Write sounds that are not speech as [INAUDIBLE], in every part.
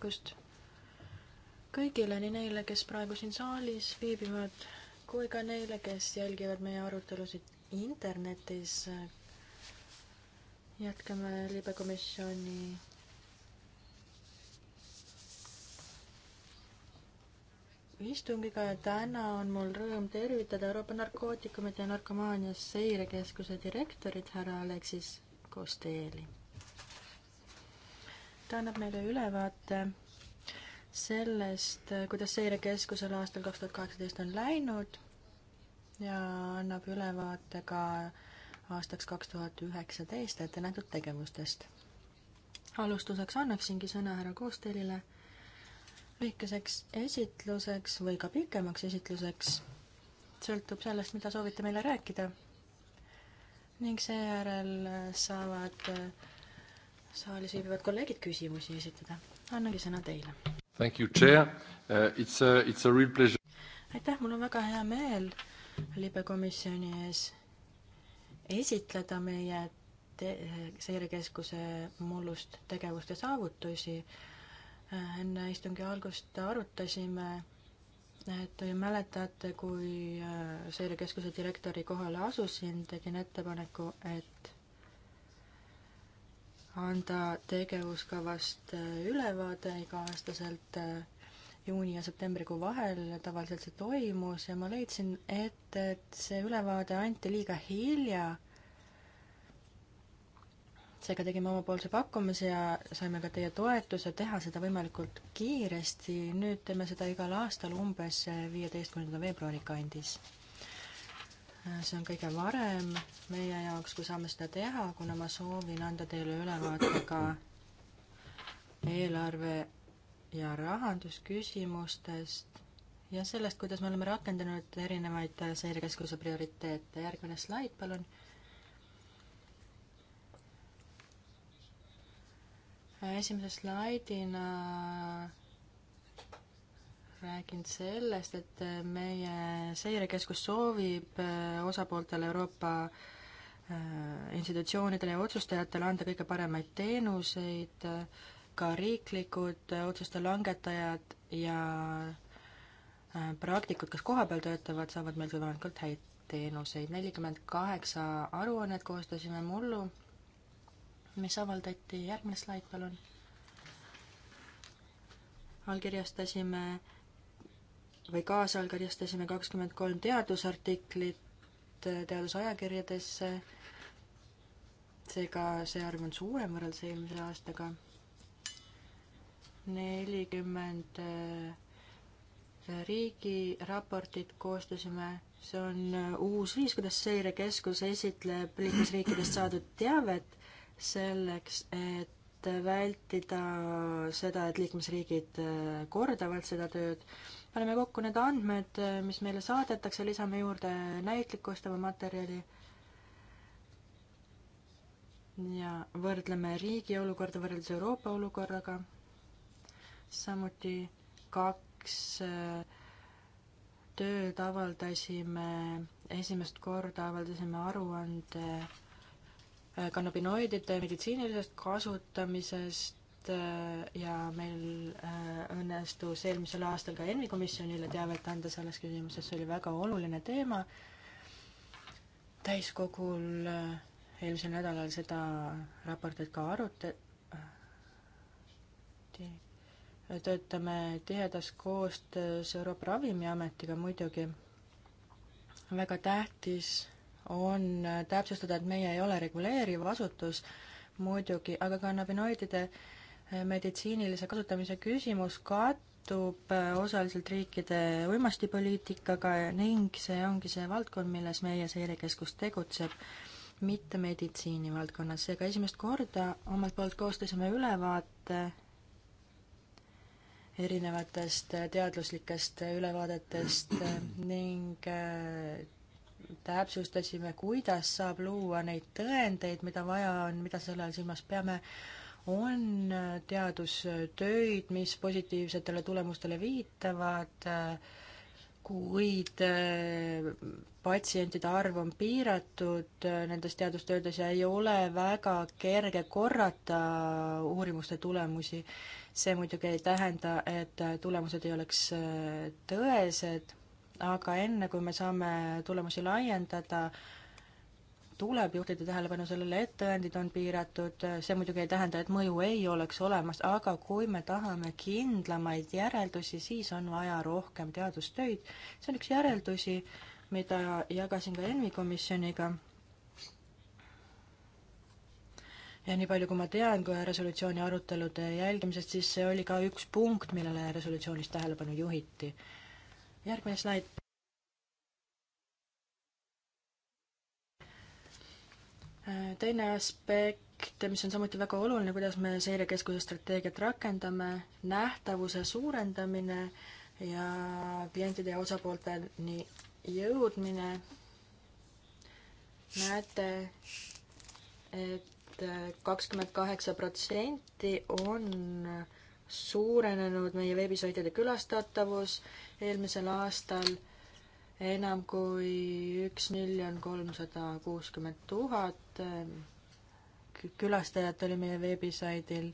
hommikust kõigile, nii neile, kes praegu siin saalis viibivad, kui ka neile, kes jälgivad meie arutelusid internetis. jätkame libekomisjoni istungiga ja täna on mul rõõm tervitada Euroopa Narkootikumide ja Narkomaania Seirekeskuse direktorit härra Aleksis Kosteeli ta annab meile ülevaate sellest, kuidas seirekeskusel aastal kaks tuhat kaheksateist on läinud ja annab ülevaate ka aastaks kaks tuhat üheksateist ette nähtud tegevustest. alustuseks annaksingi sõna härra Koostelile lühikeseks esitluseks või ka pikemaks esitluseks, sõltub sellest, mida soovite meile rääkida. ning seejärel saavad saalis viibivad kolleegid küsimusi esitada. annangi sõna teile. Thank you, chair uh,. It's a, it's a real pleasure. aitäh, mul on väga hea meel libekomisjoni ees esitleda meie te-, seirekeskuse mullust tegevust ja saavutusi. Uh, enne istungi algust arutasime, et mäletate, kui uh, seirekeskuse direktori kohale asusin, tegin ettepaneku, et anda tegevuskavast äh, ülevaade iga-aastaselt äh, juuni ja septembrikuu vahel tavaliselt see toimus ja ma leidsin, et, et see ülevaade anti liiga hilja. seega tegime omapoolse pakkumise ja saime ka teie toetuse teha seda võimalikult kiiresti. nüüd teeme seda igal aastal umbes äh, viieteistkümnenda veebruari kandis see on kõige varem meie jaoks, kui saame seda teha, kuna ma soovin anda teile ülevaate ka eelarve ja rahandusküsimustest ja sellest, kuidas me oleme rakendanud erinevaid seirekeskuse prioriteete. järgmine slaid, palun. esimese slaidina räägin sellest, et meie seirekeskus soovib äh, osapooltele Euroopa äh, institutsioonidele ja otsustajatele anda kõige paremaid teenuseid, äh, ka riiklikud otsuste langetajad ja praktikud, kes kohapeal töötavad, saavad meilt võimalikult häid teenuseid. nelikümmend kaheksa aruannet koostasime mullu, mis avaldati, järgmine slaid palun allkirjastasime või kaasallkirjastasime kakskümmend kolm teadusartiklit äh, teadusajakirjadesse, seega see arv on suurem võrreldes eelmise aastaga. nelikümmend äh, riigiraportit koostasime, see on äh, uus viis, kuidas seirekeskus esitleb liikmesriikidest saadud teavet selleks, et vältida seda, et liikmesriigid kordavad seda tööd paneme kokku need andmed, mis meile saadetakse, lisame juurde näitlikustava materjali ja võrdleme riigi olukorda võrreldes Euroopa olukorraga, samuti kaks äh, tööd avaldasime, esimest korda avaldasime aruande äh, kannabinoidide meditsiinilisest kasutamisest, Äh, ja meil äh, õnnestus eelmisel aastal ka ENMi komisjonile teavet anda selles küsimuses, see oli väga oluline teema. täiskogul äh, eelmisel nädalal seda raportit ka arutati. töötame tihedas koostöös Euroopa Ravimiametiga muidugi. väga tähtis on täpsustada, et meie ei ole reguleeriv asutus muidugi, aga kannabinoidide ka meditsiinilise kasutamise küsimus kattub äh, osaliselt riikide uimastipoliitikaga ning see ongi see valdkond, milles meie seirekeskus tegutseb, mitte meditsiinivaldkonnas. seega esimest korda omalt poolt koostasime ülevaate erinevatest äh, teaduslikest ülevaadetest äh, ning täpsustasime, kuidas saab luua neid tõendeid, mida vaja on, mida selle all silmas peame on teadustöid, mis positiivsetele tulemustele viitavad, kuid äh, patsientide arv on piiratud äh, nendes teadustöödes ja ei ole väga kerge korrata uurimuste tulemusi. see muidugi ei tähenda, et äh, tulemused ei oleks tõesed, aga enne, kui me saame tulemusi laiendada, tuleb juhtida tähelepanu sellele, et tõendid on piiratud, see muidugi ei tähenda, et mõju ei oleks olemas, aga kui me tahame kindlamaid järeldusi, siis on vaja rohkem teadustöid. see on üks järeldusi, mida jagasin ka ENMi komisjoniga. ja nii palju, kui ma tean ka resolutsiooni arutelude jälgimisest, siis see oli ka üks punkt, millele resolutsioonis tähelepanu juhiti. järgmine slaid teine aspekt, mis on samuti väga oluline, kuidas me seirekeskuse strateegiat rakendame, nähtavuse suurendamine ja klientide ja osapoolteni jõudmine. näete, et kakskümmend kaheksa protsenti on suurenenud meie veebisaitide külastatavus eelmisel aastal enam kui üks miljon kolmsada kuuskümmend tuhat külastajat oli meie veebisaidil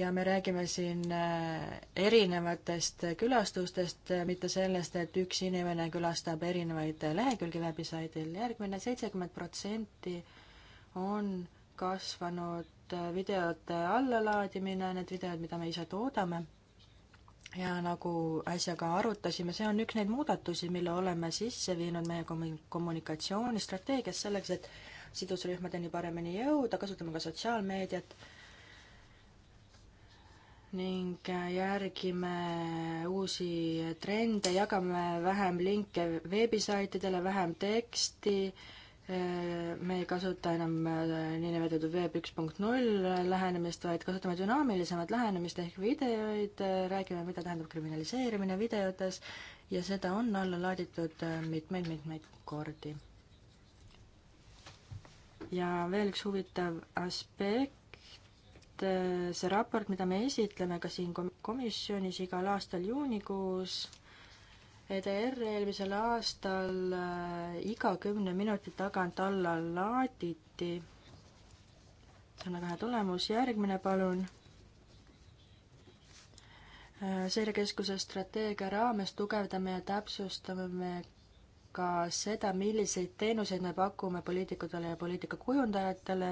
ja me räägime siin äh, erinevatest külastustest, äh, mitte sellest, et üks inimene külastab erinevaid äh, lehekülgi veebisaidil. järgmine seitsekümmend protsenti on kasvanud videote allalaadimine, need videod, mida me ise toodame ja nagu äsja ka arutasime, see on üks neid muudatusi, mille oleme sisse viinud meie kommunikatsioonistrateegias selleks, et sidusrühmadeni paremini jõuda, kasutame ka sotsiaalmeediat ning järgime uusi trende, jagame vähem linke veebisaitidele, vähem teksti, me ei kasuta enam äh, niinimetatud Web üks punkt null äh, lähenemist, vaid kasutame dünaamilisemat lähenemist ehk videoid, äh, räägime, mida tähendab kriminaliseerimine videotes ja seda on alla laaditud mitmeid-mitmeid kordi. ja veel üks huvitav aspekt, see raport, mida me esitleme ka siin komisjonis igal aastal juunikuus EDR eelmisel aastal äh, iga kümne minuti tagant alla laaditi. see on väga hea tulemus, järgmine palun. Äh, seirekeskuse strateegia raames tugevdame ja täpsustame ka seda, milliseid teenuseid me pakume poliitikutele ja poliitikakujundajatele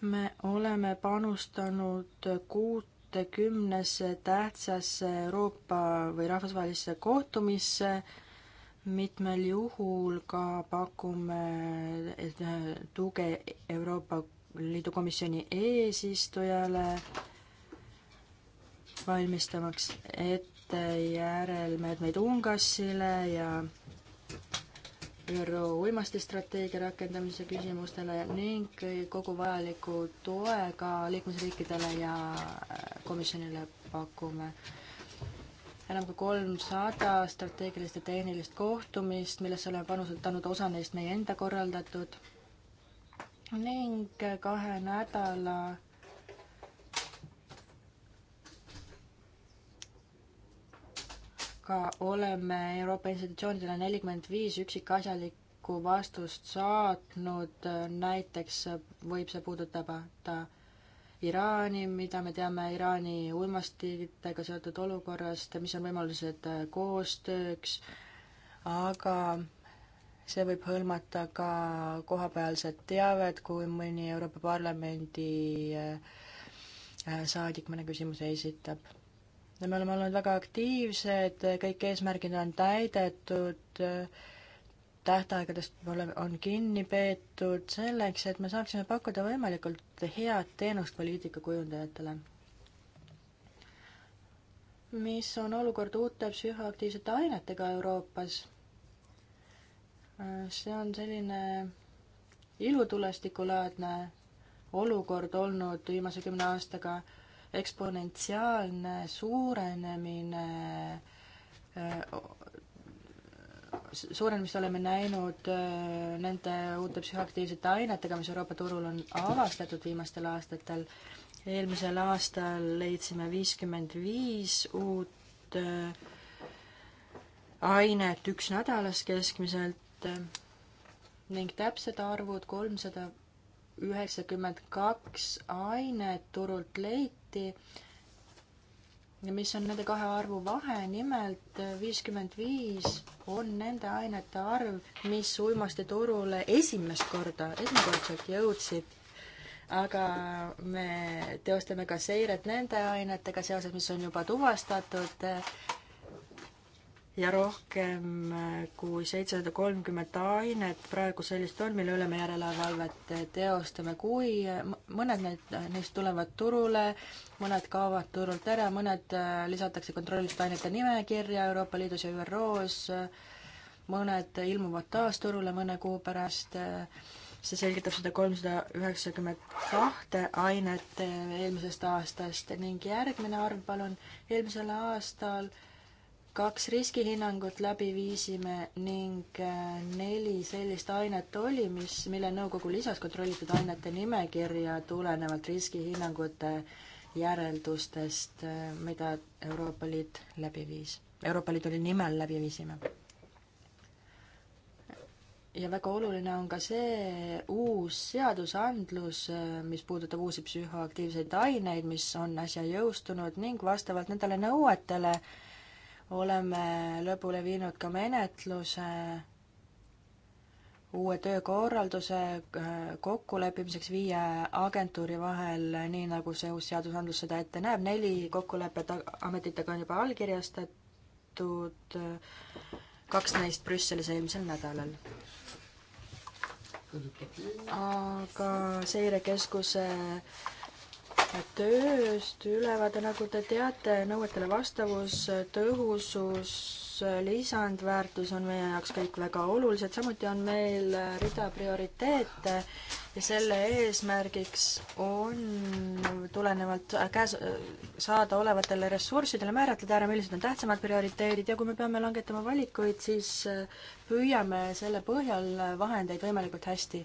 me oleme panustanud kuutekümnesse tähtsasse Euroopa või rahvusvahelisse kohtumisse, mitmel juhul ka pakume äh, tuge Euroopa Liidu komisjoni eesistujale, valmistamaks ette järelmeetmeid Ungassile ja ÜRO uimastistrateegia rakendamise küsimustele ning kogu vajaliku toega liikmesriikidele ja äh, komisjonile pakume enam kui kolmsada strateegilist ja tehnilist kohtumist, millesse oleme panustanud, osa neist meie enda korraldatud ning kahe nädala aga oleme Euroopa institutsioonidele nelikümmend viis üksikasjalikku vastust saatnud, näiteks võib see puudutada Iraani, mida me teame Iraani uimastitega seotud olukorrast, mis on võimalused koostööks, aga see võib hõlmata ka kohapealset teavet, kui mõni Euroopa Parlamendi saadik mõne küsimuse esitab me oleme olnud väga aktiivsed, kõik eesmärgid on täidetud, tähtaegadest me oleme, on kinni peetud selleks, et me saaksime pakkuda võimalikult head teenust poliitikakujundajatele. mis on olukord uute psühhoaktiivsete ainetega Euroopas? see on selline ilutulestikulaadne olukord olnud viimase kümne aastaga eksponentsiaalne suurenemine, suurenemist oleme näinud äh, nende uute psühhoaktiivsete ainetega, mis Euroopa turul on avastatud viimastel aastatel. eelmisel aastal leidsime viiskümmend viis uut äh, ainet üks nädalas keskmiselt äh, ning täpsed arvud kolmsada üheksakümmend kaks ainet turult leiti protsenti, mis on nende kahe arvu vahe, nimelt viiskümmend viis on nende ainete arv, mis uimastiturule esimest korda, esmakordselt jõudsid aga me teostame ka seiret nende ainetega seoses, mis on juba tuvastatud ja rohkem kui seitsesada kolmkümmend ainet praegu sellist on, mille üle me järelevalvet teostame, kui mõned neid, neist tulevad turule, mõned kaovad turult ära, mõned äh, lisatakse kontrollitud ainete nimekirja Euroopa Liidus ja ÜRO-s, mõned ilmuvad taas turule mõne kuu pärast, see selgitab seda kolmsada üheksakümmend kahte ainet äh, eelmisest aastast ning järgmine arv, palun, eelmisel aastal kaks riskihinnangut läbi viisime ning äh, neli sellist ainet oli, mis, mille nõukogu lisas kontrollitud ainete nimekirja tulenevalt riskihinnangute järeldustest, äh, mida Euroopa Liit läbi viis. Euroopa Liidu nimel läbi viisime ja väga oluline on ka see uus seadusandlus, äh, mis puudutab uusi psühhoaktiivseid aineid, mis on äsja jõustunud ning vastavalt nendele nõuetele äh, oleme lõpule viinud ka menetluse uue töökorralduse äh, kokkuleppimiseks viie agentuuri vahel, nii nagu see uus seadusandlus seda ette näeb, neli kokkulepet ametitega on juba allkirjastatud, kaks neist Brüsselis eelmisel nädalal. aga seirekeskuse äh, tööst ülevaade, nagu te teate, nõuetele vastavus, tõhusus, lisandväärtus on meie jaoks kõik väga olulised, samuti on meil rida prioriteete ja selle eesmärgiks on tulenevalt käes, saadaolevatele ressurssidele määratleda ära, millised on tähtsamad prioriteedid ja kui me peame langetama valikuid, siis püüame selle põhjal vahendeid võimalikult hästi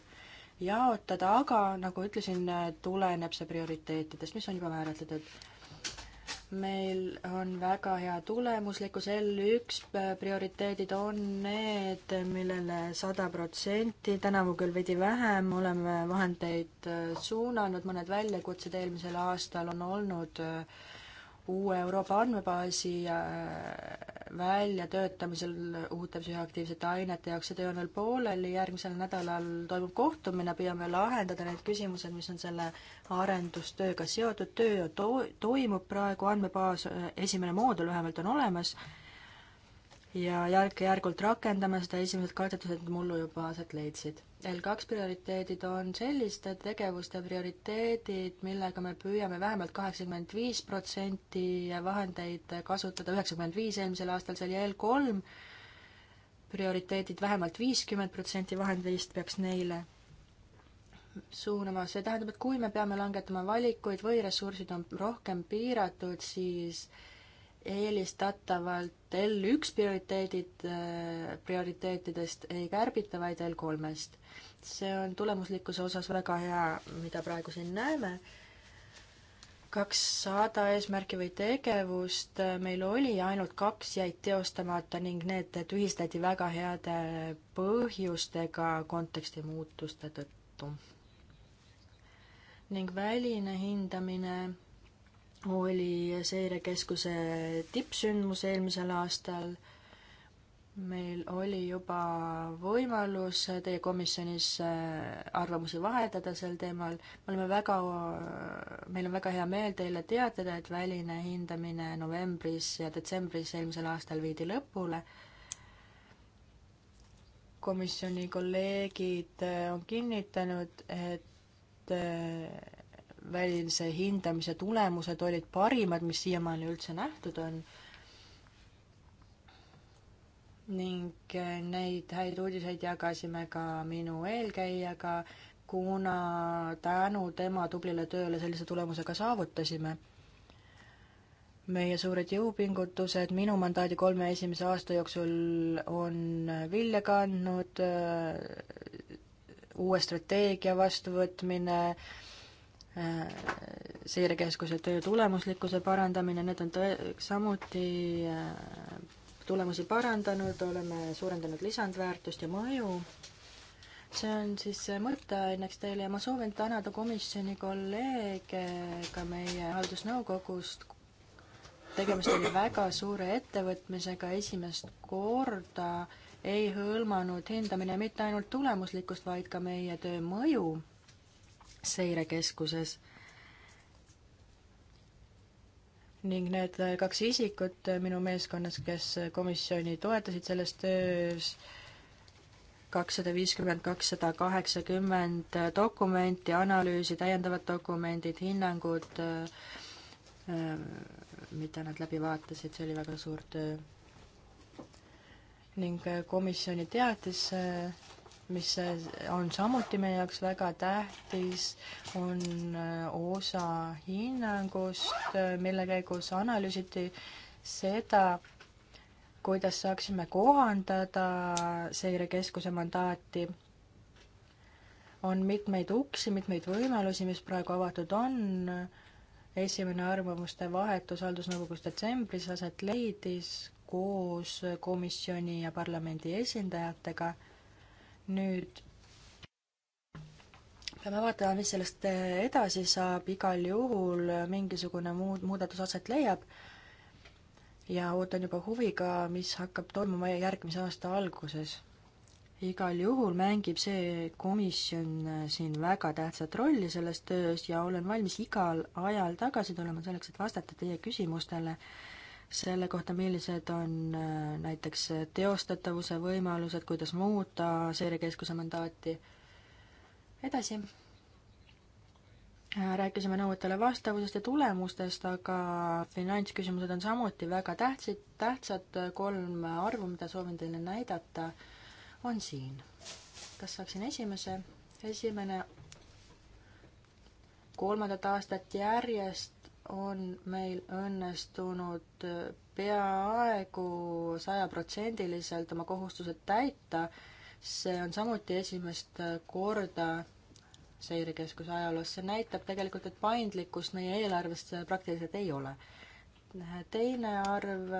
jaotada, aga nagu ütlesin, tuleneb see prioriteetidest, mis on juba määratletud. meil on väga hea tulemuslikkus, L1 prioriteedid on need, millele sada protsenti, tänavu küll veidi vähem, oleme vahendeid suunanud, mõned väljakutsed eelmisel aastal on olnud äh, uue Euroopa andmebaasi äh, väljatöötamisel uute psühhoaktiivsete ainete jaoks, see töö on veel pooleli, järgmisel nädalal toimub kohtumine, püüame lahendada need küsimused, mis on selle arendustööga seotud, töö to-, toimub praegu, andmebaas, äh, esimene moodul vähemalt on olemas, ja järk-järgult rakendame seda, esimesed katsetused mullu juba aset leidsid. L2 prioriteedid on selliste tegevuste prioriteedid, millega me püüame vähemalt kaheksakümmend viis protsenti vahendeid kasutada, üheksakümmend viis eelmisel aastal, see oli L3, prioriteedid vähemalt viiskümmend protsenti vahendist peaks neile suunama, see tähendab, et kui me peame langetama valikuid või ressursid on rohkem piiratud, siis äh, eelistatavalt L1 prioriteedid, äh, prioriteetidest ei kärbita, vaid L3-st. see on tulemuslikkuse osas väga hea, mida praegu siin näeme. kakssada eesmärki või tegevust äh, meil oli ja ainult kaks jäid teostamata ning need tühistati väga heade põhjustega konteksti muutuste tõttu. ning väline hindamine oli seirekeskuse tippsündmus eelmisel aastal. meil oli juba võimalus teie komisjonis äh, arvamusi vahetada sel teemal. me oleme väga, äh, meil on väga hea meel teile teatada, et väline hindamine novembris ja detsembris eelmisel aastal viidi lõpule komisjoni kolleegid äh, on kinnitanud, et välise hindamise tulemused olid parimad, mis siiamaani üldse nähtud on. ning eh, neid häid uudiseid jagasime ka minu eelkäijaga, kuna tänu tema tublile tööle sellise tulemuse ka saavutasime meie suured jõupingutused minu mandaadi kolme esimese aasta jooksul on vilja kandnud, eh, uue strateegia vastuvõtmine, Äh, seirekeskuse töö tulemuslikkuse parandamine, need on tõe-, samuti äh, tulemusi parandanud, oleme suurendanud lisandväärtust ja mõju. see on siis mõtteaineks teile ja ma soovin tänada komisjoni kolleege ka meie haldusnõukogust. tegemist oli väga suure ettevõtmisega, esimest korda ei hõlmanud hindamine mitte ainult tulemuslikkust, vaid ka meie töö mõju seirekeskuses. ning need äh, kaks isikut äh, minu meeskonnas, kes äh, komisjoni toetasid selles töös, kakssada viiskümmend, kakssada kaheksakümmend dokumenti, analüüsi, täiendavad dokumendid, hinnangud, mida nad läbi vaatasid, see oli väga suur töö. ning komisjoni teatis mis on samuti meie jaoks väga tähtis, on osa hinnangust, mille käigus analüüsiti seda, kuidas saaksime kohandada seirekeskuse mandaati. on mitmeid uksi, mitmeid võimalusi, mis praegu avatud on, esimene arvamuste vahetus haldusnõukogus detsembris aset leidis koos komisjoni ja parlamendi esindajatega nüüd peame vaatama, mis sellest edasi saab, igal juhul mingisugune muud, muudatus aset leiab ja ootan juba huviga, mis hakkab toimuma järgmise aasta alguses. igal juhul mängib see komisjon siin väga tähtsat rolli selles töös ja olen valmis igal ajal tagasi tulema selleks, et vastata teie küsimustele äh, selle kohta, millised on äh, näiteks teostatavuse võimalused, kuidas muuta seirekeskuse mandaati. edasi. Äh, rääkisime nõuetele vastavusest ja tulemustest, aga finantsküsimused on samuti väga tähtsad, tähtsad. kolm arvu, mida soovin teile näidata, on siin. kas saaksin esimese? esimene kolmandat aastat järjest on meil õnnestunud peaaegu sajaprotsendiliselt oma kohustused täita. see on samuti esimest korda seirekeskuse ajaloos, see näitab tegelikult, et paindlikkust meie eelarves praktiliselt ei ole. teine arv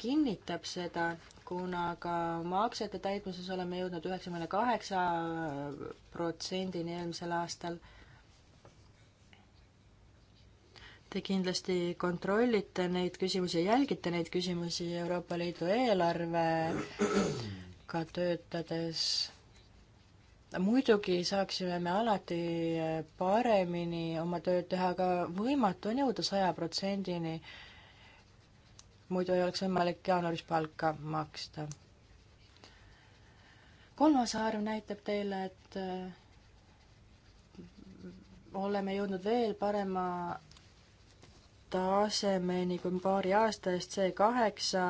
kinnitab seda, kuna ka maksete täitmises oleme jõudnud üheksakümne kaheksa protsendini eelmisel aastal Te kindlasti kontrollite neid küsimusi, jälgite neid küsimusi Euroopa Liidu eelarvega töötades. muidugi saaksime me alati paremini oma tööd teha, aga võimatu on jõuda saja protsendini. muidu ei oleks võimalik jaanuaris palka maksta. kolmas arv näitab teile, et oleme jõudnud veel parema tasemeni kui paari aasta eest, see kaheksa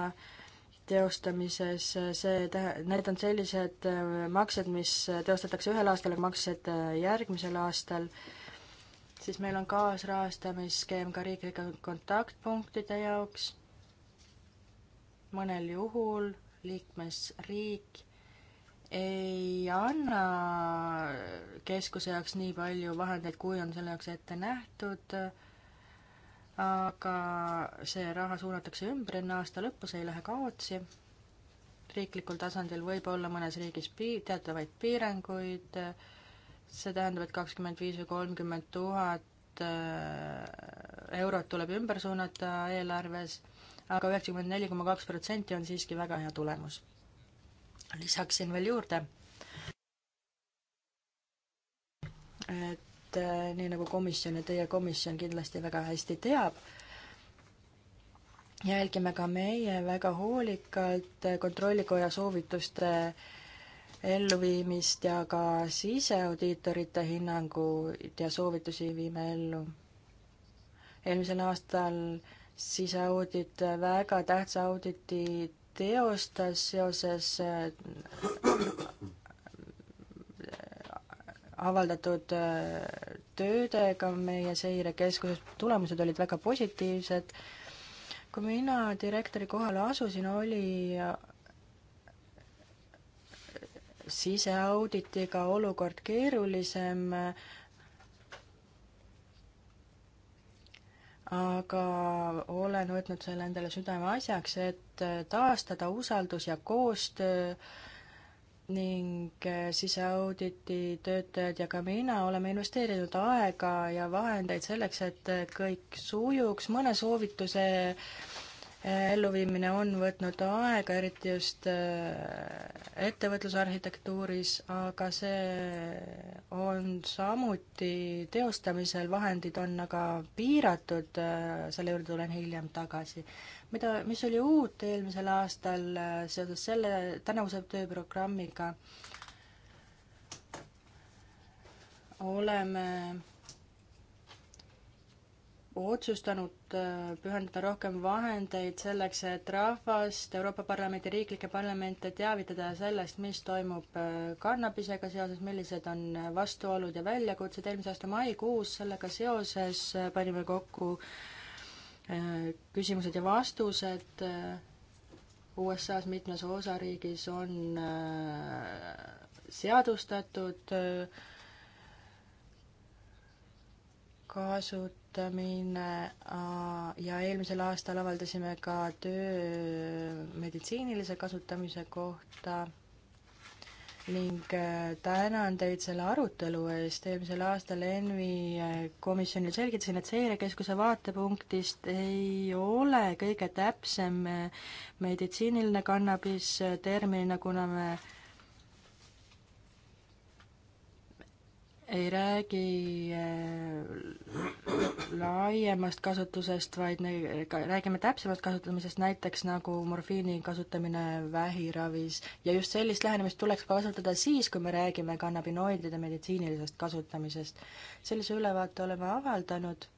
teostamises, see tähe-, need on sellised äh, maksed, mis teostatakse ühel aastal ja maksed äh, järgmisel aastal, siis meil on kaasrahastamisskeem ka riiklike kontaktpunktide jaoks, mõnel juhul liikmesriik ei anna keskuse jaoks nii palju vahendeid, kui on selle jaoks ette nähtud, aga see raha suunatakse ümber enne aasta lõppu, see ei lähe kaotsi. riiklikul tasandil võib olla mõnes riigis pii-, teatavaid piiranguid, see tähendab, et kakskümmend viis või kolmkümmend tuhat äh, eurot tuleb ümber suunata eelarves aga, aga üheksakümmend neli koma kaks protsenti on siiski väga hea tulemus. lisaksin veel juurde, et et äh, nii nagu komisjon ja teie komisjon kindlasti väga hästi teab, jälgime ka meie väga hoolikalt äh, Kontrollikoja soovituste elluviimist ja ka siseaudiitorite hinnanguid ja soovitusi viime ellu. eelmisel aastal siseaudit äh, väga tähtsa auditi teostas seoses avaldatud äh, töödega meie seirekeskuses, tulemused olid väga positiivsed. kui mina direktori kohale asusin, oli äh, siseauditiga olukord keerulisem, aga olen võtnud selle endale südameasjaks, et äh, taastada usaldus ja koostöö äh, ning äh, siseauditi töötajad ja ka mina oleme investeerinud aega ja vahendeid selleks, et äh, kõik sujuks. mõne soovituse Eh, elluviimine on võtnud aega, eriti just eh, ettevõtlusarhitektuuris, aga see on samuti teostamisel, vahendid on aga piiratud, eh, selle juurde tulen hiljem tagasi. mida, mis oli uut eelmisel aastal seoses selle tänavuse tööprogrammiga, oleme otsustanud Äh, pühendada rohkem vahendeid selleks, et rahvast, Euroopa Parlamendi riiklikke parlamente teavitada sellest, mis toimub äh, kannabisega seoses, millised on äh, vastuolud ja väljakutsed. eelmise aasta maikuus sellega seoses panime kokku küsimused ja vastused. USA-s mitmes osariigis on seadustatud kasut-, arutamine ja eelmisel aastal avaldasime ka töö meditsiinilise kasutamise kohta ning äh, tänan teid selle arutelu eest. eelmisel aastal ENVI äh, komisjonil selgitasin, et seirekeskuse vaatepunktist ei ole kõige täpsem äh, meditsiiniline kannabis terminina, kuna me ei räägi äh, laiemast kasutusest, vaid me räägime täpsemast kasutamisest, näiteks nagu morfiini kasutamine vähiravis. ja just sellist lähenemist tuleks ka kasutada siis, kui me räägime kannabinoidide meditsiinilisest kasutamisest. sellise ülevaate oleme avaldanud.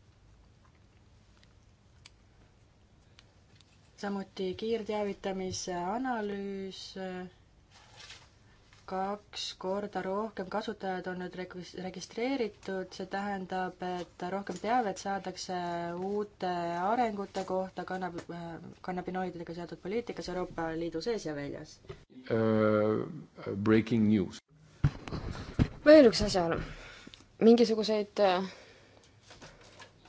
samuti kiirteavitamise analüüs äh, kaks korda rohkem kasutajaid on nüüd registreeritud, see tähendab, et rohkem teavet saadakse uute arengute kohta kannab, kannabinoididega seotud poliitikas Euroopa Liidu sees ja väljas uh,. Breaking news. veel üks asjaolu. mingisuguseid äh,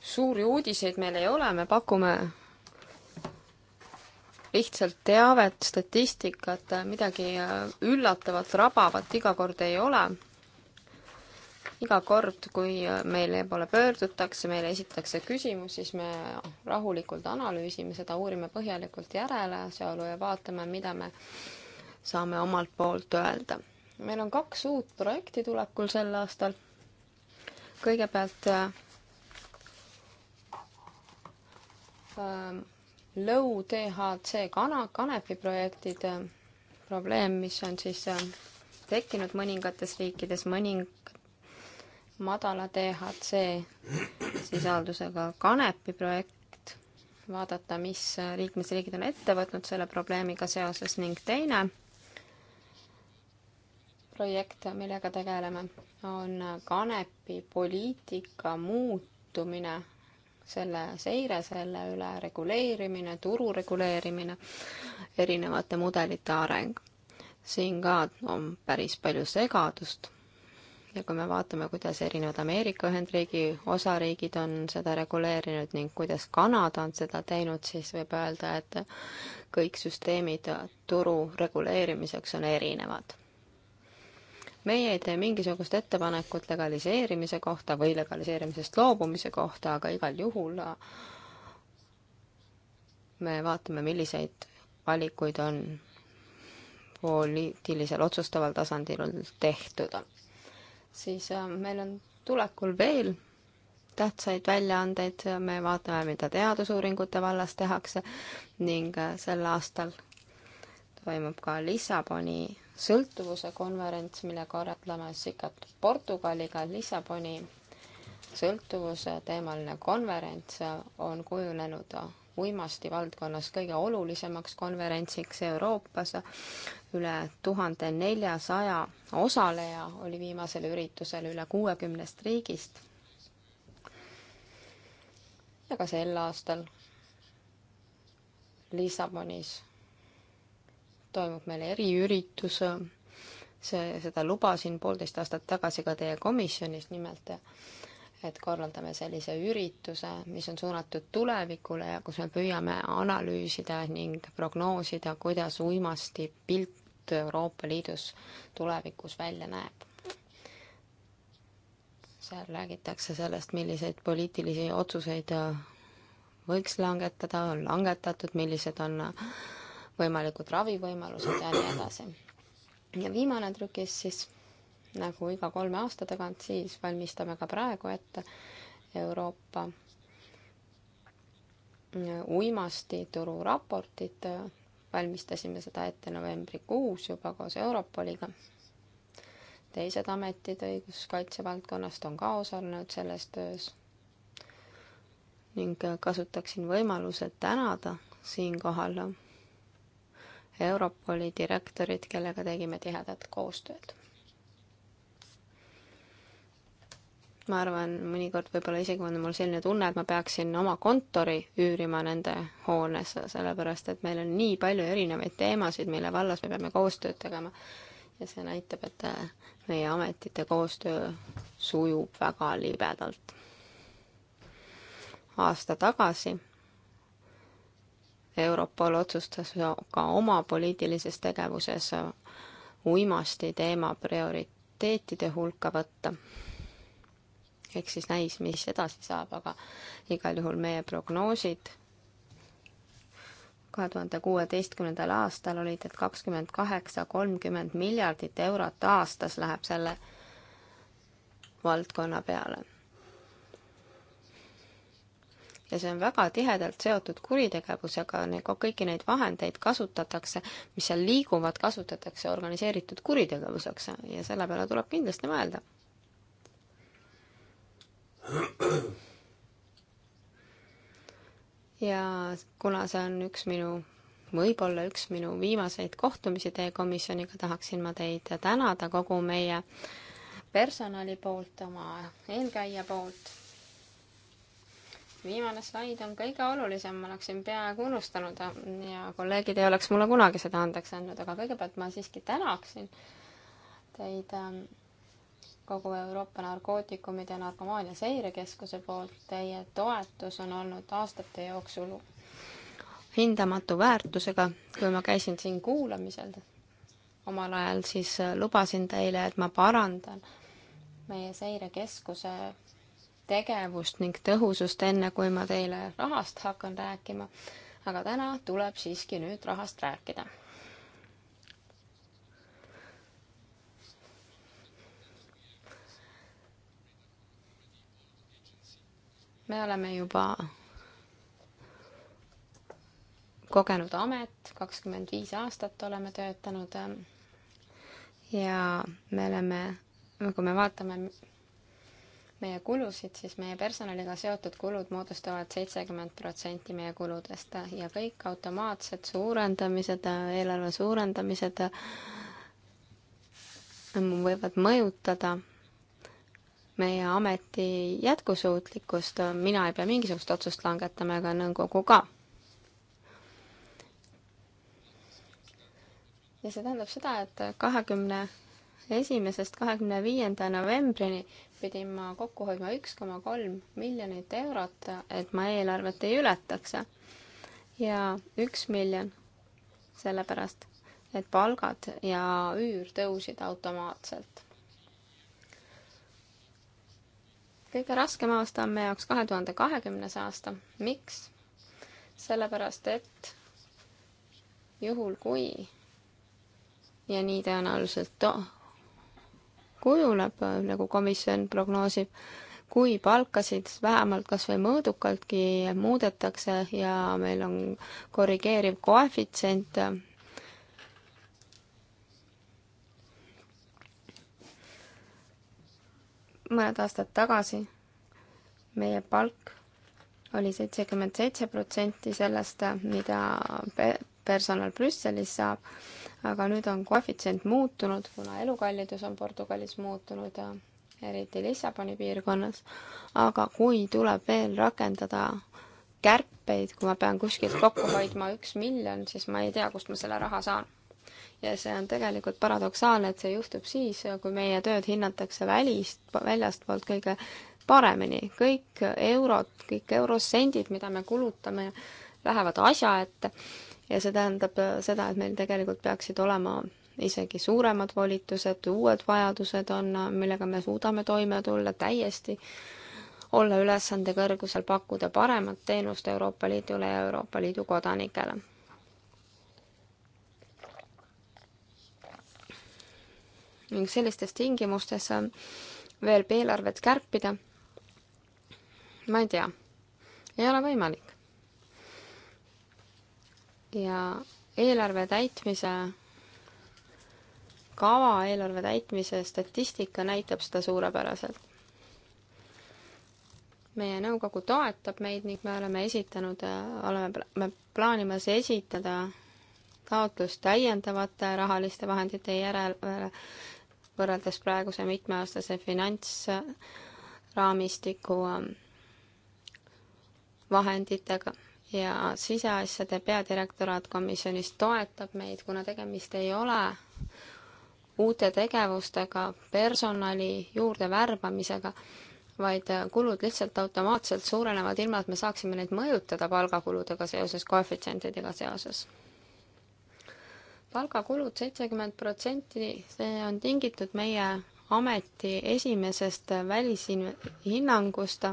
suuri uudiseid meil ei ole, me pakume lihtsalt teavet, statistikat, midagi äh, üllatavat, rabavat iga kord ei ole. iga kord, kui äh, meile poole pöördutakse, meile esitatakse küsimus, siis me rahulikult analüüsime seda, uurime põhjalikult järele asjaolu ja vaatame, mida me saame omalt poolt öelda. meil on kaks uut projekti tulekul sel aastal. kõigepealt ähm, lõu DHC kana-, kanepiprojektid, probleem, mis on siis äh, tekkinud mõningates riikides, mõning-, madala DHC sisaldusega kanepiprojekt, vaadata, mis äh, liikmesriigid on ette võtnud selle probleemiga seoses ning teine projekt, millega tegeleme, on äh, kanepipoliitika muutumine selle seire, selle üle reguleerimine, turu reguleerimine, erinevate mudelite areng. siin ka on päris palju segadust ja kui me vaatame, kuidas erinevad Ameerika Ühendriigi osariigid on seda reguleerinud ning kuidas Kanada on seda teinud, siis võib öelda, et kõik süsteemid turu reguleerimiseks on erinevad meie ei tee mingisugust ettepanekut legaliseerimise kohta või legaliseerimisest loobumise kohta, aga igal juhul äh, me vaatame, milliseid valikuid on poliitilisel otsustaval tasandil tehtud. siis äh, meil on tulekul veel tähtsaid väljaandeid, me vaatame, mida teadusuuringute vallas tehakse ning äh, sel aastal toimub ka Lissaboni sõltuvuse konverents, millega aretleme sikat Portugaliga. Lissaboni sõltuvuse teemaline konverents on kujunenud uimasti valdkonnas kõige olulisemaks konverentsiks Euroopas. üle tuhande neljasaja osaleja oli viimasel üritusel üle kuuekümnest riigist. ja ka sel aastal Lissabonis toimub meil eriüritus, see, seda lubasin poolteist aastat tagasi ka teie komisjonis nimelt, et korraldame sellise ürituse, mis on suunatud tulevikule ja kus me püüame analüüsida ning prognoosida, kuidas uimasti pilt Euroopa Liidus tulevikus välja näeb seal räägitakse sellest, milliseid poliitilisi otsuseid võiks langetada, on langetatud, millised on võimalikud ravivõimalused ja nii edasi. ja viimane trükis siis, nagu iga kolme aasta tagant, siis valmistame ka praegu ette Euroopa mm, uimastituru raportit, valmistasime seda ette novembrikuus juba koos Europoliga. teised ametid õiguskaitse valdkonnast on ka osalenud selles töös ning äh, kasutaksin võimaluse tänada siinkohal Europoli direktorid, kellega tegime tihedat koostööd. ma arvan, mõnikord võib-olla isegi on mul selline tunne, et ma peaksin oma kontori üürima nende hoones, sellepärast et meil on nii palju erinevaid teemasid, mille vallas me peame koostööd tegema. ja see näitab, et äh, meie ametite koostöö sujub väga libedalt. aasta tagasi Europol otsustas ka oma poliitilises tegevuses uimasti teema prioriteetide hulka võtta. eks siis näis, mis edasi saab, aga igal juhul meie prognoosid kahe tuhande kuueteistkümnendal aastal olid, et kakskümmend kaheksa, kolmkümmend miljardit eurot aastas läheb selle valdkonna peale ja see on väga tihedalt seotud kuritegevusega, kõiki neid vahendeid kasutatakse, mis seal liiguvad, kasutatakse organiseeritud kuritegevuseks ja selle peale tuleb kindlasti mõelda. ja kuna see on üks minu võib-olla üks minu viimaseid kohtumisi teie komisjoniga, tahaksin ma teid tänada kogu meie personali poolt, oma eelkäija poolt viimane slaid on kõige olulisem, ma oleksin peaaegu unustanud ja kolleegid ei oleks mulle kunagi seda andeks andnud, aga kõigepealt ma siiski tänaksin teid ähm, kogu Euroopa Narkootikumide ja Narkomaania Seirekeskuse poolt. Teie toetus on olnud aastate jooksul hindamatu väärtusega. kui ma käisin siin kuulamisel omal ajal, siis äh, lubasin teile, et ma parandan meie seirekeskuse tegevust ning tõhusust, enne kui ma teile rahast hakkan rääkima. aga täna tuleb siiski nüüd rahast rääkida. me oleme juba kogenud amet, kakskümmend viis aastat oleme töötanud ja me oleme, kui me vaatame meie kulusid, siis meie personaliga seotud kulud moodustavad seitsekümmend protsenti meie kuludest ja kõik automaatsed suurendamised, eelarve suurendamised mm, võivad mõjutada meie ameti jätkusuutlikkust, mina ei pea mingisugust otsust langetama ega nõukogu ka. ja see tähendab seda, et kahekümne 20 esimesest kahekümne viienda novembrini pidin ma kokku hoidma üks koma kolm miljonit eurot, et ma eelarvet ei ületaks. ja üks miljon sellepärast, et palgad ja üür tõusid automaatselt. kõige raskem aasta on meie jaoks kahe tuhande kahekümnes aasta. miks? sellepärast, et juhul kui ja nii tõenäoliselt kujuneb, nagu komisjon prognoosib, kui palkasid vähemalt kas või mõõdukaltki muudetakse ja meil on korrigeeriv koefitsient, mõned aastad tagasi meie palk oli seitsekümmend seitse protsenti sellest, mida personal Brüsselis saab aga nüüd on koefitsient muutunud, kuna elukallidus on Portugalis muutunud ja eriti Lissaboni piirkonnas, aga kui tuleb veel rakendada kärpeid, kui ma pean kuskilt kokku hoidma üks miljon, siis ma ei tea, kust ma selle raha saan. ja see on tegelikult paradoksaalne, et see juhtub siis, kui meie tööd hinnatakse välist, väljastpoolt kõige paremini. kõik eurod, kõik eurosendid, mida me kulutame, lähevad asja ette ja see tähendab äh, seda, et meil tegelikult peaksid olema isegi suuremad volitused, uued vajadused on, äh, millega me suudame toime tulla täiesti, olla ülesande kõrgusel, pakkuda paremat teenust Euroopa Liidule ja Euroopa Liidu kodanikele. ning sellistes tingimustes äh, veel eelarvet kärpida, ma ei tea, ei ole võimalik ja eelarve täitmise kava, eelarve täitmise statistika näitab seda suurepäraselt. meie nõukogu toetab meid ning me oleme esitanud, oleme, me plaanimas esitada taotlus täiendavate rahaliste vahendite järel võrreldes praeguse mitmeaastase finantsraamistiku vahenditega ja siseasjade peadirektoraat komisjonis toetab meid, kuna tegemist ei ole uute tegevustega, personali juurde värbamisega, vaid kulud lihtsalt automaatselt suurenevad, ilma et me saaksime neid mõjutada palgakuludega seoses, koefitsientidega seoses. palgakulud seitsekümmend protsenti, see on tingitud meie ameti esimesest välishinnangust, hinnangust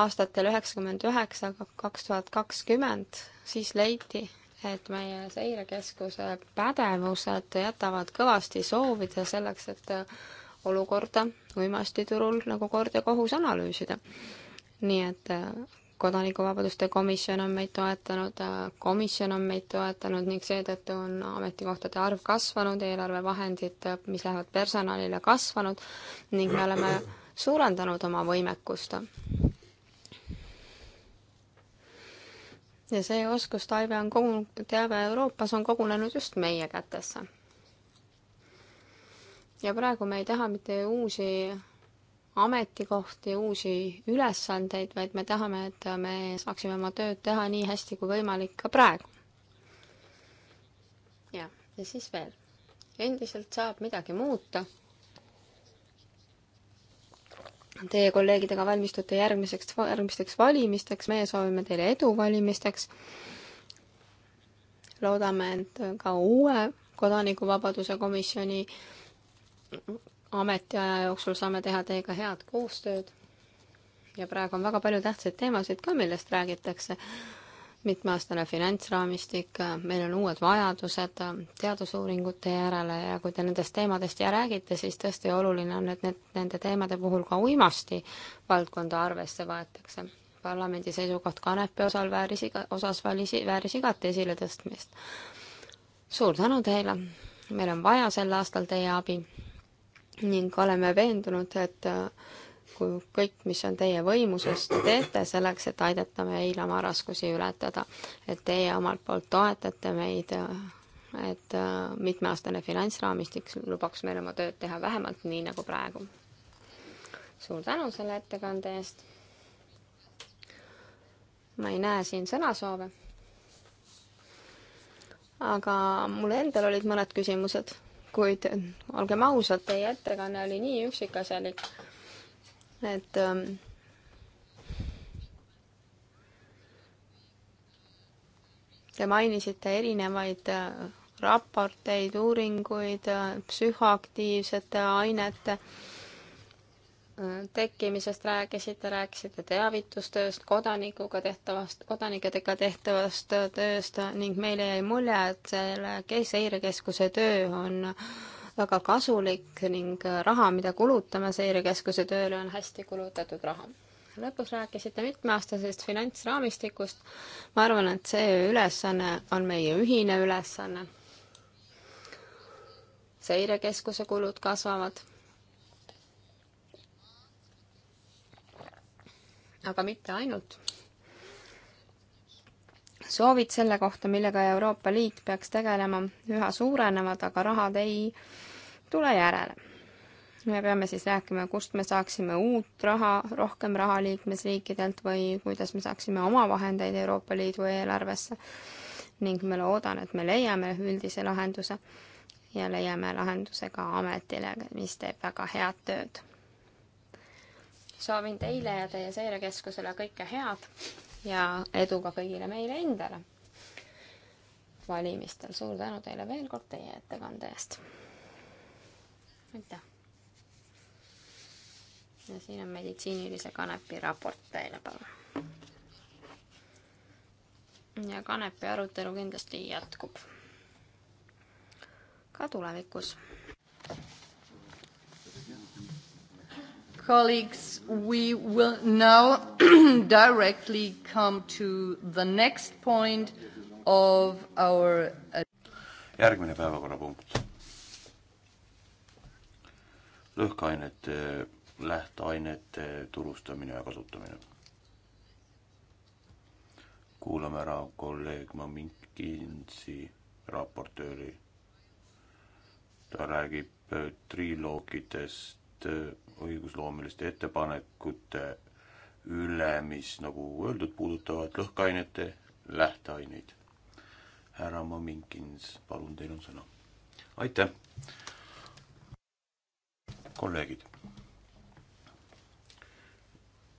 aastatel üheksakümmend üheksa, kaks tuhat kakskümmend, siis leiti, et meie seirekeskuse pädevused jätavad kõvasti soovida selleks, et olukorda uimastiturul nagu kord ja kohus analüüsida. nii et äh, kodanikuvabaduste komisjon on meid toetanud, äh, komisjon on meid toetanud ning seetõttu on ametikohtade arv kasvanud, eelarvevahendid, äh, mis lähevad personalile, kasvanud ning me oleme suurendanud oma võimekust. ja see oskustaime on kogunud, teave Euroopas on kogunenud just meie kätesse. ja praegu me ei taha mitte uusi ametikohti, uusi ülesandeid, vaid me tahame, et me saaksime oma tööd teha nii hästi kui võimalik ka praegu. jah, ja siis veel. endiselt saab midagi muuta teie kolleegidega valmistute järgmiseks, järgmisteks valimisteks, meie soovime teile edu valimisteks. loodame, et ka uue kodanikuvabaduse komisjoni ametiaja jooksul saame teha teiega head koostööd. ja praegu on väga palju tähtsaid teemasid ka, millest räägitakse mitmeaastane finantsraamistik, meil on uued vajadused teadusuuringute järele ja kui te nendest teemadest ja räägite, siis tõesti oluline on, et need, nende teemade puhul ka uimasti valdkonda arvesse võetakse. parlamendi seisukoht kanepi osal vääris iga, osas valis, vääris igati esiletõstmist. suur tänu teile, meil on vaja sel aastal teie abi ning oleme veendunud, et äh, kui kõik, mis on teie võimuses, te teete selleks, et aidata meil oma raskusi ületada. et teie omalt poolt toetate meid, et mitmeaastane finantsraamistik lubaks meil oma tööd teha vähemalt nii, nagu praegu. suur tänu selle ettekande eest. ma ei näe siin sõnasoove. aga mul endal olid mõned küsimused kuid olgem ausad, teie ettekanne oli nii üksikasjalik, et ähm, te mainisite erinevaid äh, raporteid, uuringuid äh, psühhoaktiivsete ainete äh, tekkimisest rääkisite, rääkisite teavitustööst, kodanikuga tehtavast, kodanikega tehtavast tööst ning meile jäi mulje, et selle seirekeskuse töö on väga kasulik ning äh, raha, mida kulutame seirekeskuse tööle, on hästi kulutatud raha. lõpus rääkisite mitmeaastasest finantsraamistikust. ma arvan, et see ülesanne on meie ühine ülesanne. seirekeskuse kulud kasvavad. aga mitte ainult soovid selle kohta, millega Euroopa Liit peaks tegelema, üha suurenevad, aga rahad ei tule järele. me peame siis rääkima, kust me saaksime uut raha, rohkem raha liikmesriikidelt või kuidas me saaksime oma vahendeid Euroopa Liidu eelarvesse. ning ma loodan, et me leiame üldise lahenduse ja leiame lahenduse ka ametile, mis teeb väga head tööd. soovin teile ja teie seirekeskusele kõike head ja edu ka kõigile meile endale valimistel. suur tänu teile veel kord teie ettekande eest. aitäh. ja siin on meditsiinilise kanepi raport teile, palun. ja kanepi arutelu kindlasti jätkub ka tulevikus. Colleagues, we will now [CLEARS THROAT] directly come to the next point of our järgmine päevakorrapunkt. lõhkeainete, lähteainete turustamine ja kasutamine. kuulame ära kolleeg Maminkinsi raportööri. ta räägib äh, triloogidest äh, õigusloomeliste ettepanekute üle, mis nagu öeldud, puudutavad lõhkainete lähteaineid. härra Maminkins, palun, teil on sõna. aitäh. kolleegid.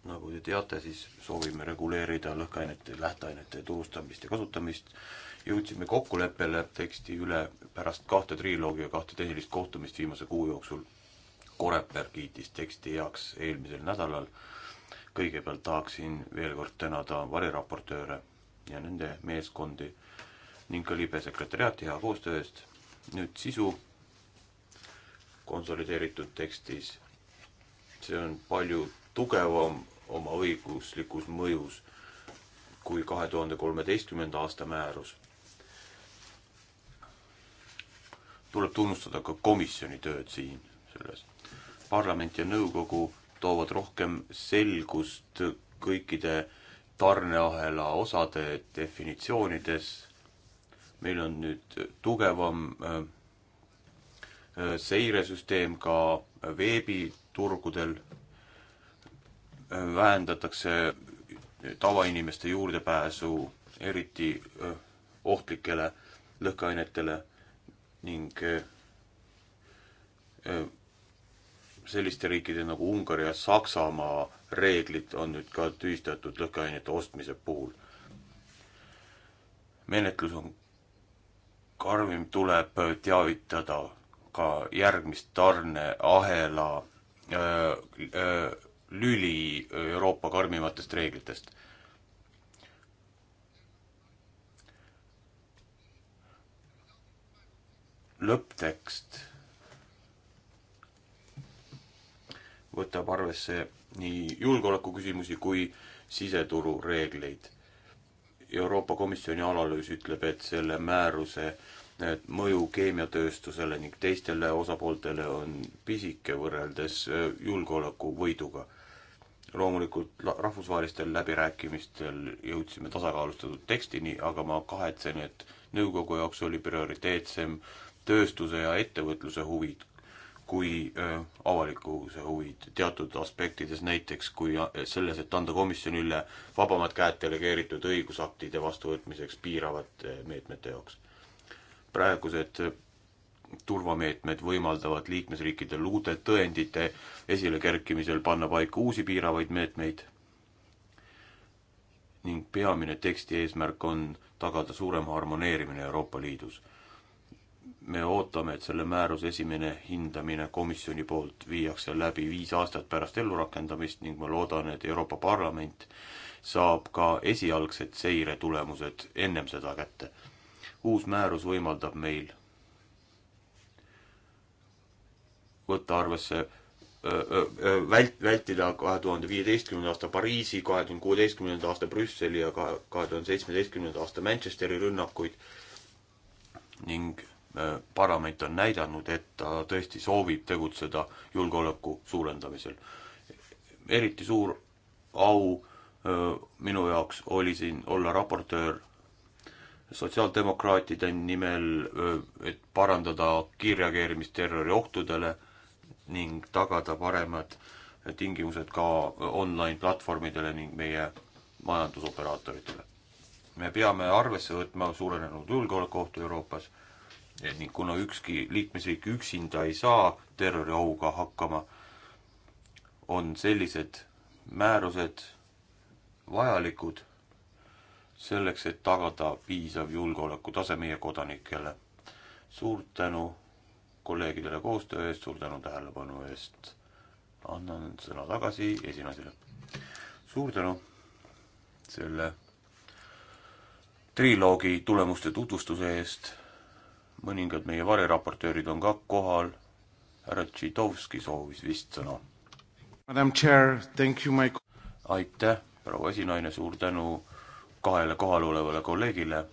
nagu te teate, siis soovime reguleerida lõhkainete, lähteainete turustamist ja kasutamist jõudsime kokkuleppele teksti üle pärast kahte triloogi ja kahte tehnilist kohtumist viimase kuu jooksul. Koreper kiitis teksti heaks eelmisel nädalal. kõigepealt tahaksin veel kord tänada variraportööre ja nende meeskondi ning ka libesekretäriaati hea koostöö eest. nüüd sisu konsolideeritud tekstis. see on palju tugevam oma õiguslikus mõjus kui kahe tuhande kolmeteistkümnenda aasta määrus. tuleb tunnustada ka komisjoni tööd siin selles parlament ja nõukogu toovad rohkem selgust kõikide tarneahela osade definitsioonides. meil on nüüd tugevam äh, äh, seiresüsteem ka veebiturgudel. Äh, vähendatakse tavainimeste juurdepääsu eriti ohtlikele lõhkeainetele ning selliste riikide nagu Ungari ja Saksamaa reeglid on nüüd ka tühistatud lõhkeainete ostmise puhul. menetlus on karmim, tuleb teavitada ka järgmist tarneahela lüli Euroopa karmimatest reeglitest. lõpptekst võtab arvesse nii julgeolekuküsimusi kui siseturu reegleid. Euroopa Komisjoni analüüs ütleb, et selle määruse mõju keemiatööstusele ning teistele osapooltele on pisike võrreldes äh, julgeolekuvõiduga. loomulikult rahvusvahelistel läbirääkimistel jõudsime tasakaalustatud tekstini, aga ma kahetsen, et nõukogu jaoks oli prioriteetsem tööstuse ja ettevõtluse huvid kui äh, avalikkuse huvid teatud aspektides, näiteks kui äh, selles, et anda komisjonile vabamad käed delegeeritud õigusaktide vastuvõtmiseks piiravate äh, meetmete jaoks. praegused turvameetmed võimaldavad liikmesriikidel uute tõendite esilekerkimisel panna paika uusi piiravaid meetmeid ning peamine teksti eesmärk on tagada suurem harmoneerimine Euroopa Liidus me ootame, et selle määruse esimene hindamine komisjoni poolt viiakse läbi viis aastat pärast ellurakendamist ning ma loodan, et Euroopa Parlament saab ka esialgsed seiretulemused ennem seda kätte. uus määrus võimaldab meil võtta arvesse vält-, vältida kahe tuhande viieteistkümnenda aasta Pariisi, kahe tuhande kuueteistkümnenda aasta Brüsseli ja kahe, kahe tuhande seitsmeteistkümnenda aasta Manchesteri rünnakuid ning Äh, parlament on näidanud, et ta tõesti soovib tegutseda julgeoleku suurendamisel. eriti suur au äh, minu jaoks oli siin olla raportöör sotsiaaldemokraatide nimel, äh, et parandada kiirreageerimist terroriohtudele ning tagada paremad tingimused ka online platvormidele ning meie majandusoperaatoritele. me peame arvesse võtma suurenenud julgeolekuohtu Euroopas Eh, ning kuna ükski liikmesriik üksinda ei saa terroriohuga hakkama, on sellised määrused vajalikud selleks, et tagada piisav julgeolekutase meie kodanikele. suur tänu kolleegidele koostöö eest, suur tänu tähelepanu eest. annan sõna tagasi esinaisele. suur tänu selle triloogi tulemuste tutvustuse eest mõningad meie variraportöörid on ka kohal. härra Tšitovski soovis vist sõna. My... aitäh, proua esinaine, suur tänu kahele kohalolevale kolleegile.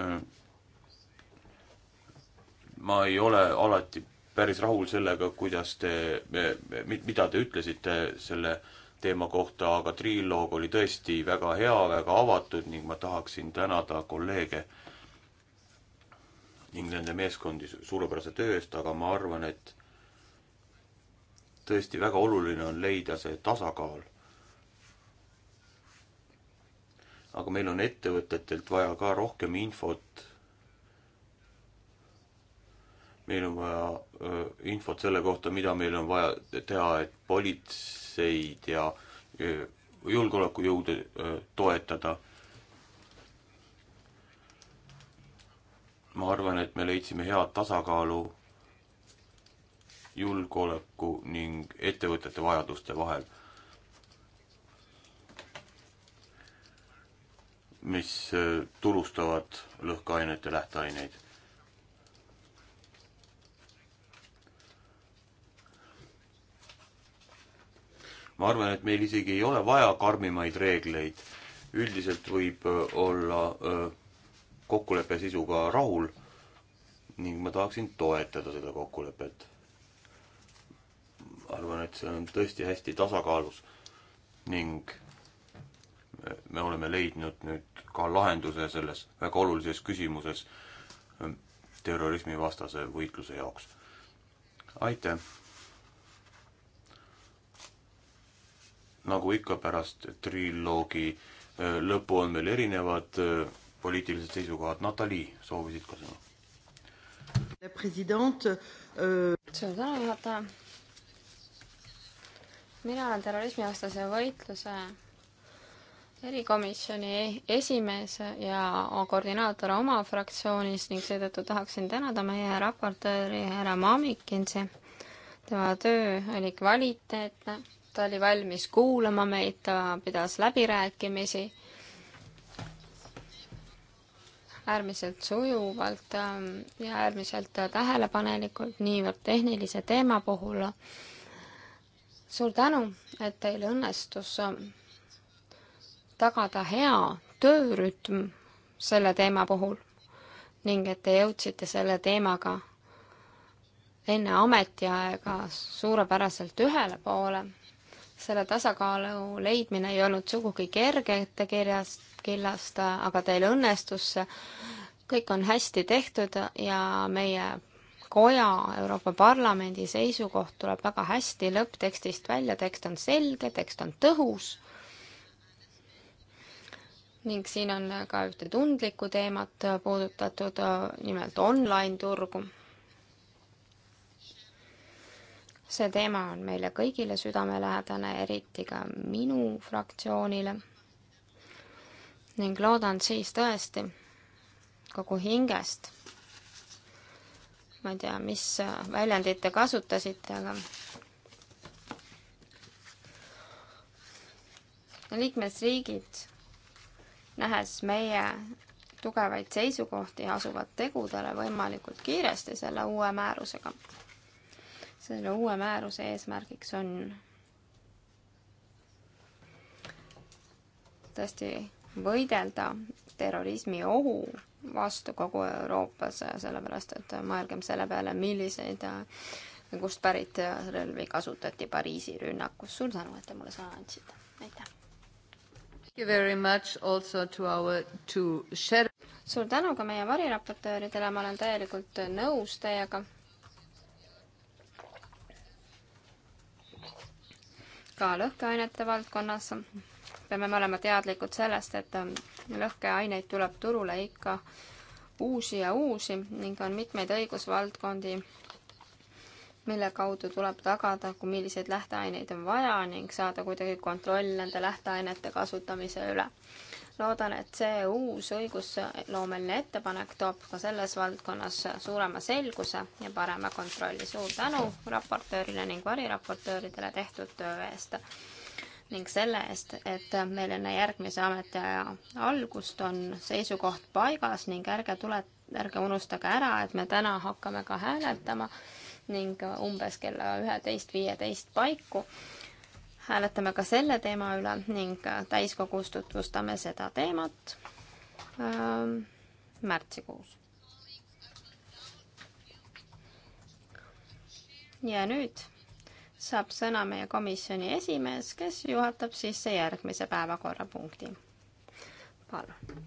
Äh, ma ei ole alati päris rahul sellega, kuidas te, mida te ütlesite selle äh, teema kohta, aga triloog oli tõesti väga hea, väga avatud ning ma tahaksin tänada kolleege ning nende meeskondi suurepärase töö eest, aga ma arvan, et tõesti väga oluline on leida see tasakaal. aga meil on ettevõtetelt vaja ka rohkem infot. meil on vaja infot selle kohta, mida meil on vaja teha, et polits-, politseid ja julgeolekujõude toetada. ma arvan, et me leidsime head tasakaalu julgeoleku ning ettevõtete vajaduste vahel, mis turustavad lõhkeainete lähteaineid. ma arvan, et meil isegi ei ole vaja karmimaid reegleid. üldiselt võib äh, olla äh, kokkuleppe sisuga rahul ning ma tahaksin toetada seda kokkulepet. arvan, et see on tõesti hästi tasakaalus ning me oleme leidnud nüüd ka lahenduse selles väga olulises küsimuses äh, terrorismivastase võitluse jaoks. aitäh! nagu ikka pärast triloogi äh, lõppu on meil erinevad äh, poliitilised seisukohad. Natali, soovisid ka sõna? Euh, suur tänu, juhataja. mina olen terrorismivastase võitluse erikomisjoni esimees ja koordinaator oma fraktsioonis ning seetõttu tahaksin tänada meie raportööri härra Mamikinsi. tema töö oli kvaliteetne ta oli valmis kuulama meid, ta pidas läbirääkimisi äärmiselt sujuvalt ähm, ja äärmiselt tähelepanelikult niivõrd tehnilise teema puhul. suur tänu, et teil õnnestus ähm, tagada hea töörütm selle teema puhul ning et te jõudsite selle teemaga enne ametiaega suurepäraselt ühele poole selle tasakaalu leidmine ei olnud sugugi kergete kirjast, killast, aga teil õnnestus see. kõik on hästi tehtud ja meie koja, Euroopa Parlamendi seisukoht tuleb väga hästi lõpptekstist välja, tekst on selge, tekst on tõhus. ning siin on ka ühte tundlikku teemat puudutatud, nimelt online turgu see teema on meile kõigile südamelähedane, eriti ka minu fraktsioonile. ning loodan siis tõesti kogu hingest, ma ei tea, mis väljendit te kasutasite, aga liikmesriigid, nähes meie tugevaid seisukohti, asuvad tegudele võimalikult kiiresti selle uue määrusega selle uue määruse eesmärgiks on tõesti võidelda terrorismi ohu vastu kogu Euroopas, sellepärast et mõelgem selle peale, milliseid, kust pärit relvi kasutati Pariisi rünnakus. suur tänu, et te mulle sõna andsite. aitäh! suur tänu ka meie variraportööridele, ma olen täielikult nõus teiega ka lõhkeainete valdkonnas. peame me olema teadlikud sellest, et ähm, lõhkeaineid tuleb turule ikka uusi ja uusi ning on mitmeid õigusvaldkondi, mille kaudu tuleb tagada, kui milliseid lähteaineid on vaja ning saada kuidagi kontroll nende lähteainete kasutamise üle loodan, et see uus õigusloomeline ettepanek toob ka selles valdkonnas suurema selguse ja parema kontrolli. suur tänu raportöörile ning variraportööridele tehtud töö eest ning selle eest, et meil enne järgmise ametiaja algust on seisukoht paigas ning ärge tule, ärge unustage ära, et me täna hakkame ka hääletama ning umbes kella üheteist, viieteist paiku hääletame ka selle teema üle ning täiskogus tutvustame seda teemat ähm, märtsikuus. ja nüüd saab sõna meie komisjoni esimees, kes juhatab sisse järgmise päevakorrapunkti. palun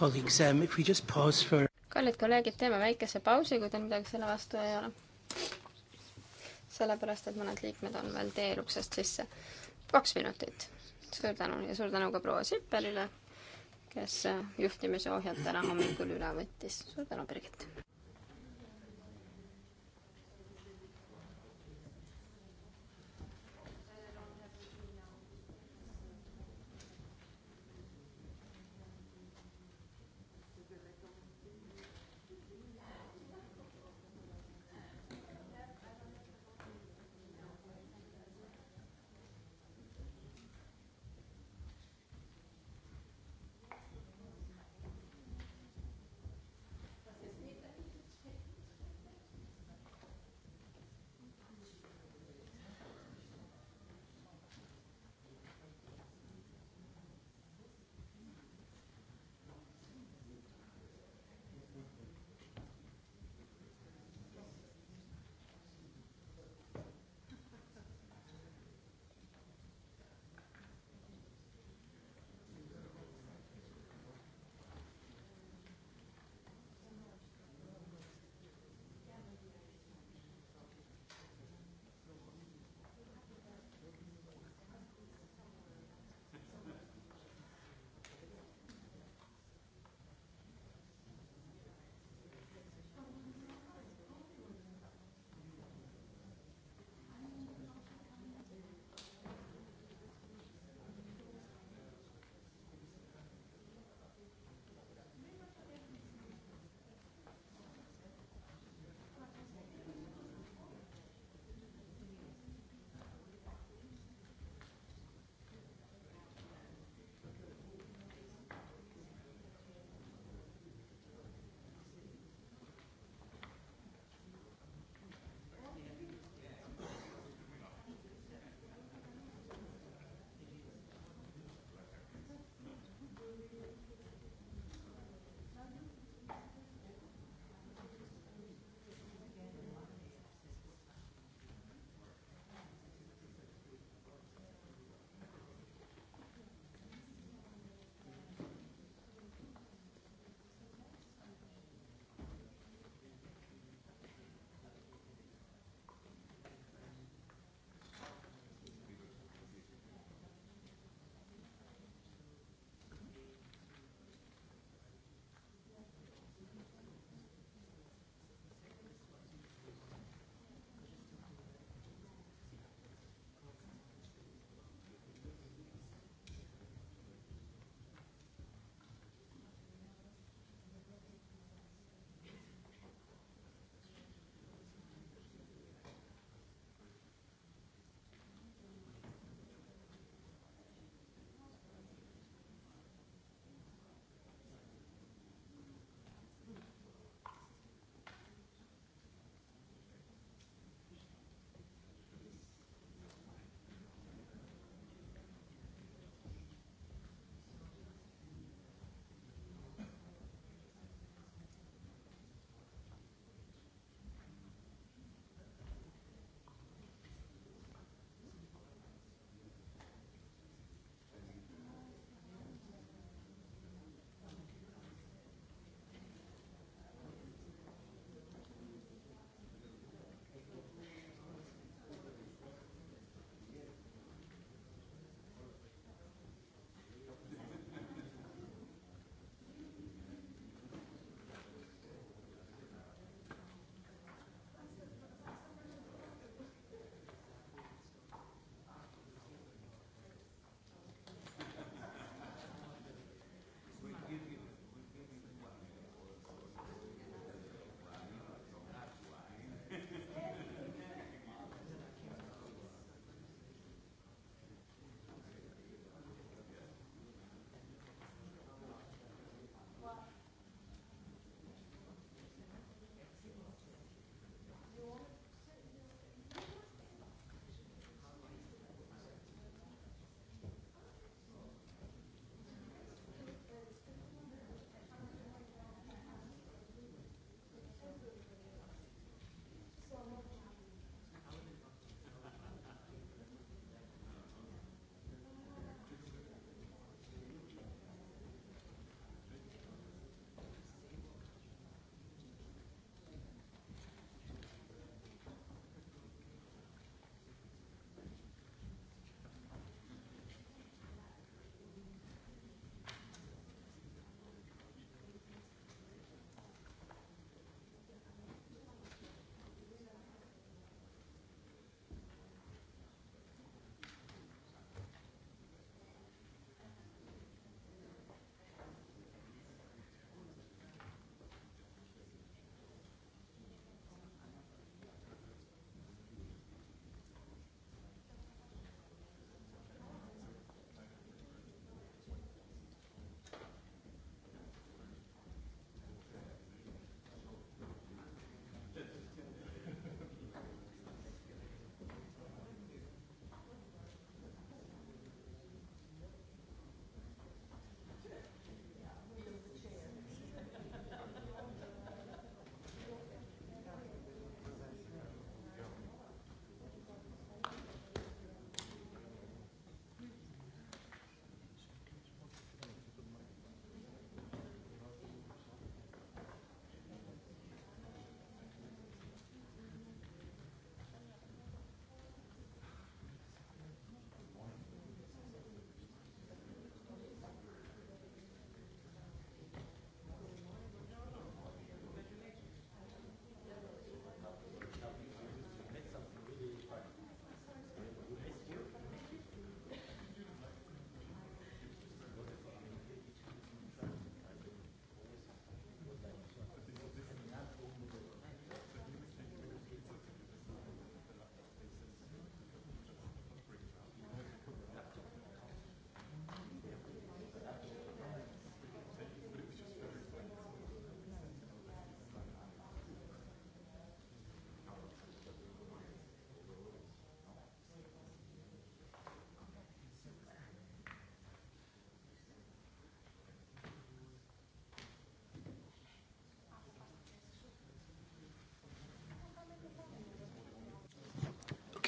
Um, kallid kolleegid, teeme väikese pausi, kui teil midagi selle vastu ei ole. sellepärast, et mõned liikmed on veel teel uksest sisse. kaks minutit. suur tänu ja suur tänu ka proua Sipperile, kes äh, juhtimise ohjad täna hommikul üle võttis. suur tänu, Birgit!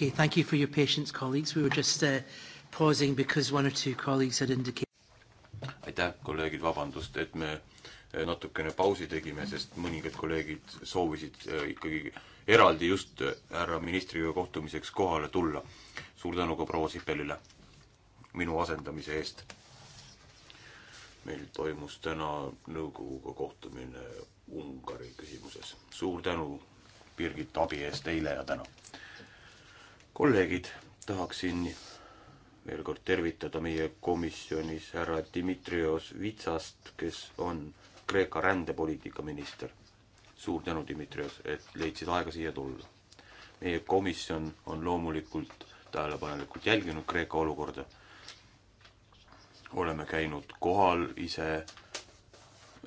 Okay, thank you for your patience, colleagues. We were just uh, pausing because one or two colleagues had indicated. aitäh, kolleegid, vabandust, et me äh, natukene pausi tegime, sest mõningad kolleegid soovisid äh, ikkagi eraldi just äh, härra ministriga kohtumiseks kohale tulla. suur tänu ka proua Sipelile minu asendamise eest. meil toimus täna nõukoguga kohtumine Ungari küsimuses. suur tänu, Birgit, abi eest eile ja täna kolleegid, tahaksin veel kord tervitada meie komisjonis härra Dimitrios Vitsast, kes on Kreeka rändepoliitika minister. suur tänu, Dimitrios, et leidsid aega siia tulla. meie komisjon on loomulikult tähelepanelikult jälginud Kreeka olukorda. oleme käinud kohal ise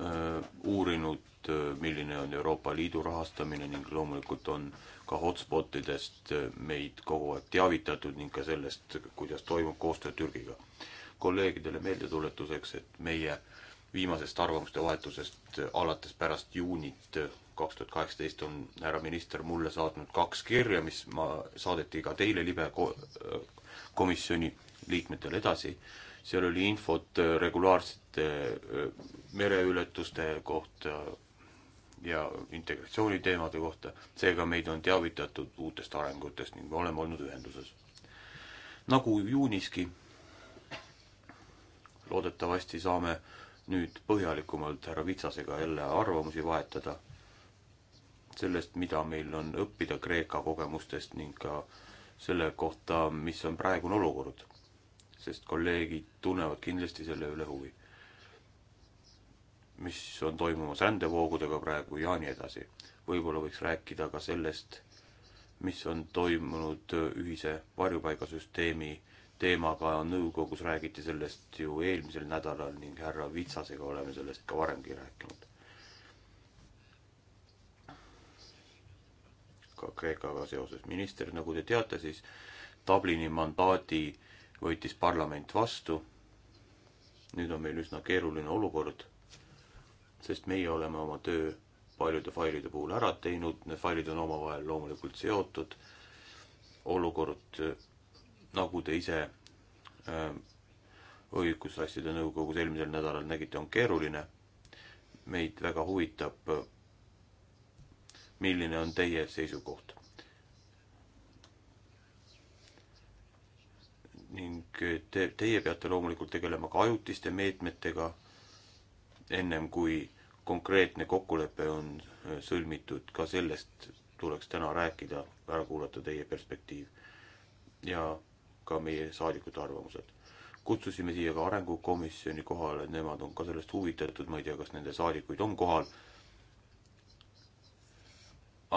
Äh, uurinud, äh, milline on Euroopa Liidu rahastamine ning loomulikult on ka hotspotidest äh, meid kogu aeg teavitatud ning ka sellest, kuidas toimub koostöö Türgiga. kolleegidele meeldetuletuseks, et meie viimasest arvamuste vahetusest alates pärast juunit kaks tuhat kaheksateist on härra minister mulle saatnud kaks kirja, mis ma saadeti ka teile libe ko-, komisjoni liikmetele edasi seal oli infot äh, regulaarsete äh, mereületuste kohta ja integratsiooniteemade kohta, seega meid on teavitatud uutest arengutest ning me oleme olnud ühenduses. nagu juuniski, loodetavasti saame nüüd põhjalikumalt härra Vitsasega jälle arvamusi vahetada sellest, mida meil on õppida Kreeka kogemustest ning ka selle kohta, mis on praegune olukord sest kolleegid tunnevad kindlasti selle üle huvi. mis on toimumas rändevoogudega praegu ja nii edasi. võib-olla võiks rääkida ka sellest, mis on toimunud ühise varjupaigasüsteemi teemaga, nõukogus räägiti sellest ju eelmisel nädalal ning härra Vitsasega oleme sellest ka varemgi rääkinud. ka Kreekaga seoses minister, nagu te teate, siis Dublini mandaadi võitis parlament vastu. nüüd on meil üsna keeruline olukord, sest meie oleme oma töö paljude failide puhul ära teinud, need failid on omavahel loomulikult seotud. olukord, äh, nagu te ise äh, õigusasjade nõukogus eelmisel nädalal nägite, on keeruline. meid väga huvitab, äh, milline on teie seisukoht ning eh, te, teie peate loomulikult tegelema ka ajutiste meetmetega, ennem kui konkreetne kokkulepe on eh, sõlmitud, ka sellest tuleks täna rääkida, ära kuulata teie perspektiiv ja ka meie saadikute arvamused. kutsusime siia ka Arengukomisjoni kohale, nemad on ka sellest huvitatud, ma ei tea, kas nende saadikuid on kohal,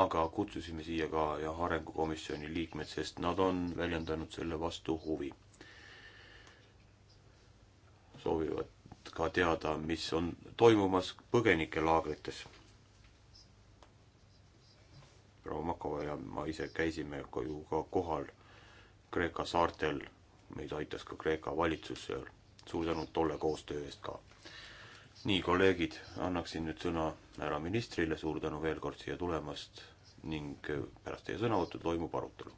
aga kutsusime siia ka jah, Arengukomisjoni liikmed, sest nad on väljendanud selle vastu huvi soovivad ka teada, mis on toimumas põgenikelaagrites. proua Makova ja ma ise käisime ju ka kohal Kreeka saartel, meid aitas ka Kreeka valitsus seal. suur tänu tolle koostöö eest ka. nii, kolleegid, annaksin nüüd sõna härra ministrile, suur tänu veel kord siia tulemast ning pärast teie sõnavõttu toimub arutelu.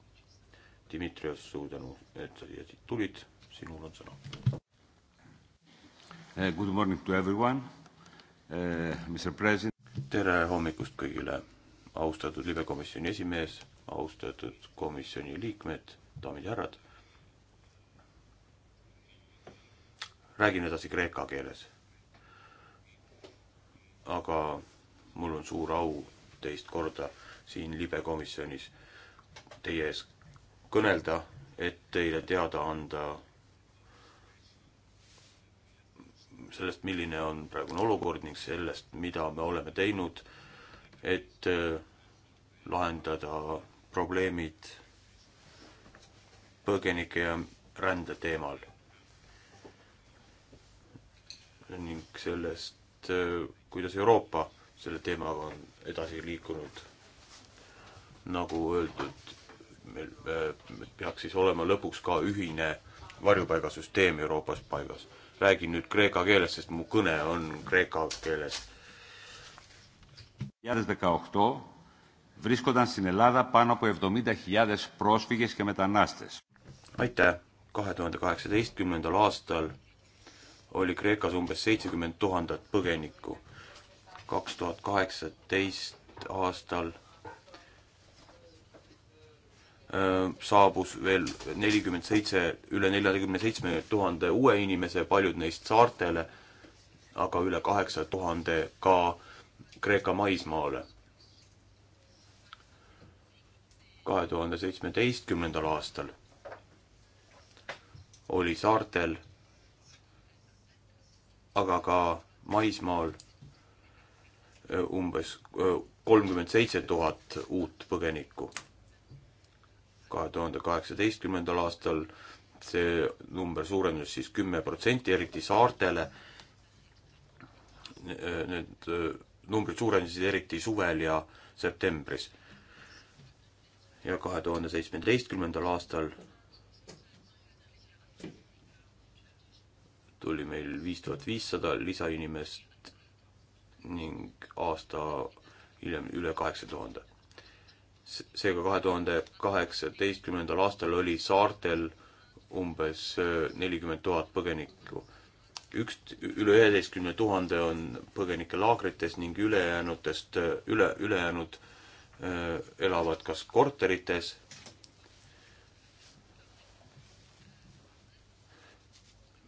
Dimitrios, suur tänu, et sa siia tulid, sinul on sõna. Uh, good morning to everyone uh,, Mr President. tere hommikust kõigile, austatud libekomisjoni esimees, austatud komisjoni liikmed, daamid ja härrad. räägin edasi kreeka keeles. aga mul on suur au teist korda siin libekomisjonis teie ees kõnelda, et teile teada anda sellest, milline on praegune olukord ning sellest, mida me oleme teinud, et äh, lahendada probleemid põgenike ja rände teemal. ning sellest, äh, kuidas Euroopa selle teemaga on edasi liikunud. nagu öeldud, meil äh, peaks siis olema lõpuks ka ühine varjupaigasüsteem Euroopas paigas räägin nüüd kreeka keeles, sest mu kõne on kreeka keeles. aitäh, kahe tuhande kaheksateistkümnendal aastal oli Kreekas umbes seitsekümmend tuhandet põgenikku. kaks tuhat kaheksateist aastal Äh, saabus veel nelikümmend seitse, üle neljakümne seitsme tuhande uue inimese, paljud neist saartele, aga üle kaheksa tuhande ka Kreeka maismaale. kahe tuhande seitsmeteistkümnendal aastal oli saartel, aga ka maismaal äh, umbes äh, kolmkümmend seitse tuhat uut põgenikku kahe tuhande kaheksateistkümnendal aastal see number suurenes siis kümme protsenti, eriti saartele. Need äh, numbrid suurenesid eriti suvel ja septembris. ja kahe tuhande seitsmeteistkümnendal aastal tuli meil viis tuhat viissada lisainimest ning aasta hiljem üle kaheksa tuhande seega kahe tuhande kaheksateistkümnendal aastal oli saartel umbes äh, nelikümmend tuhat põgenikku. üks, üle üheteistkümne tuhande on põgenike laagrites ning ülejäänutest, äh, üle, ülejäänud äh, elavad kas korterites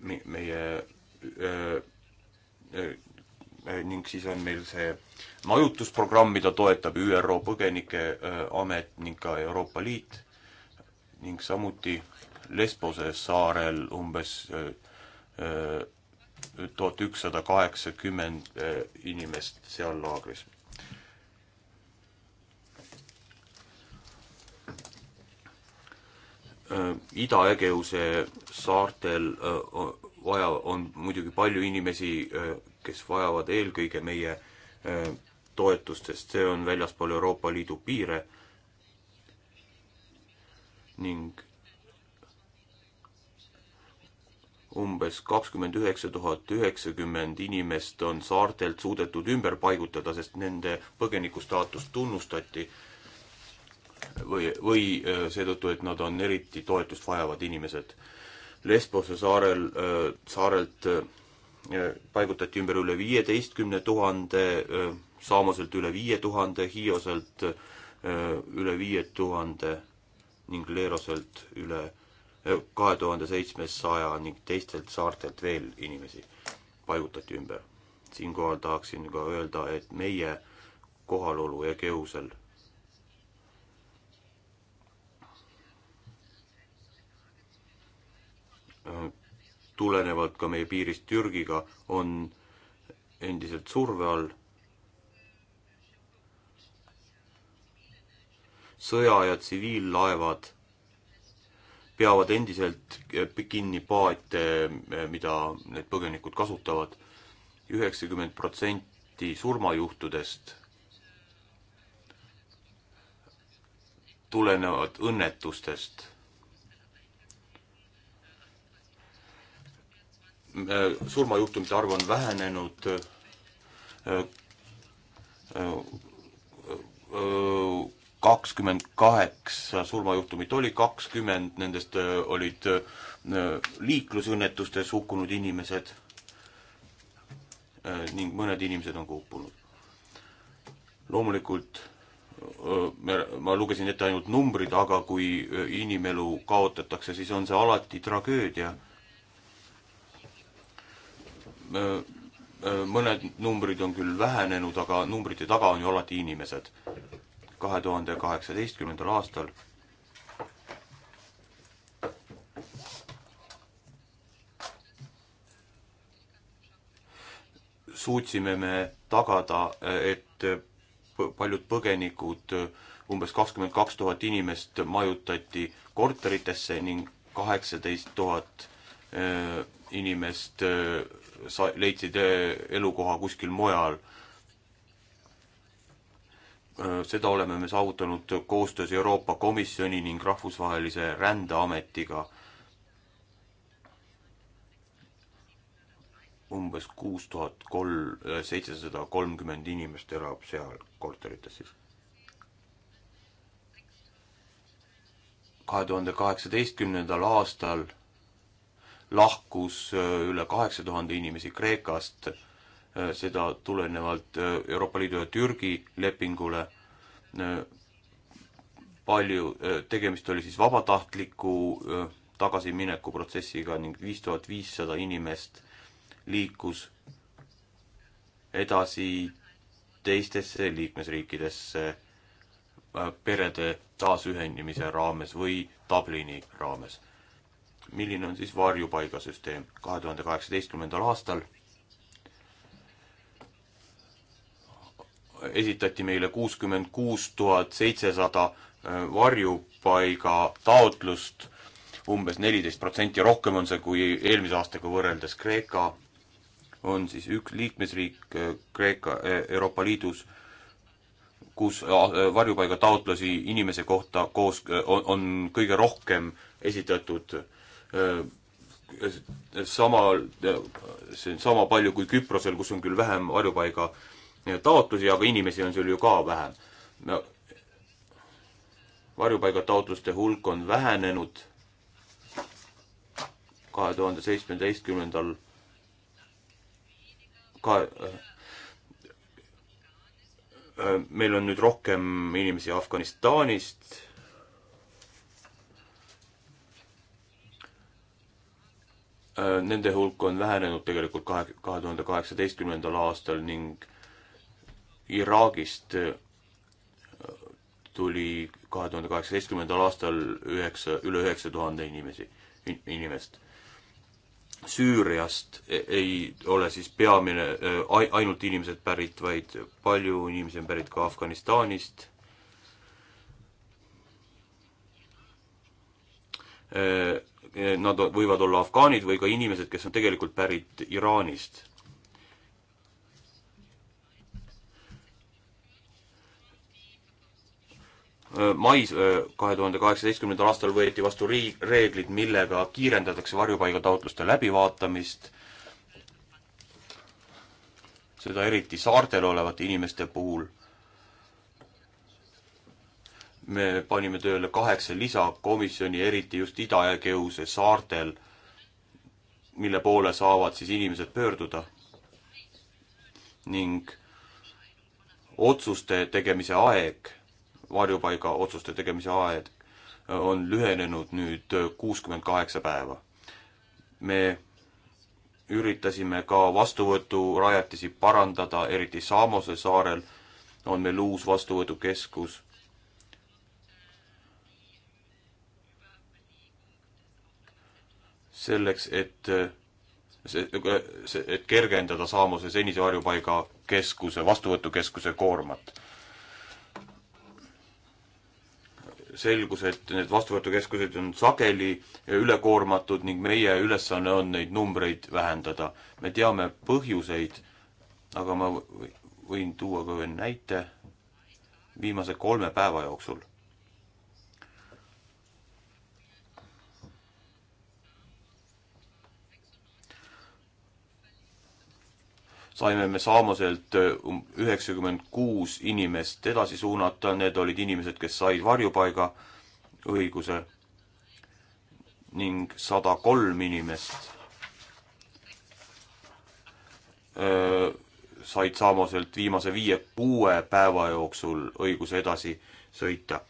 meie öö, äh, öö, Äh, ning siis on meil see majutusprogramm, mida toetab ÜRO Põgenikeamet äh, ning ka Euroopa Liit ning samuti Lesbose saarel umbes äh, tuhat ükssada kaheksakümmend inimest seal laagris. Ida-Ägeuse saartel vaja on muidugi palju inimesi kes vajavad eelkõige meie äh, toetust, sest see on väljaspool Euroopa Liidu piire ning umbes kakskümmend üheksa tuhat üheksakümmend inimest on saartelt suudetud ümber paigutada, sest nende põgenikustaatust tunnustati või, või äh, seetõttu, et nad on eriti toetust vajavad inimesed. Lesbose saarel, äh, saarelt Äh, paigutati ümber üle viieteistkümne tuhande, äh, Saamoselt üle viie tuhande, Hioselt äh, üle viie tuhande ning Leeroselt üle kahe tuhande seitsmesaja ning teistelt saartelt veel inimesi paigutati ümber. siinkohal tahaksin ka öelda, et meie kohalolu ja Keusel tulenevad ka meie piirist Türgiga, on endiselt surve all. sõja- ja tsiviillaevad peavad endiselt kinni paate, mida need põgenikud kasutavad. üheksakümmend protsenti surmajuhtudest tulenevad õnnetustest Äh, surmajuhtumite arv on vähenenud äh, äh, kakskümmend kaheksa surmajuhtumit oli, kakskümmend nendest olid liiklusõnnetustes hukkunud inimesed ning mõned inimesed on ka uppunud. loomulikult me, ma lugesin ette ainult numbrid, aga kui inimelu kaotatakse, siis on see alati tragöödia Äh, äh, mõned numbrid on küll vähenenud, aga numbrite taga on ju alati inimesed. kahe tuhande kaheksateistkümnendal aastal suutsime me tagada, et paljud põgenikud, umbes kakskümmend kaks tuhat inimest majutati korteritesse ning kaheksateist tuhat äh, inimest sa-, leidsid eh, elukoha kuskil mujal. seda oleme me saavutanud koostöös Euroopa Komisjoni ning Rahvusvahelise Rändeametiga umbes kuus tuhat kolm, seitsesada kolmkümmend inimest elab seal korterites siis. kahe tuhande kaheksateistkümnendal aastal lahkus äh, üle kaheksa tuhande inimesi Kreekast, äh, seda tulenevalt äh, Euroopa Liidu ja Türgi lepingule. palju, tegemist oli siis vabatahtliku tagasimineku protsessiga ning viis tuhat viissada inimest liikus edasi teistesse liikmesriikidesse perede taasühendamise raames või Dublini raames milline on siis varjupaigasüsteem kahe tuhande kaheksateistkümnendal aastal? esitati meile kuuskümmend kuus tuhat seitsesada äh, varjupaiga taotlust, umbes neliteist protsenti rohkem on see kui eelmise aastaga võrreldes. Kreeka on siis üks liikmesriik äh, Kreeka, äh, Euroopa Liidus, kus varjupaigataotlusi inimese kohta koos, on, on kõige rohkem esitatud Äh, sama, äh, see on sama palju kui Küprosel, kus on küll vähem varjupaiga äh, taotlusi, aga inimesi on seal ju ka vähem. no varjupaigataotluste hulk on vähenenud kahe tuhande seitsmeteistkümnendal kahe meil on nüüd rohkem inimesi Afganistanist Äh, nende hulk on vähenenud tegelikult kahe, kahe tuhande kaheksateistkümnendal aastal ning Iraagist äh, tuli kahe tuhande kaheksateistkümnendal aastal üheksa, üle üheksa tuhande inimesi, inimest. Süüriast e, ei ole siis peamine, äh, ainult inimesed pärit, vaid palju inimesi on pärit ka Afganistanist Eh, nad võivad olla afgaanid või ka inimesed, kes on tegelikult pärit Iraanist. Eh, mais eh, kahe tuhande kaheksateistkümnendal aastal võeti vastu riig-, reeglid, millega kiirendatakse varjupaigataotluste läbivaatamist, seda eriti saartel olevate inimeste puhul me panime tööle kaheksa lisakomisjoni, eriti just Ida- ja Keuse saartel, mille poole saavad siis inimesed pöörduda. ning otsuste tegemise aeg, varjupaiga otsuste tegemise aeg on lühenenud nüüd kuuskümmend kaheksa päeva. me üritasime ka vastuvõturajatisi parandada, eriti Samose saarel on meil uus vastuvõtukeskus selleks, et see, see, et kergendada Saamose senise varjupaiga keskuse, vastuvõtukeskuse koormat. selgus, et need vastuvõtukeskused on sageli ülekoormatud ning meie ülesanne on neid numbreid vähendada. me teame põhjuseid, aga ma võin tuua ka ühe näite viimase kolme päeva jooksul saime me Saamoselt um, üheksakümmend kuus inimest edasi suunata, need olid inimesed, kes said varjupaiga õiguse ning sada kolm inimest öö, said Saamoselt viimase viie-kuue päeva jooksul õiguse edasi sõita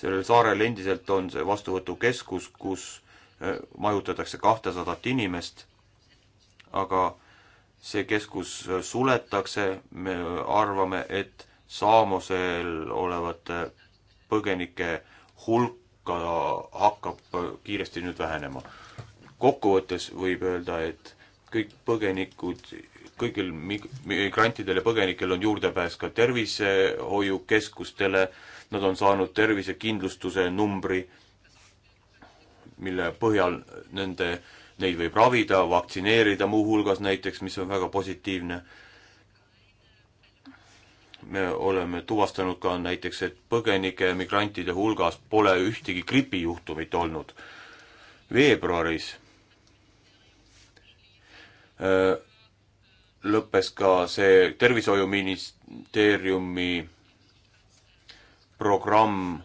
sellel saarel endiselt on see vastuvõtukeskus, kus eh, majutatakse kahtesadat inimest, aga see keskus suletakse, me arvame, et Saamosel olevate põgenike hulka hakkab eh, kiiresti nüüd vähenema. kokkuvõttes võib öelda, et kõik põgenikud, kõigil migrantidel ja põgenikel on juurdepääs ka tervishoiukeskustele äh,, nad on saanud tervisekindlustuse numbri, mille põhjal nende, neid võib ravida, vaktsineerida muuhulgas näiteks, mis on väga positiivne. me oleme tuvastanud ka näiteks, et põgenike ja migrantide hulgas pole ühtegi gripijuhtumit olnud. veebruaris öö, äh, lõppes ka see tervishoiuministeeriumi programm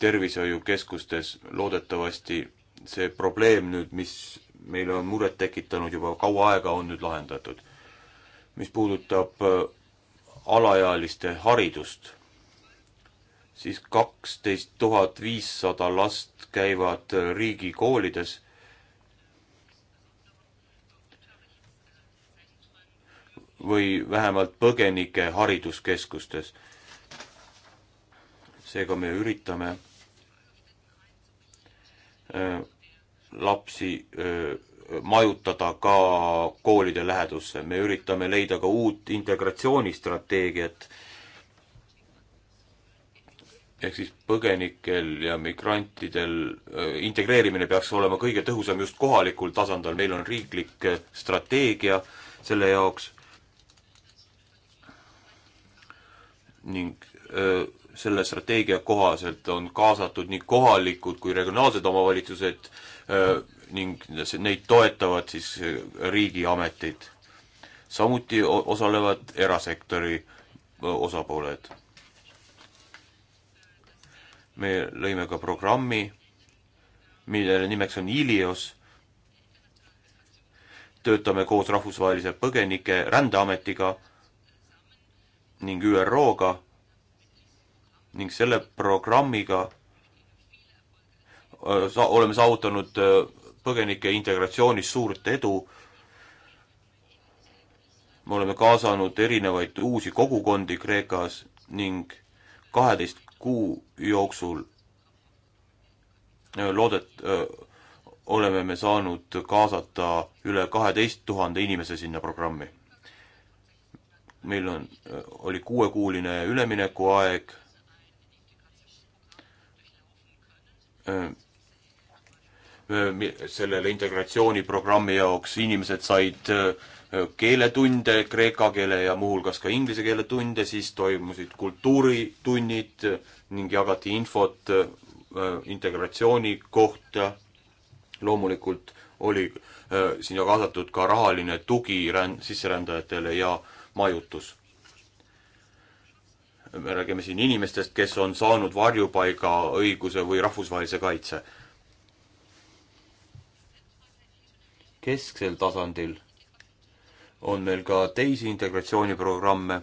tervishoiukeskustes, loodetavasti see probleem nüüd, mis meile on muret tekitanud juba kaua aega, on nüüd lahendatud. mis puudutab äh, alaealiste haridust, siis kaksteist tuhat viissada last käivad äh, riigikoolides või vähemalt põgenike hariduskeskustes seega me üritame äh, lapsi äh, majutada ka koolide lähedusse, me üritame leida ka uut integratsioonistrateegiat, ehk siis põgenikel ja migrantidel äh, integreerimine peaks olema kõige tõhusam just kohalikul tasandil, meil on riiklik strateegia selle jaoks ning öö, selle strateegia kohaselt on kaasatud nii kohalikud kui regionaalsed omavalitsused äh, ning neid toetavad siis äh, riigiametid. samuti osalevad erasektori äh, osapooled. me lõime ka programmi, mille nimeks on Ilios. töötame koos rahvusvahelise põgenike rändeametiga ning ÜRO-ga ning selle programmiga sa-, oleme saavutanud põgenike integratsioonis suurt edu, me oleme kaasanud erinevaid uusi kogukondi Kreekas ning kaheteist kuu jooksul loodet-, oleme me saanud kaasata üle kaheteist tuhande inimese sinna programmi. meil on, oli kuuekuuline üleminekuaeg Äh, äh, sellele integratsiooniprogrammi jaoks inimesed said äh, keeletunde, kreeka keele ja muuhulgas ka inglise keele tunde, siis toimusid kultuuritunnid ning jagati infot integratsiooni kohta. loomulikult oli sinna kaasatud ka rahaline tugi ränn-, sisserändajatele ja majutus me räägime siin inimestest, kes on saanud varjupaiga õiguse või rahvusvahelise kaitse. kesksel tasandil on meil ka teisi integratsiooniprogramme.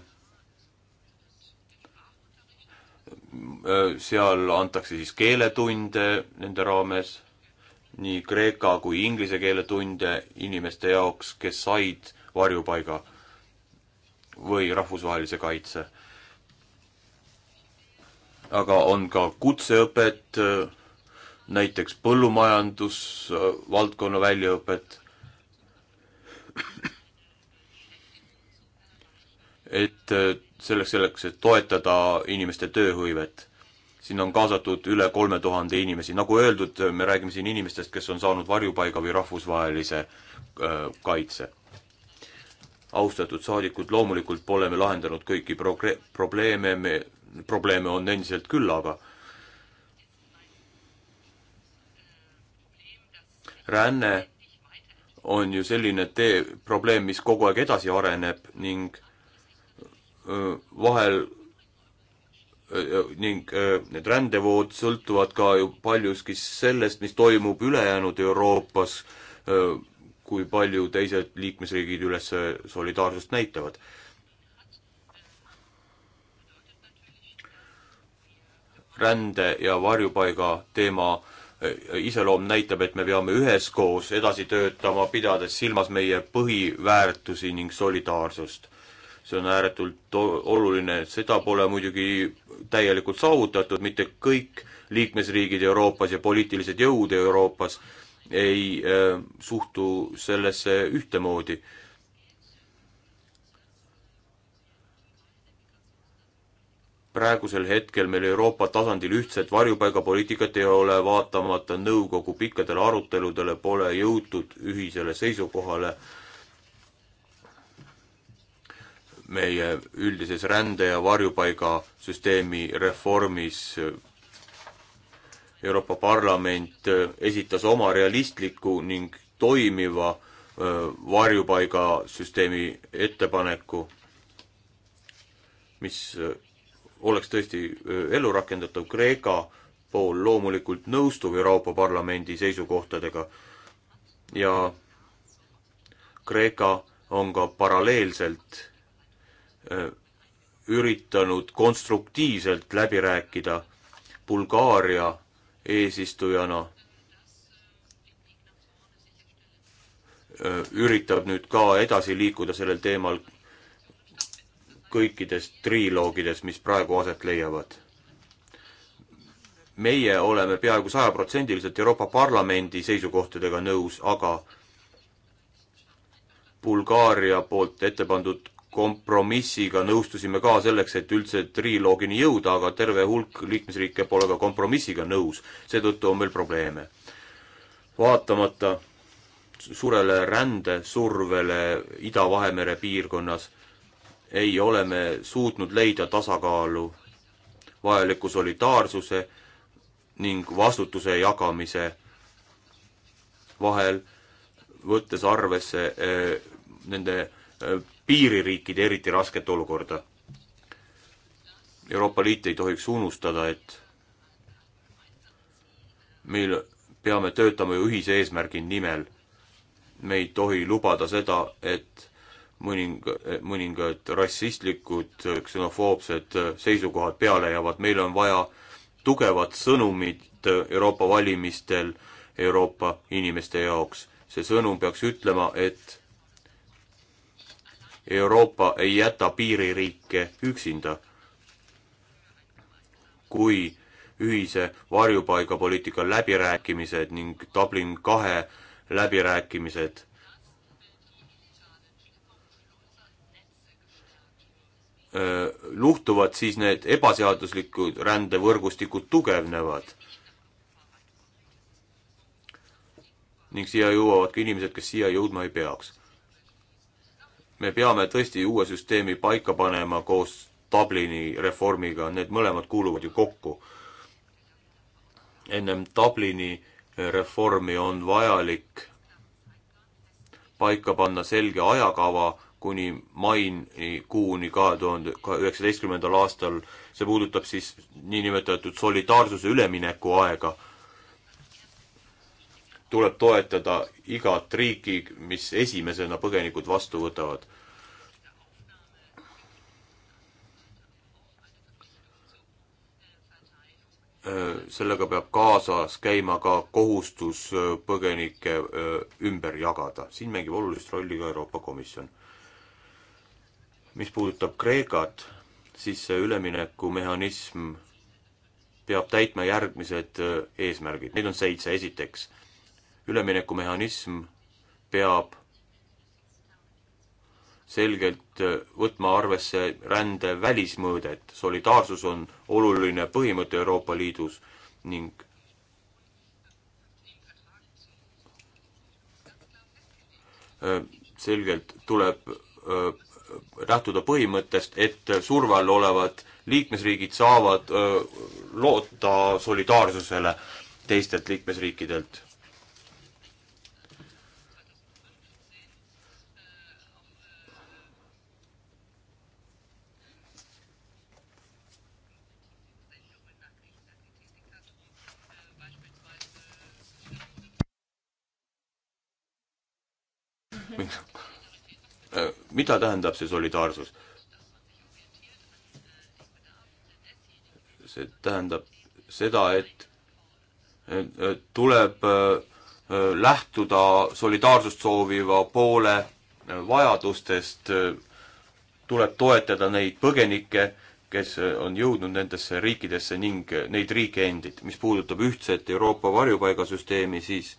seal antakse siis keeletunde nende raames, nii kreeka kui inglise keele tunde inimeste jaoks, kes said varjupaiga või rahvusvahelise kaitse aga on ka kutseõpet, näiteks põllumajandusvaldkonna väljaõpet. et äh, selleks, selleks, et toetada inimeste tööhõivet. sinna on kaasatud üle kolme tuhande inimesi, nagu öeldud, me räägime siin inimestest, kes on saanud varjupaiga või rahvusvahelise äh, kaitse austatud saadikud, loomulikult pole me lahendanud kõiki progre-, probleeme, me probleeme on endiselt küll, aga ränne on ju selline tee, probleem, mis kogu aeg edasi areneb ning vahel ning need rändevood sõltuvad ka ju paljuski sellest, mis toimub ülejäänud Euroopas, kui palju teised liikmesriigid üles solidaarsust näitavad rände ja varjupaiga teema äh, iseloom näitab, et me peame üheskoos edasi töötama, pidades silmas meie põhiväärtusi ning solidaarsust. see on ääretult oluline, seda pole muidugi täielikult saavutatud, mitte kõik liikmesriigid Euroopas ja poliitilised jõud Euroopas ei äh, suhtu sellesse ühtemoodi äh, praegusel hetkel meil Euroopa tasandil ühtset varjupaigapoliitikat ei ole, vaatamata nõukogu pikkadele aruteludele pole jõutud ühisele seisukohale meie üldises rände- ja varjupaigasüsteemi reformis. Euroopa Parlament esitas oma realistliku ning toimiva varjupaigasüsteemi ettepaneku, mis oleks tõesti ellurakendatav Kreeka pool loomulikult nõustub Euroopa Parlamendi seisukohtadega ja Kreeka on ka paralleelselt üritanud konstruktiivselt läbi rääkida Bulgaaria eesistujana üritab nüüd ka edasi liikuda sellel teemal kõikides triloogides, mis praegu aset leiavad. meie oleme peaaegu sajaprotsendiliselt Euroopa Parlamendi seisukohtadega nõus, aga Bulgaaria poolt ette pandud kompromissiga nõustusime ka selleks, et üldse triloogini jõuda, aga terve hulk liikmesriike pole ka kompromissiga nõus. seetõttu on meil probleeme. vaatamata suurele rändesurvele Ida-Vahemere piirkonnas ei ole me suutnud leida tasakaalu vajaliku solidaarsuse ning vastutuse jagamise vahel, võttes arvesse eh, nende eh, piiririikide eriti rasket olukorda. Euroopa Liit ei tohiks unustada, et meil peame töötama ju ühise eesmärgi nimel. me ei tohi lubada seda, et mõning-, mõningad rassistlikud, ksenofoobsed seisukohad peale jäävad, meil on vaja tugevat sõnumit Euroopa valimistel Euroopa inimeste jaoks. see sõnum peaks ütlema, et Euroopa ei jäta piiririike üksinda. kui ühise varjupaigapoliitika läbirääkimised ning Dublin kahe läbirääkimised luhtuvad, siis need ebaseaduslikud rändevõrgustikud tugevnevad. ning siia jõuavad ka inimesed, kes siia jõudma ei peaks. me peame tõesti uue süsteemi paika panema koos Dublini reformiga, need mõlemad kuuluvad ju kokku. ennem Dublini reformi on vajalik paika panna selge ajakava kuni mainikuuni kahe tuhande üheksateistkümnendal aastal. see puudutab siis niinimetatud solidaarsuse ülemineku aega. tuleb toetada igat riiki, mis esimesena põgenikud vastu võtavad. sellega peab kaasas käima ka kohustus põgenikke ümber jagada. siin mängib olulist rolli ka Euroopa Komisjon mis puudutab Kreekat, siis see üleminekumehhanism peab täitma järgmised äh, eesmärgid, neid on seitse, esiteks üleminekumehhanism peab selgelt äh, võtma arvesse rände välismõõdet. solidaarsus on oluline põhimõte Euroopa Liidus ning äh, selgelt tuleb lähtuda põhimõttest, et surve all olevad liikmesriigid saavad öö, loota solidaarsusele teistelt liikmesriikidelt. mida tähendab see solidaarsus? see tähendab seda, et tuleb äh, äh, lähtuda solidaarsust sooviva poole äh, vajadustest, tuleb toetada neid põgenikke, kes on jõudnud nendesse riikidesse ning neid riike endid. mis puudutab ühtset Euroopa varjupaigasüsteemi, siis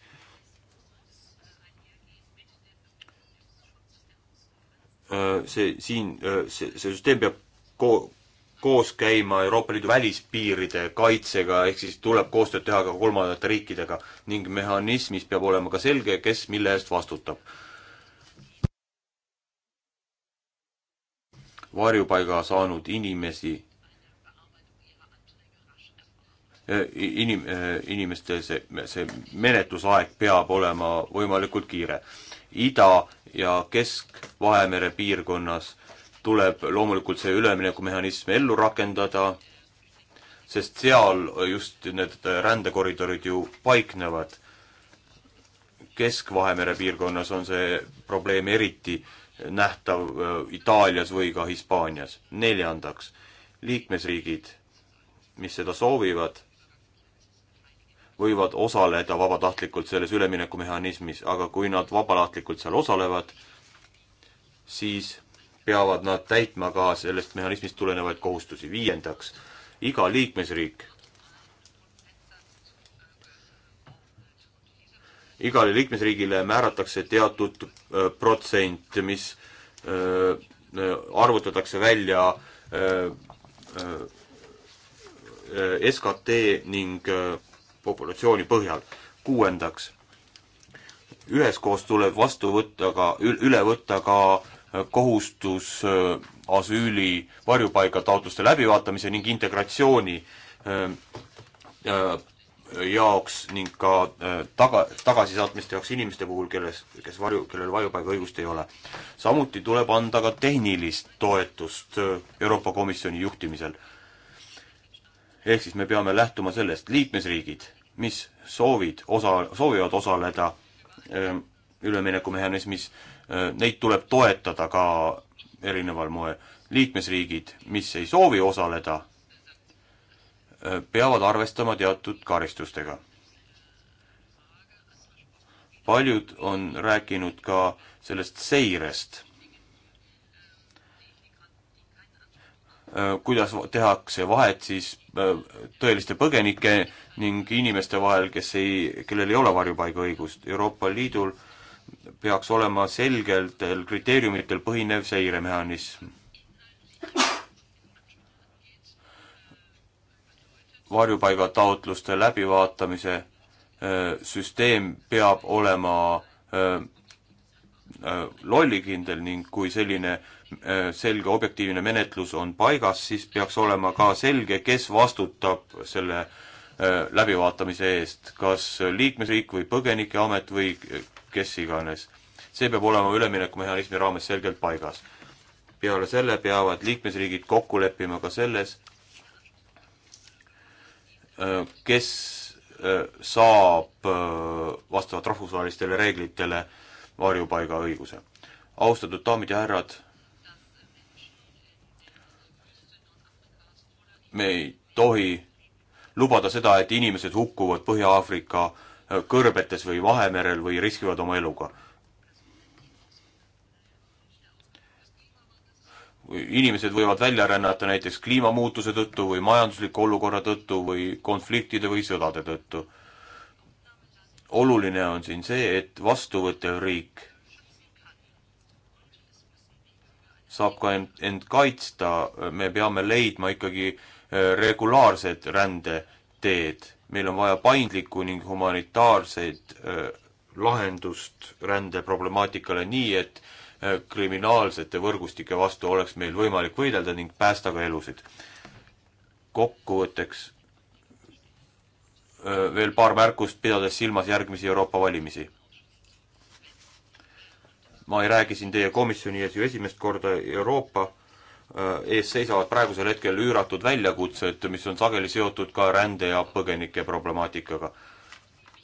Äh, see siin, äh, see, see süsteem peab ko-, koos käima Euroopa Liidu välispiiride kaitsega, ehk siis tuleb koostööd teha ka kolmandate riikidega ning mehhanismis peab olema ka selge, kes mille eest vastutab. varjupaiga saanud inimesi äh, inim-, inimeste see, see menetlusaeg peab olema võimalikult kiire Ida- ja Kesk-Vahemere piirkonnas tuleb loomulikult see üleminekumehhanism ellu rakendada, sest seal just need rändekoridorid ju paiknevad. Kesk-Vahemere piirkonnas on see probleem eriti nähtav äh, Itaalias või ka Hispaanias. neljandaks, liikmesriigid, mis seda soovivad võivad osaleda vabatahtlikult selles üleminekumehhanismis, aga kui nad vabatahtlikult seal osalevad, siis peavad nad täitma ka sellest mehhanismist tulenevaid kohustusi. viiendaks, iga liikmesriik, igale liikmesriigile määratakse teatud öö, protsent, mis öö, arvutatakse välja öö, SKT ning öö, populatsiooni põhjal. kuuendaks, üheskoos tuleb vastu võtta ka, üle võtta ka äh, kohustus äh, asüüli varjupaigataotluste läbivaatamise ning integratsiooni äh, jaoks ning ka taga, tagasisaatmiste jaoks inimeste puhul, kelles, kes varju, kellel varjupaigaõigust ei ole. samuti tuleb anda ka tehnilist toetust Euroopa Komisjoni juhtimisel. ehk siis me peame lähtuma sellest, liikmesriigid mis soovid osa, soovivad osaleda ähm, üleminekumehhanismis, äh, neid tuleb toetada ka erineval moel. liikmesriigid, mis ei soovi osaleda, äh, peavad arvestama teatud karistustega. paljud on rääkinud ka sellest seirest Äh, kuidas tehakse vahet siis äh, tõeliste põgenike ning inimeste vahel, kes ei, kellel ei ole varjupaigaõigust. Euroopa Liidul peaks olema selgetel kriteeriumitel põhinev seiremehhanism. varjupaigataotluste läbivaatamise äh, süsteem peab olema Äh, lollikindel ning kui selline äh, selge objektiivne menetlus on paigas, siis peaks olema ka selge, kes vastutab selle äh, läbivaatamise eest, kas liikmesriik või Põgenikeamet või kes iganes. see peab olema üleminekumehhanismi raames selgelt paigas. peale selle peavad liikmesriigid kokku leppima ka selles, kes saab vastavalt rahvusvahelistele reeglitele äh, varjupaigaõiguse. austatud daamid ja härrad, me ei tohi lubada seda, et inimesed hukkuvad Põhja-Aafrika kõrbetes või Vahemerel või riskivad oma eluga. inimesed võivad välja rännata näiteks kliimamuutuse tõttu või majandusliku olukorra tõttu või konfliktide või sõdade tõttu oluline on siin see, et vastuvõttev riik saab ka end, end kaitsta, me peame leidma ikkagi äh, regulaarsed rändeteed. meil on vaja paindlikku ning humanitaarseid äh, lahendust rändeproblemaatikale nii, et äh, kriminaalsete võrgustike vastu oleks meil võimalik võidelda ning päästa ka elusid. kokkuvõtteks veel paar märkust, pidades silmas järgmisi Euroopa valimisi. ma ei räägi siin teie komisjoni ees ju esimest korda, Euroopa ees seisavad praegusel hetkel üüratud väljakutsed, mis on sageli seotud ka rände ja põgenike problemaatikaga.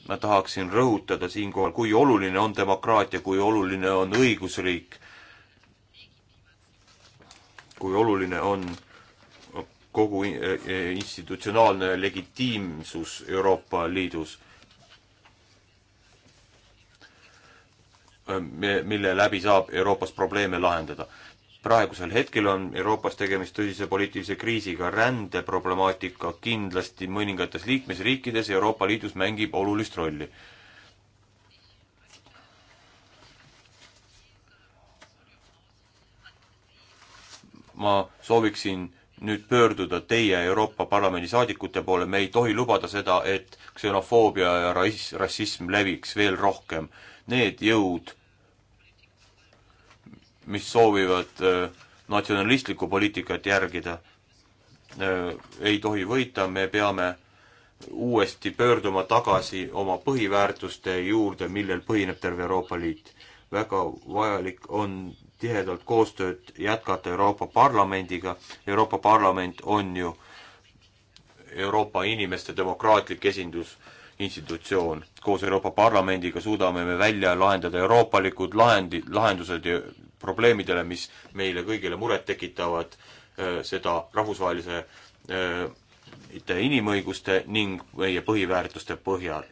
ma tahaksin rõhutada siinkohal, kui oluline on demokraatia, kui oluline on õigusriik, kui oluline on kogu eh, eh, institutsionaalne legitiimsus Euroopa Liidus, eh, mille läbi saab Euroopas probleeme lahendada. praegusel hetkel on Euroopas tegemist tõsise poliitilise kriisiga, rändeproblemaatika kindlasti mõningates liikmesriikides Euroopa Liidus mängib olulist rolli ma sooviksin nüüd pöörduda teie Euroopa Parlamendi saadikute poole, me ei tohi lubada seda, et ksenofoobia ja rais-, rassism leviks veel rohkem. Need jõud, mis soovivad äh, natsionalistlikku poliitikat järgida, äh, ei tohi võita, me peame uuesti pöörduma tagasi oma põhiväärtuste juurde, millel põhineb terve Euroopa Liit. väga vajalik on tihedalt koostööd jätkata Euroopa Parlamendiga. Euroopa Parlament on ju Euroopa inimeste demokraatlik esindusinstitutsioon. koos Euroopa Parlamendiga suudame me välja lahendada euroopalikud lahendi, lahendused ja probleemidele, mis meile kõigile muret tekitavad, äh, seda rahvusvahelise äh, inimõiguste ning meie põhiväärtuste põhjal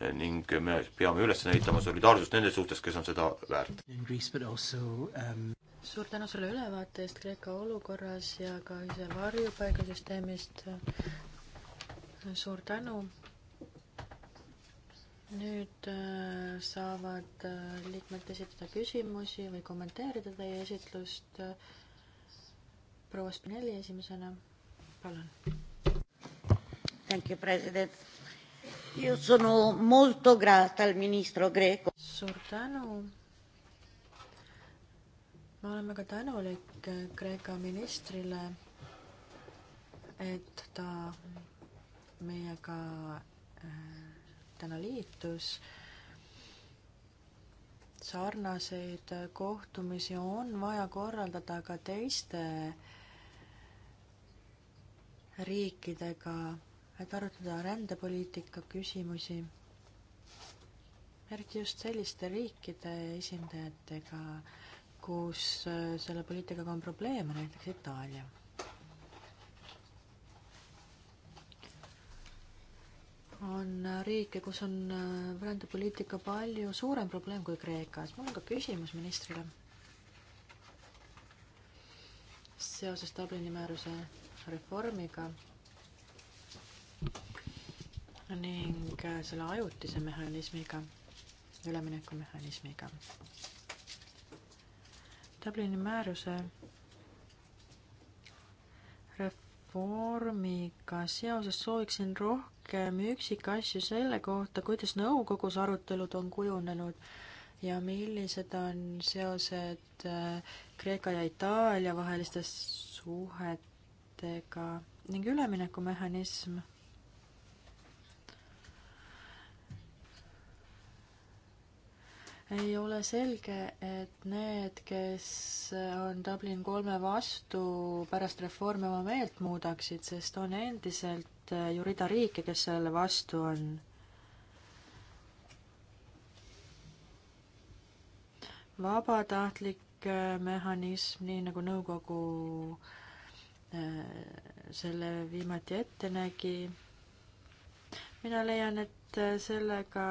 ning me peame üles näitama solidaarsust nende suhtes, kes on seda väärt. Um, suur tänu selle ülevaate eest Kreeka olukorras ja ka ise varjupaigasüsteemist. suur tänu. nüüd äh, saavad äh, liikmed esitada küsimusi või kommenteerida teie esitlust. proua Spinelli esimesena, palun. Thank you, president Io sono molto grata al ministro Greco. suur tänu. me oleme ka tänulik Kreeka ministrile, et ta meiega äh, täna liitus. sarnaseid kohtumisi on vaja korraldada ka teiste riikidega et arutada rändepoliitika küsimusi, eriti just selliste riikide esindajatega, kus äh, selle poliitikaga on probleeme, näiteks Itaalia on äh, riike, kus on äh, rändepoliitika palju suurem probleem kui Kreekas. mul on ka küsimus ministrile seoses Dublini määruse reformiga ning äh, selle ajutise mehhanismiga, üleminekumehhanismiga. Dublini määruse reformiga seoses sooviksin rohkem üksikasju selle kohta, kuidas nõukogus arutelud on kujunenud ja millised on seosed äh, Kreeka ja Itaalia vaheliste suhetega ning üleminekumehhanism ei ole selge, et need, kes on Dublin kolme vastu, pärast reformi oma meelt muudaksid, sest on endiselt äh, ju rida riike, kes selle vastu on vabatahtlik äh, mehhanism, nii nagu nõukogu äh, selle viimati ette nägi. mina leian, et et sellega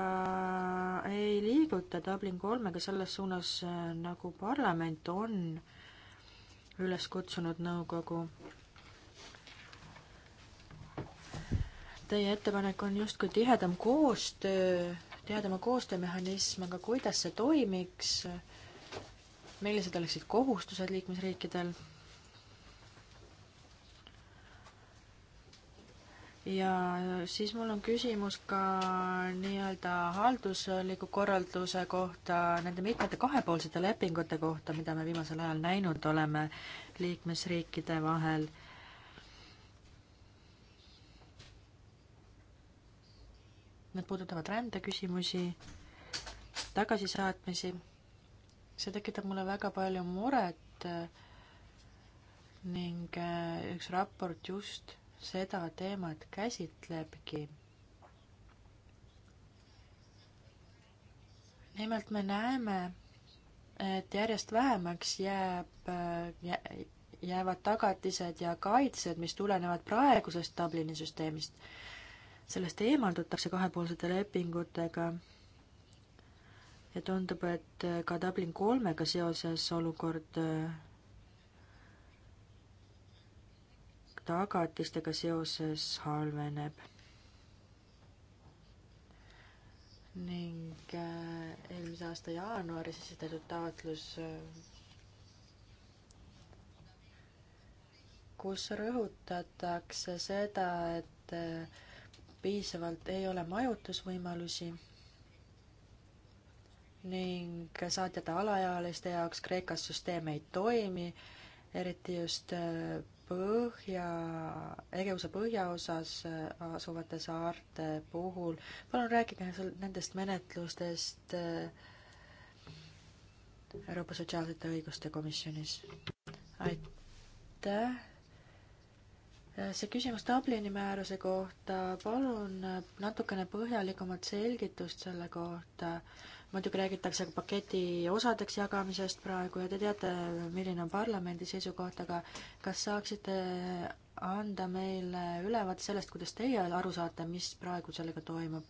ei liiguta Dublin kolmega selles suunas, nagu parlament on üles kutsunud nõukogu. Teie ettepanek on justkui tihedam koostöö, tihedama koostöömehhanism, aga kuidas see toimiks? millised oleksid kohustused liikmesriikidel? ja siis mul on küsimus ka nii-öelda haldusliku korralduse kohta, nende mitmete kahepoolsete lepingute kohta, mida me viimasel ajal näinud oleme liikmesriikide vahel. Need puudutavad rändeküsimusi, tagasisaatmisi. see tekitab mulle väga palju muret ning äh, üks raport just seda teemat käsitlebki. nimelt me näeme, et järjest vähemaks jääb, jäävad tagatised ja kaitsed, mis tulenevad praegusest Dublini süsteemist. sellest eemaldutakse kahepoolsete lepingutega ja tundub, et ka Dublin kolmega seoses olukord tagatistega seoses halveneb. ning äh, eelmise aasta jaanuaris esitatud taotlus, äh, kus rõhutatakse seda, et äh, piisavalt ei ole majutusvõimalusi ning saatjate alaealiste jaoks Kreekas süsteem ei toimi, eriti just põhja, Egeuse põhjaosas äh, asuvate saarte puhul, palun rääkige nendest menetlustest äh, Euroopa Sotsiaalsete Õiguste Komisjonis. aitäh! Äh, see küsimus Dublini määruse kohta, palun natukene põhjalikumat selgitust selle kohta muidugi räägitakse paketi osadeks jagamisest praegu ja te teate, milline on parlamendi seisukoht, aga kas saaksite anda meile ülevaate sellest, kuidas teie aru saate, mis praegu sellega toimub?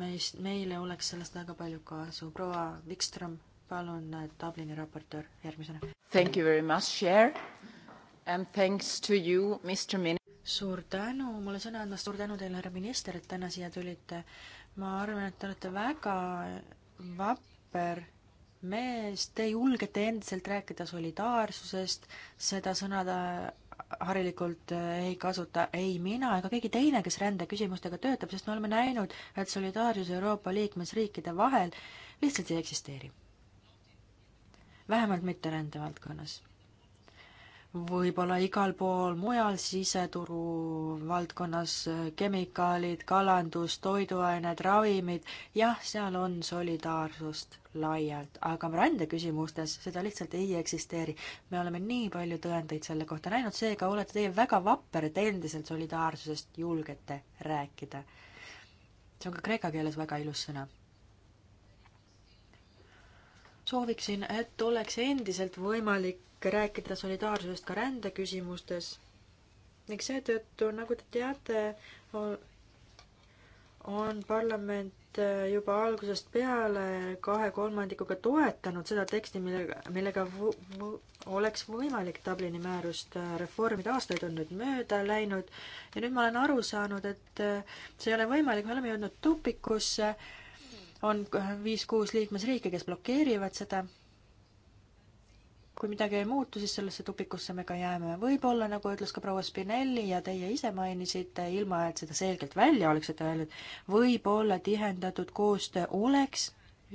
meis, meile oleks sellest väga palju kasu. proua Wikström, palun, Dublini raportöör järgmisena. Thank you very much, Cher and thanks to you, Mr Min-. suur tänu mulle sõna andmast, suur tänu teile, härra minister, et täna siia tulite. ma arvan, et te olete väga vapper mees, te julgete endiselt rääkida solidaarsusest, seda sõna ta harilikult äh, ei kasuta ei mina ega keegi teine, kes rändeküsimustega töötab, sest me oleme näinud, et solidaarsus Euroopa liikmesriikide vahel lihtsalt ei eksisteeri. vähemalt mitte rändevaldkonnas võib-olla igal pool mujal siseturu valdkonnas kemikaalid, kalandus, toiduained, ravimid, jah, seal on solidaarsust laialt, aga rändeküsimustes seda lihtsalt ei eksisteeri. me oleme nii palju tõendeid selle kohta näinud, seega olete teie väga vapper, et endiselt solidaarsusest julgete rääkida. see on ka kreeka keeles väga ilus sõna sooviksin, et oleks endiselt võimalik rääkida solidaarsusest ka rändeküsimustes ning seetõttu, nagu te teate, on parlament juba algusest peale kahe kolmandikuga toetanud seda teksti, millega, millega oleks võimalik Dublini määrust äh, reformida, aastaid on nüüd mööda läinud ja nüüd ma olen aru saanud, et äh, see ei ole võimalik, me oleme jõudnud tupikusse on viis-kuus liikmesriiki, kes blokeerivad seda. kui midagi ei muutu, siis sellesse tupikusse me ka jääme. võib-olla, nagu ütles ka proua Spinelli ja teie ise mainisite, ilma et seda selgelt välja oleksite öelnud, võib-olla tihendatud koostöö oleks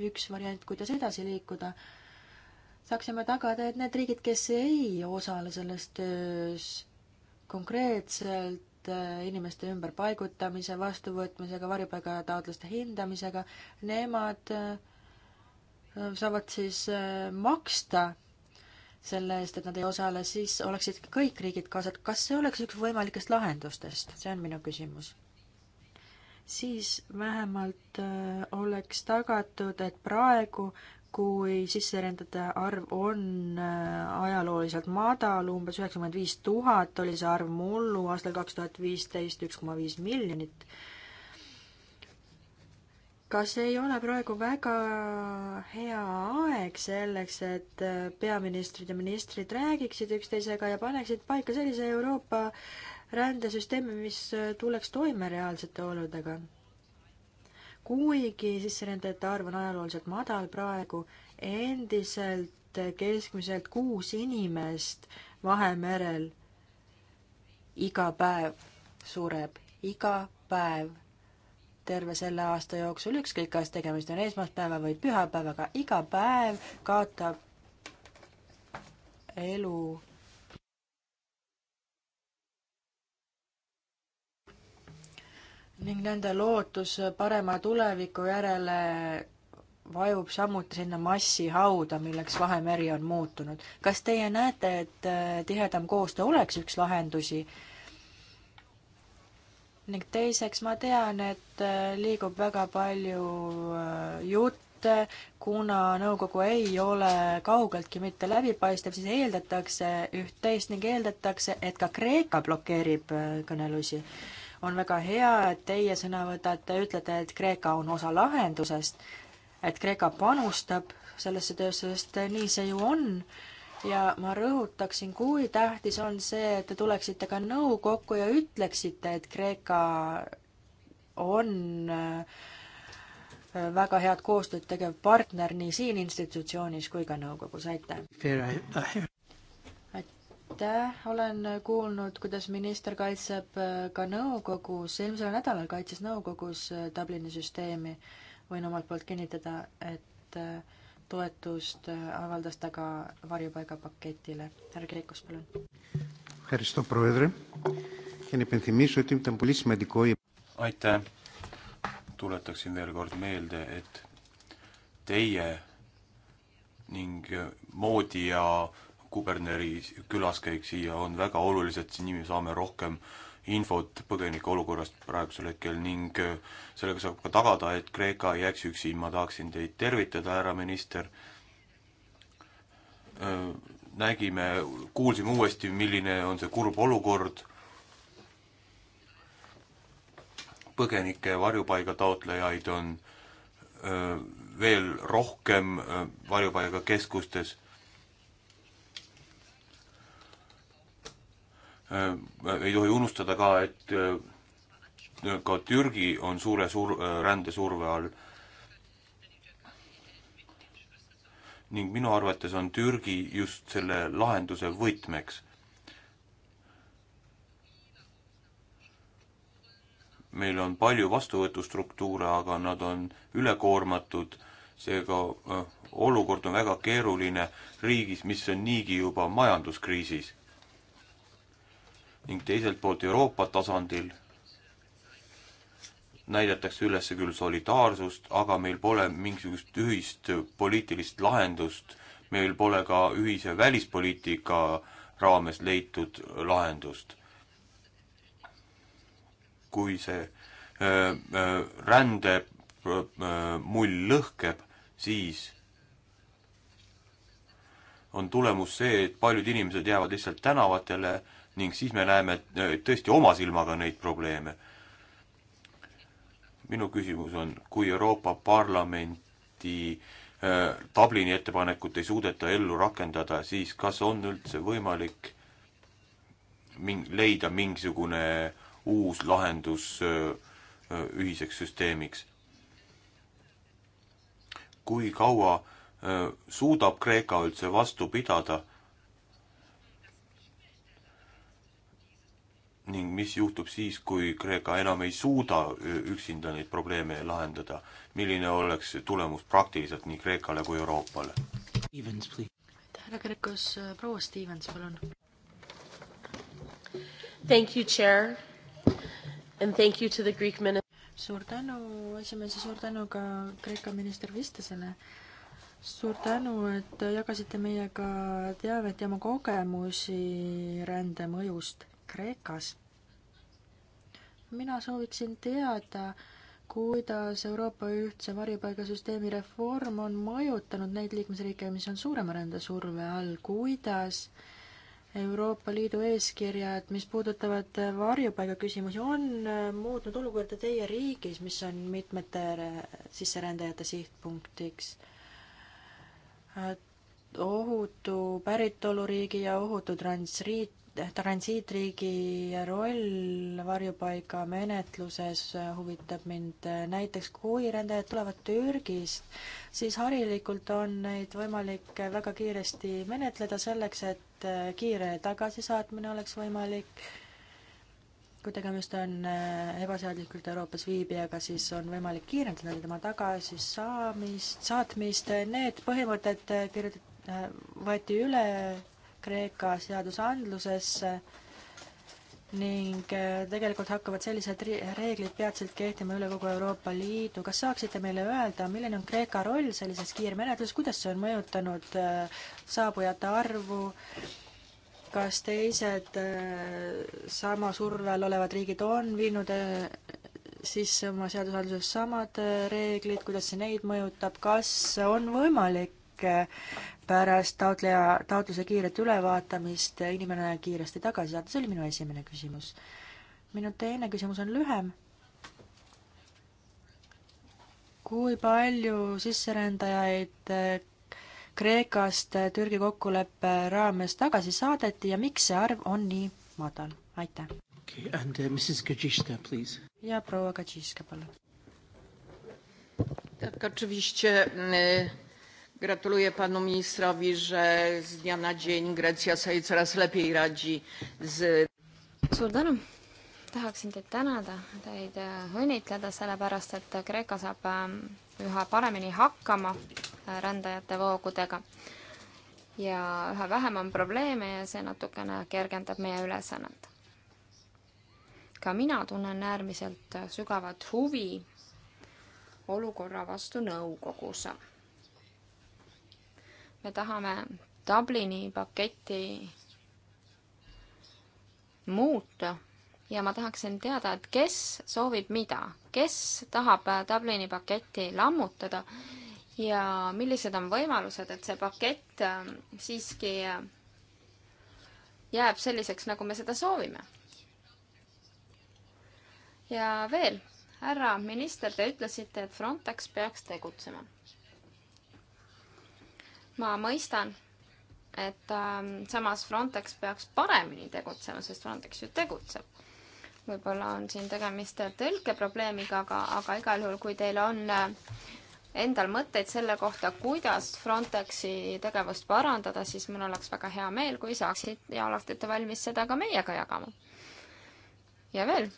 üks variant, kuidas edasi liikuda. saaksime tagada, et need riigid, kes ei osale selles töös konkreetselt, Äh, inimeste ümberpaigutamise, vastuvõtmisega, varjupaigataotluste hindamisega, nemad äh, saavad siis äh, maksta selle eest, et nad ei osale, siis oleksid kõik riigid kaasatud. kas see oleks üks võimalikest lahendustest? see on minu küsimus. siis vähemalt oleks tagatud, et praegu kui sisserändajate arv on äh, ajalooliselt madal, umbes üheksakümmend viis tuhat oli see arv mullu, aastal kaks tuhat viisteist üks koma viis miljonit. kas ei ole praegu väga hea aeg selleks, et äh, peaministrid ja ministrid räägiksid üksteisega ja paneksid paika sellise Euroopa rändesüsteemi, mis äh, tuleks toime reaalsete oludega? kuigi sisserändajate arv on ajalooliselt madal praegu, endiselt keskmiselt kuus inimest Vahemerel iga päev sureb, iga päev terve selle aasta jooksul, ükskõik kas tegemist on esmaspäeva või pühapäevaga, iga päev kaotab elu ning nende lootus parema tuleviku järele vajub samuti sinna massihauda, milleks Vahemeri on muutunud. kas teie näete, et äh, tihedam koostöö oleks üks lahendusi? ning teiseks, ma tean, et äh, liigub väga palju äh, jutte, kuna nõukogu ei ole kaugeltki mitte läbipaistev, siis eeldatakse üht-teist ning eeldatakse, et ka Kreeka blokeerib kõnelusi on väga hea, et teie sõna võtate, ütlete, et Kreeka on osa lahendusest, et Kreeka panustab sellesse töösse, sest nii see ju on. ja ma rõhutaksin, kui tähtis on see, et te tuleksite ka nõukokku ja ütleksite, et Kreeka on äh, väga head koostööd tegev partner nii siin institutsioonis kui ka nõukogus, aitäh! aitäh, olen kuulnud, kuidas minister kaitseb äh, ka nõukogus, eelmisel nädalal kaitses nõukogus äh, Dublini süsteemi. võin omalt poolt kinnitada, et äh, toetust avaldas ta ka varjupaigapaketile. härra Kirikus, palun. aitäh, tuletaksin veel kord meelde, et teie ning moodi ja Kuberneri külaskäik siia on väga olulised, siin me saame rohkem infot põgenike olukorrast praegusel hetkel ning äh, sellega saab ka tagada, et Kreeka ei jääks üksi. ma tahaksin teid tervitada, härra minister. Äh, nägime, kuulsime uuesti, milline on see kurb olukord. põgenike varjupaiga taotlejaid on äh, veel rohkem varjupaigakeskustes Äh, ei tohi unustada ka, et äh, ka Türgi on suure sur-, äh, rändesurve all. ning minu arvates on Türgi just selle lahenduse võtmeks meil on palju vastuvõtustruktuure, aga nad on ülekoormatud, seega olukord on väga keeruline riigis, mis on niigi juba majanduskriisis ning teiselt poolt Euroopa tasandil näidatakse üles küll solidaarsust, aga meil pole mingisugust ühist poliitilist lahendust, meil pole ka ühise välispoliitika raames leitud lahendust. kui see äh, äh, rände äh, mull lõhkeb, siis on tulemus see, et paljud inimesed jäävad lihtsalt tänavatele äh, ning siis me näeme tõesti oma silmaga neid probleeme. minu küsimus on, kui Euroopa Parlamenti Dublini ettepanekut ei suudeta ellu rakendada, siis kas on üldse võimalik ming-, leida mingisugune uus lahendus ühiseks süsteemiks? kui kaua suudab Kreeka üldse vastu pidada ning mis juhtub siis, kui Kreeka enam ei suuda üksinda neid probleeme lahendada? milline oleks tulemus praktiliselt nii Kreekale kui Euroopale? aitäh, härra Kreekos, proua Stevens, palun. Thank you, chair and thank you to the Greek minister. suur tänu, esimees ja suur tänu ka Kreeka minister Vistesele suur tänu, et jagasite meiega teavet ja oma kogemusi rände mõjust Kreekas. mina sooviksin teada, kuidas Euroopa ühtse varjupaigasüsteemi reform on mõjutanud neid liikmesriike, mis on suurema rändesurve all, kuidas Euroopa Liidu eeskirjad, mis puudutavad varjupaigaküsimusi, on äh, muutnud olukorda teie riigis, mis on mitmete sisserändajate sihtpunktiks? Äh, ohutu päritoluriigi ja ohutu transriit, transiitriigi roll varjupaigamenetluses huvitab mind näiteks, kui rändajad tulevad Türgist, siis harilikult on neid võimalik väga kiiresti menetleda selleks, et kiire tagasisaatmine oleks võimalik. kui tegemist on äh, ebaseaduslikult Euroopas viibijaga, siis on võimalik kiirendada tema tagasisaamist, saatmist, need põhimõtted äh, kirjutati, äh, võeti üle Kreeka seadusandlusesse ning äh, tegelikult hakkavad sellised reeglid peatselt kehtima üle kogu Euroopa Liidu. kas saaksite meile öelda, milline on Kreeka roll sellises kiirmenetluses, kuidas see on mõjutanud äh, saabujate arvu, kas teised äh, sama surve all olevad riigid on viinud sisse oma seadusandluses samad reeglid, kuidas see neid mõjutab, kas on võimalik pärast taotleja, taotluse kiiret ülevaatamist inimene kiiresti tagasi saata, see oli minu esimene küsimus. minu teine küsimus on lühem. kui palju sisserändajaid eh, Kreekast eh, Türgi kokkuleppe raames tagasi saadeti ja miks see arv on nii madal? aitäh okay,. And uh, Mrs Kajishka, please. ja proua Kajishka, palun. tak oczywiście y mm, Gratuluję panu ministrowi, że z dnia na dzień Grecja sai coraz lepiej radzi z suur tänu! tahaksin teid tänada, teid äh, õnnitleda, sellepärast et Kreeka saab ähm, üha paremini hakkama äh, rändajate voogudega. ja üha vähem on probleeme ja see natukene kergendab meie ülesannet. ka mina tunnen äärmiselt äh, sügavat huvi olukorra vastu nõukogus me tahame Dublini paketti muuta ja ma tahaksin teada, et kes soovib mida, kes tahab Dublini paketti lammutada ja millised on võimalused, et see pakett ähm, siiski äh, jääb selliseks, nagu me seda soovime. ja veel, härra minister, te ütlesite, et Frontex peaks tegutsema ma mõistan, et ähm, samas Frontex peaks paremini tegutsema, sest Frontex ju tegutseb. võib-olla on siin tegemist tõlkeprobleemiga, aga, aga igal juhul, kui teil on äh, endal mõtteid selle kohta, kuidas Frontexi tegevust parandada, siis mul oleks väga hea meel, kui saaksid ja oleksite valmis seda ka meiega jagama. ja veel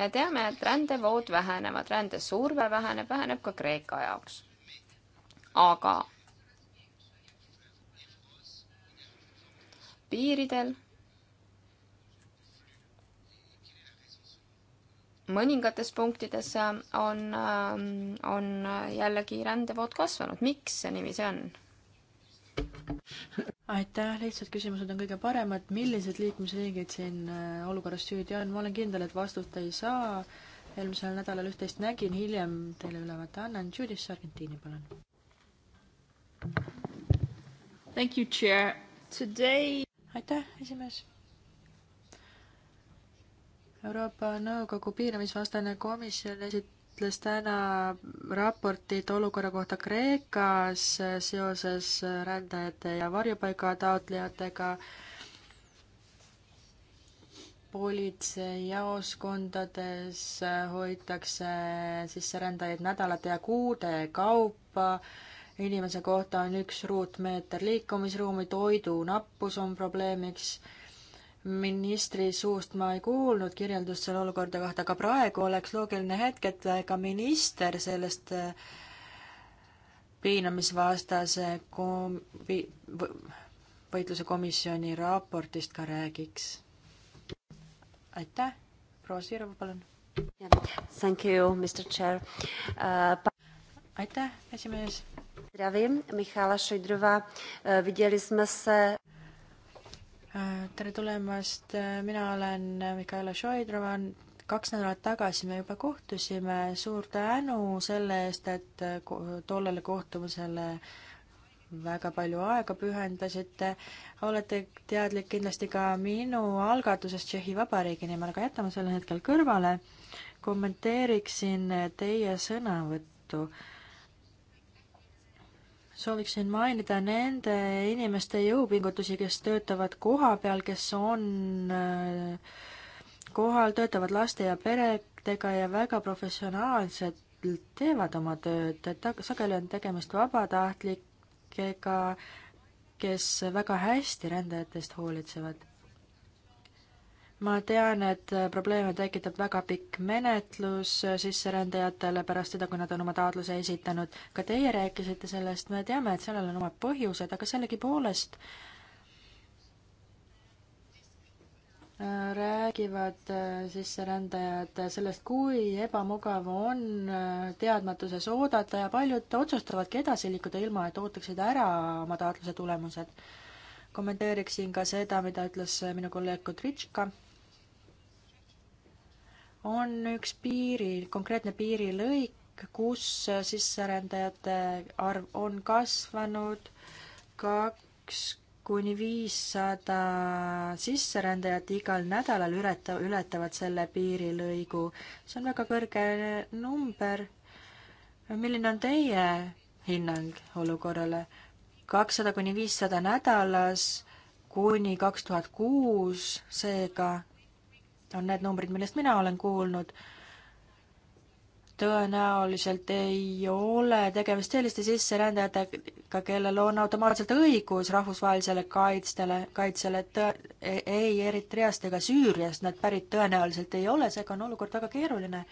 me teame, et rändevood vähenevad, rändesurve väheneb, väheneb ka Kreeka jaoks aga piiridel mõningates punktides on, on jällegi rändevood kasvanud. miks see niiviisi on? aitäh, lihtsad küsimused on kõige paremad. millised liikmesriigid siin äh, olukorras süüdi on? ma olen kindel, et vastust ei saa. eelmisel nädalal üht-teist nägin, hiljem teile ülevaate annan. Judith Sargentini, palun. Thank you, chair. Today... aitäh, esimees. Euroopa Nõukogu piiramisvastane komisjon esitles täna raportit olukorra kohta Kreekas seoses rändajate ja varjupaiga taotlejatega politseijaoskondades hoitakse sisserändajaid nädalate ja kuude kaupa inimese kohta on üks ruutmeeter liikumisruumi, toidu nappus on probleemiks. ministri suust ma ei kuulnud kirjeldust selle olukorda kohta, aga praegu oleks loogiline hetk, et ka minister sellest äh, piinamisvastase kom-, võitluse komisjoni raportist ka räägiks. aitäh, proua Sirov, palun. Thank you, Mr Chair uh,. aitäh, esimees tere eh, eh, tulemast, mina olen Mihhaila Šoidrova, kaks nädalat tagasi me juba kohtusime, suur tänu selle eest, et eh, tollele kohtumisele väga palju aega pühendasite. olete teadlik kindlasti ka minu algatusest Tšehhi Vabariigi nimel, aga jätame selle hetkel kõrvale. kommenteeriksin teie sõnavõttu sooviksin mainida nende inimeste jõupingutusi, kes töötavad koha peal, kes on äh, kohal, töötavad laste ja peredega ja väga professionaalselt teevad oma tööd, et sageli on tegemist vabatahtlikega, kes väga hästi rändajatest hoolitsevad ma tean, et probleeme tekitab väga pikk menetlus sisserändajatele pärast seda, kui nad on oma taotluse esitanud. ka teie rääkisite sellest, me teame, et sellel on omad põhjused, aga sellegipoolest äh, räägivad äh, sisserändajad sellest, kui ebamugav on äh, teadmatuses oodata ja paljud otsustavadki edasi liikuda, ilma et ootaksid ära oma taotluse tulemused. kommenteeriksin ka seda, mida ütles minu kolleeg Kudritška on üks piiri, konkreetne piirilõik, kus sisserändajate arv on kasvanud kaks kuni viissada sisserändajat igal nädalal ületa-, ületavad selle piirilõigu. see on väga kõrge number. milline on teie hinnang olukorrale? kakssada kuni viissada nädalas kuni kaks tuhat kuus, seega on need numbrid, millest mina olen kuulnud. tõenäoliselt ei ole tegemist selliste sisserändajatega, kellel on automaatselt õigus rahvusvahelisele kaitstele, kaitsele, kaitsele, ei Eritreast ega Süüriast nad pärit tõenäoliselt ei ole, seega on olukord väga keeruline.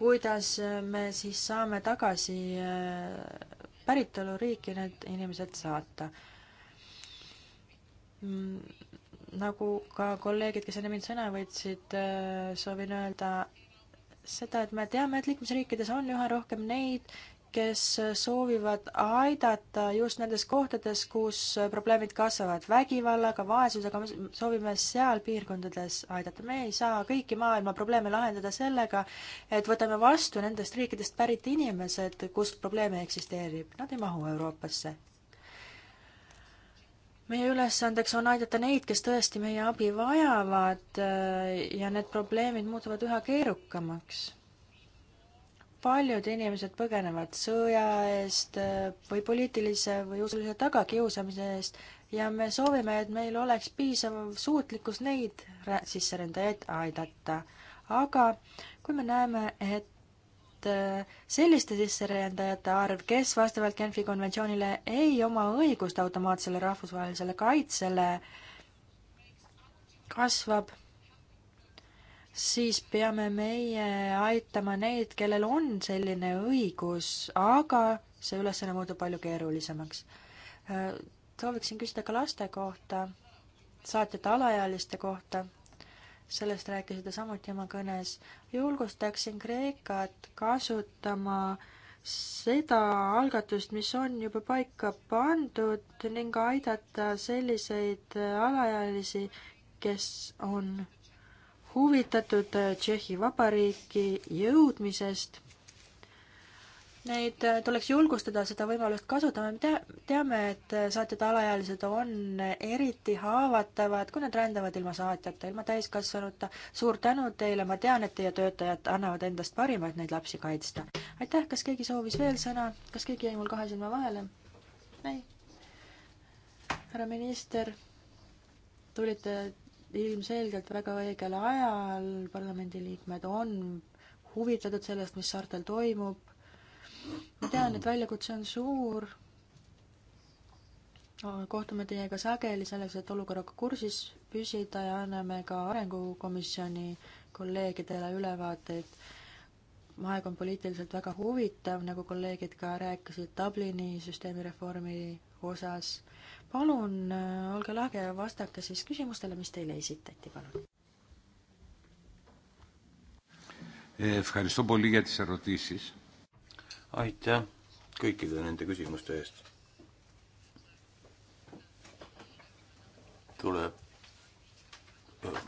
kuidas me siis saame tagasi äh, päritoluriiki need inimesed saata? Mm nagu ka kolleegid, kes enne mind sõna võtsid, äh, soovin öelda seda, et me teame, et liikmesriikides on üha rohkem neid, kes soovivad aidata just nendes kohtades, kus probleemid kasvavad vägivallaga, vaesusega, me soovime seal piirkondades aidata. me ei saa kõiki maailma probleeme lahendada sellega, et võtame vastu nendest riikidest pärit inimesed, kus probleeme eksisteerib. Nad ei mahu Euroopasse meie ülesandeks on aidata neid, kes tõesti meie abi vajavad äh, ja need probleemid muutuvad üha keerukamaks. paljud inimesed põgenevad sõja eest äh, või poliitilise või usulise tagakiusamise eest ja me soovime, et meil oleks piisav suutlikkus neid sisserändajaid aidata. aga kui me näeme, et Äh, selliste sisserändajate arv, kes vastavalt Genfi konventsioonile ei oma õigust automaatsele rahvusvahelisele kaitsele, kasvab, siis peame meie aitama neid, kellel on selline õigus, aga see ülesanne muutub palju keerulisemaks. Äh, sooviksin küsida ka laste kohta, saatjate alaealiste kohta sellest rääkisite samuti oma kõnes. julgustaksin Kreekat kasutama seda algatust, mis on juba paika pandud ning aidata selliseid alaealisi, kes on huvitatud Tšehhi Vabariiki jõudmisest Neid äh, tuleks julgustada seda võimalust kasutama, me tea-, teame, et äh, saatjad alaealised on eriti haavatavad, kui nad rändavad ilma saatjata, ilma täiskasvanuta. suur tänu teile, ma tean, et teie töötajad annavad endast parima, et neid lapsi kaitsta. aitäh, kas keegi soovis veel sõna, kas keegi jäi mul kahe silma vahele? ei. härra minister, tulite ilmselgelt väga õigel ajal, parlamendiliikmed on huvitatud sellest, mis saartel toimub ma tean, et väljakutse on suur. Ah, kohtume teiega sageli selleks, et olukorraga kursis püsida ja anname ka Arengukomisjoni kolleegidele ülevaateid. aeg on poliitiliselt väga huvitav, nagu kolleegid ka rääkisid Dublini süsteemi reformi osas. palun äh, olge lahke ja vastake siis küsimustele, mis teile esitati, palun. Eh, ευχαριστώ πολύ για τις ερωτήσεις aitäh kõikide nende küsimuste eest. tuleb,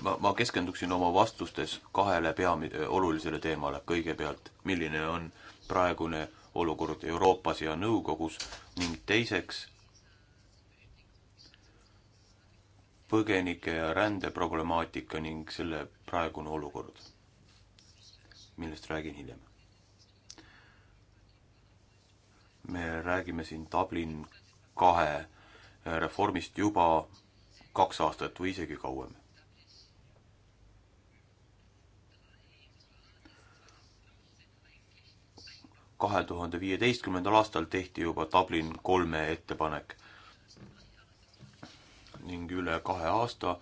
ma, ma keskenduksin oma vastustes kahele peami-, olulisele teemale. kõigepealt, milline on praegune olukord Euroopas ja Nõukogus ning teiseks, põgenike ja rände problemaatika ning selle praegune olukord, millest räägin hiljem me räägime siin Dublin kahe reformist juba kaks aastat või isegi kauem. kahe tuhande viieteistkümnendal aastal tehti juba Dublin kolme ettepanek ning üle kahe aasta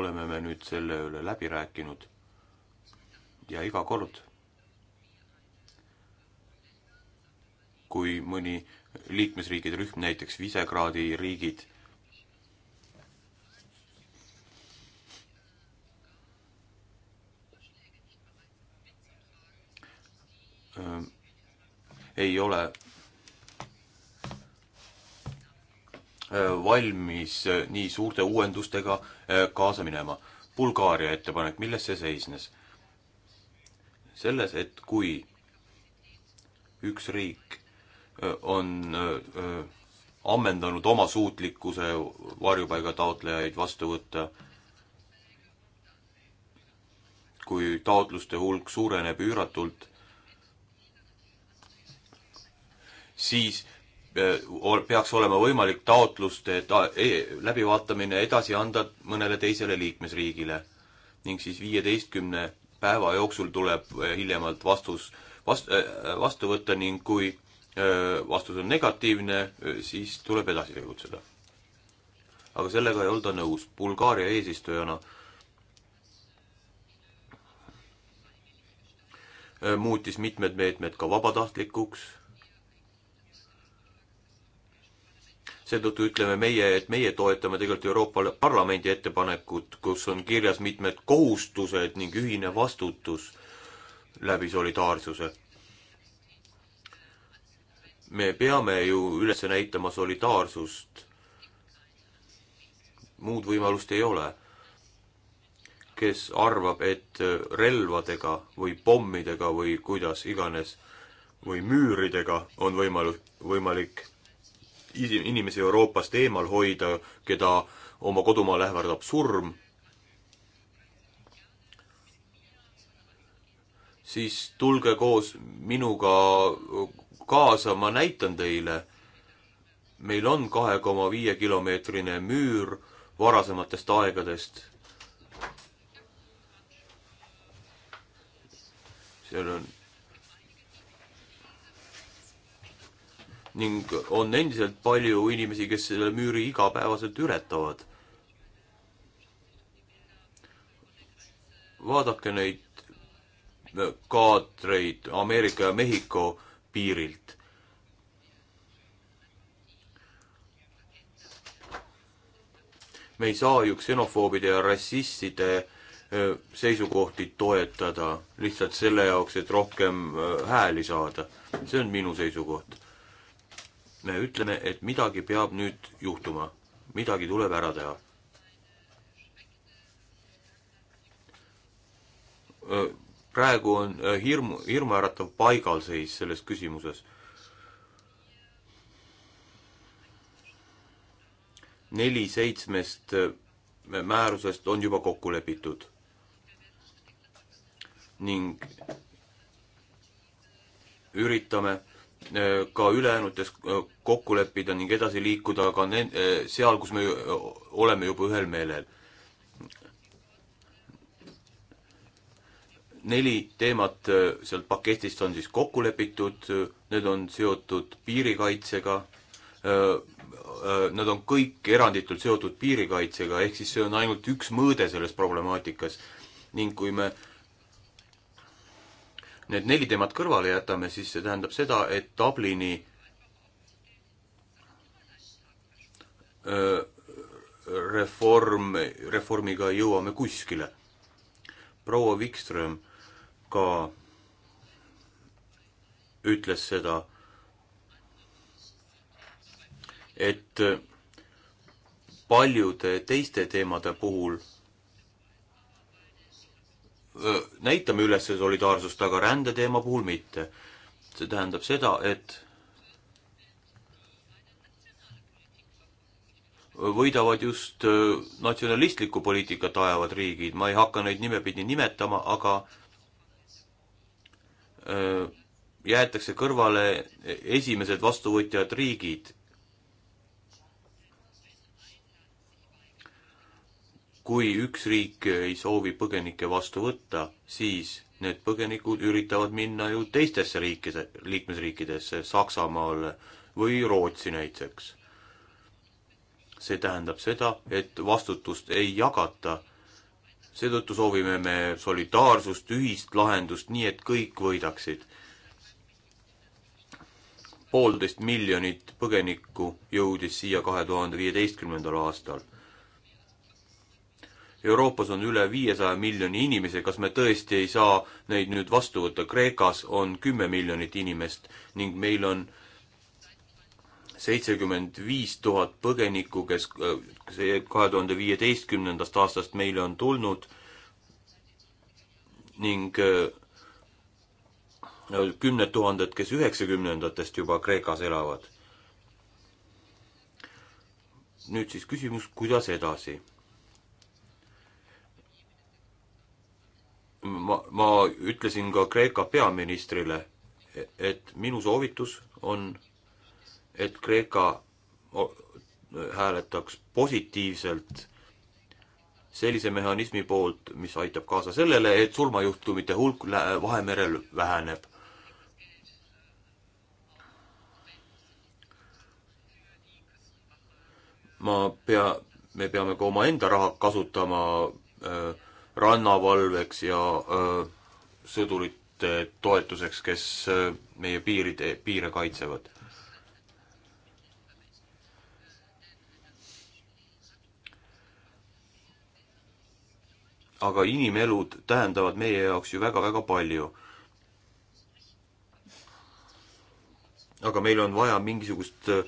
oleme me nüüd selle üle läbi rääkinud ja iga kord kui mõni liikmesriigide rühm, näiteks Visegradi riigid, ähm, ei ole äh, valmis äh, nii suurte uuendustega äh, kaasa minema. Bulgaaria ettepanek, milles see seisnes? selles, et kui üks riik on ammendanud oma suutlikkuse varjupaiga taotlejaid vastu võtta. kui taotluste hulk suureneb üüratult, siis peaks olema võimalik taotluste ta-, e-, läbivaatamine edasi anda mõnele teisele liikmesriigile. ning siis viieteistkümne päeva jooksul tuleb hiljemalt vastus vast-, vastu võtta ning kui äh, Äh, vastus on negatiivne, äh, siis tuleb edasi tegutseda. aga sellega ei olda nõus. Bulgaaria eesistujana äh, muutis mitmed meetmed ka vabatahtlikuks. seetõttu ütleme meie, et meie toetame tegelikult Euroopa Parlamendi ettepanekut, kus on kirjas mitmed kohustused ning ühine vastutus läbi solidaarsuse me peame ju üles näitama solidaarsust. muud võimalust ei ole. kes arvab, et relvadega või pommidega või kuidas iganes või müüridega on võimalik, võimalik inimesi Euroopast eemal hoida, keda oma kodumaal ähvardab surm, siis tulge koos minuga kaasa, ma näitan teile. meil on kahe koma viie kilomeetrine müür varasematest aegadest. seal on ning on endiselt palju inimesi, kes selle müüri igapäevaselt ületavad. vaadake neid kaadreid Ameerika ja Mehhiko piirilt. me ei saa ju ksenofoobide ja rassistide seisukohti toetada lihtsalt selle jaoks, et rohkem hääli saada. see on minu seisukoht. me ütleme, et midagi peab nüüd juhtuma, midagi tuleb ära teha praegu on äh, hirmu, hirmuäratav paigalseis selles küsimuses. neli seitsmest äh, määrusest on juba kokku lepitud. ning üritame äh, ka ülejäänutes kokku leppida ning edasi liikuda ka nend-, seal, kus me oleme juba ühel meelel neli teemat äh, sealt paketist on siis kokku lepitud, äh, need on seotud piirikaitsega, äh, nad on kõik eranditult seotud piirikaitsega, ehk siis see on ainult üks mõõde selles problemaatikas. ning kui me need neli teemat kõrvale jätame, siis see tähendab seda, et Dublini reform, reformiga jõuame kuskile. proua Wikström ka ütles seda, et paljude teiste teemade puhul näitame üles solidaarsust, aga rändeteema puhul mitte. see tähendab seda, et võidavad just natsionalistlikku poliitikat ajavad riigid, ma ei hakka neid nimepidi nimetama, aga jäetakse kõrvale esimesed vastuvõtjad riigid. kui üks riik ei soovi põgenikke vastu võtta, siis need põgenikud üritavad minna ju teistesse riikide, liikmesriikidesse, Saksamaale või Rootsi näiteks. see tähendab seda, et vastutust ei jagata seetõttu soovime me solidaarsust, ühist lahendust, nii et kõik võidaksid. poolteist miljonit põgenikku jõudis siia kahe tuhande viieteistkümnendal aastal. Euroopas on üle viiesaja miljoni inimese, kas me tõesti ei saa neid nüüd vastu võtta, Kreekas on kümme miljonit inimest ning meil on seitsekümmend viis tuhat põgenikku, kes kahe tuhande viieteistkümnendast aastast meile on tulnud ning äh, kümned tuhanded, kes üheksakümnendatest juba Kreekas elavad. nüüd siis küsimus, kuidas edasi? ma, ma ütlesin ka Kreeka peaministrile, et minu soovitus on et Kreeka hääletaks positiivselt sellise mehhanismi poolt, mis aitab kaasa sellele, et surmajuhtumite hulk Vahemerel väheneb. ma pea, me peame ka omaenda raha kasutama äh, rannavalveks ja äh, sõdurite toetuseks, kes äh, meie piiride, piire kaitsevad aga inimelud tähendavad meie jaoks ju väga-väga palju. aga meil on vaja mingisugust äh,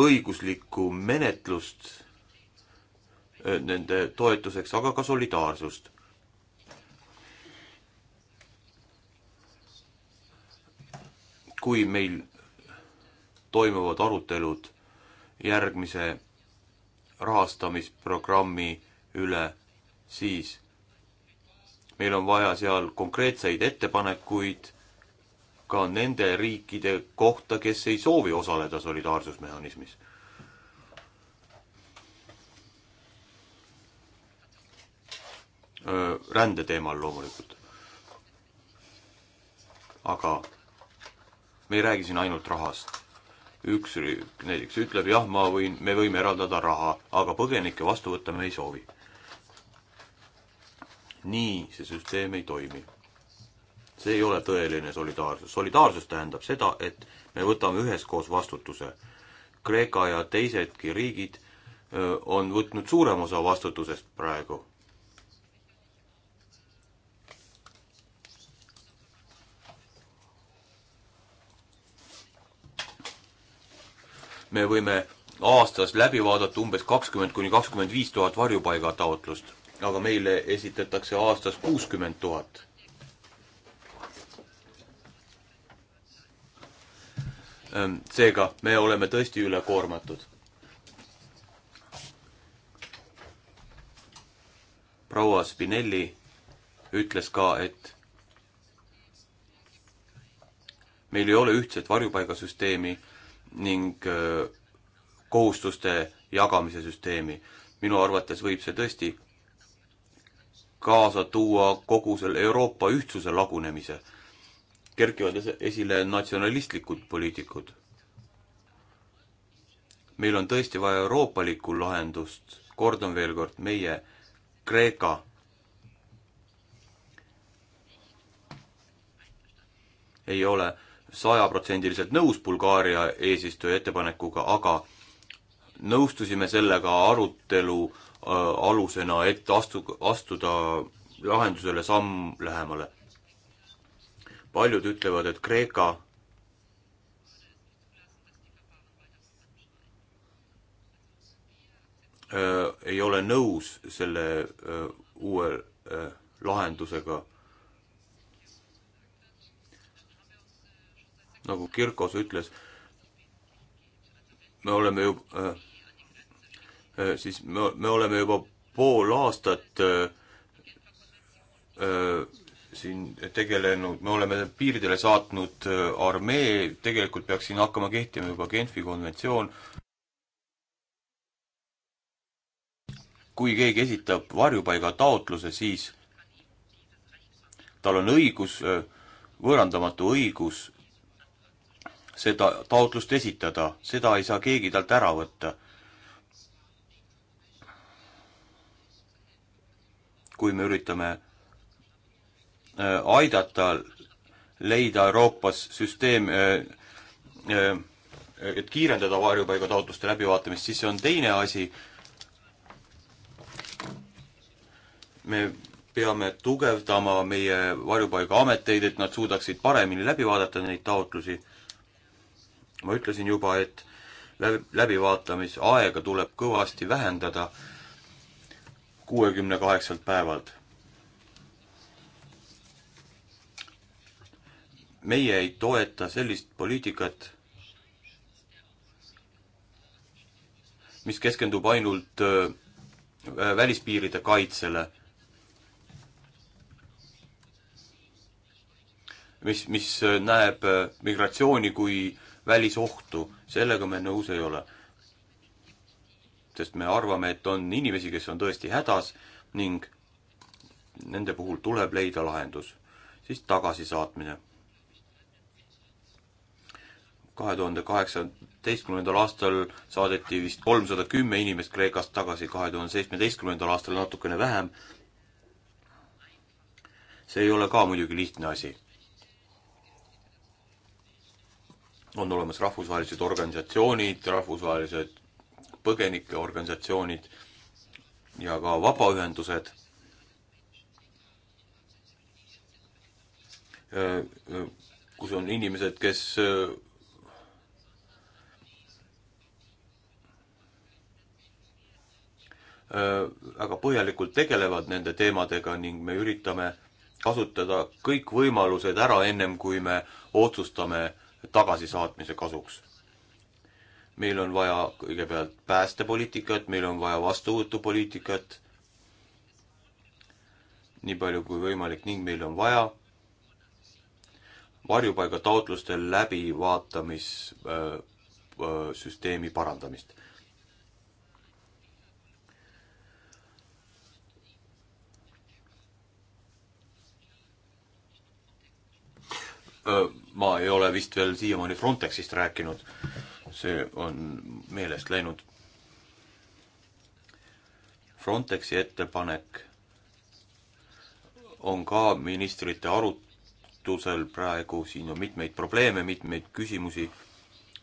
õiguslikku menetlust äh, nende toetuseks, aga ka solidaarsust. kui meil toimuvad arutelud järgmise rahastamisprogrammi üle, siis meil on vaja seal konkreetseid ettepanekuid ka nende riikide kohta, kes ei soovi osaleda solidaarsusmehhanismis. rände teemal loomulikult. aga me ei räägi siin ainult rahast. üks riik näiteks ütleb, jah, ma võin, me võime eraldada raha, aga põgenikke vastu võtta me ei soovi nii see süsteem ei toimi. see ei ole tõeline solidaarsus. solidaarsus tähendab seda, et me võtame üheskoos vastutuse. Kreeka ja teisedki riigid on võtnud suurem osa vastutusest praegu. me võime aastas läbi vaadata umbes kakskümmend kuni kakskümmend viis tuhat varjupaigataotlust aga meile esitatakse aastas kuuskümmend tuhat. Ehm, seega me oleme tõesti ülekoormatud. proua Spinelli ütles ka, et meil ei ole ühtset varjupaigasüsteemi ning ehm, kohustuste jagamise süsteemi. minu arvates võib see tõesti kaasa tuua kogu selle Euroopa ühtsuse lagunemise. kerkivad esile natsionalistlikud poliitikud. meil on tõesti vaja euroopalikku lahendust, kordan veel kord, meie Kreeka ei ole sajaprotsendiliselt nõus Bulgaaria eesistuja ettepanekuga, aga nõustusime sellega arutelu Äh, alusena, et astu, astuda lahendusele samm lähemale. paljud ütlevad, et Kreeka äh, ei ole nõus selle äh, uue äh, lahendusega. nagu Kirkos ütles, me oleme ju äh, Äh, siis me, me oleme juba pool aastat öö, äh, öö, äh, siin tegelenud, me oleme piiridele saatnud armee, tegelikult peaks siin hakkama kehtima juba Genfi konventsioon. kui keegi esitab varjupaigataotluse, siis tal on õigus, võõrandamatu õigus seda taotlust esitada, seda ei saa keegi talt ära võtta kui me üritame äh, aidata leida Euroopas süsteem, äh, äh, et kiirendada varjupaigataotluste läbivaatamist, siis see on teine asi. me peame tugevdama meie varjupaigaameteid, et nad suudaksid paremini läbi vaadata neid taotlusi. ma ütlesin juba, et läbi, läbivaatamisaega tuleb kõvasti vähendada kuuekümne kaheksalt päevalt. meie ei toeta sellist poliitikat, mis keskendub ainult äh, välispiiride kaitsele, mis, mis äh, näeb äh, migratsiooni kui välisohtu, sellega me nõus ei ole sest me arvame, et on inimesi, kes on tõesti hädas ning nende puhul tuleb leida lahendus. siis tagasisaatmine. kahe tuhande kaheksateistkümnendal aastal saadeti vist kolmsada kümme inimest Kreekast tagasi, kahe tuhande seitsmeteistkümnendal aastal natukene vähem. see ei ole ka muidugi lihtne asi. on olemas rahvusvahelised organisatsioonid, rahvusvahelised põgenikeorganisatsioonid ja ka vabaühendused kus on inimesed, kes väga põhjalikult tegelevad nende teemadega ning me üritame kasutada kõik võimalused ära ennem, kui me otsustame tagasisaatmise kasuks meil on vaja kõigepealt päästepoliitikat, meil on vaja vastuvõtupoliitikat, nii palju kui võimalik ning meil on vaja varjupaigataotluste läbivaatamissüsteemi parandamist. ma ei ole vist veel siiamaani Frontexist rääkinud see on meelest läinud. Frontexi ettepanek on ka ministrite arutusel praegu, siin on mitmeid probleeme, mitmeid küsimusi,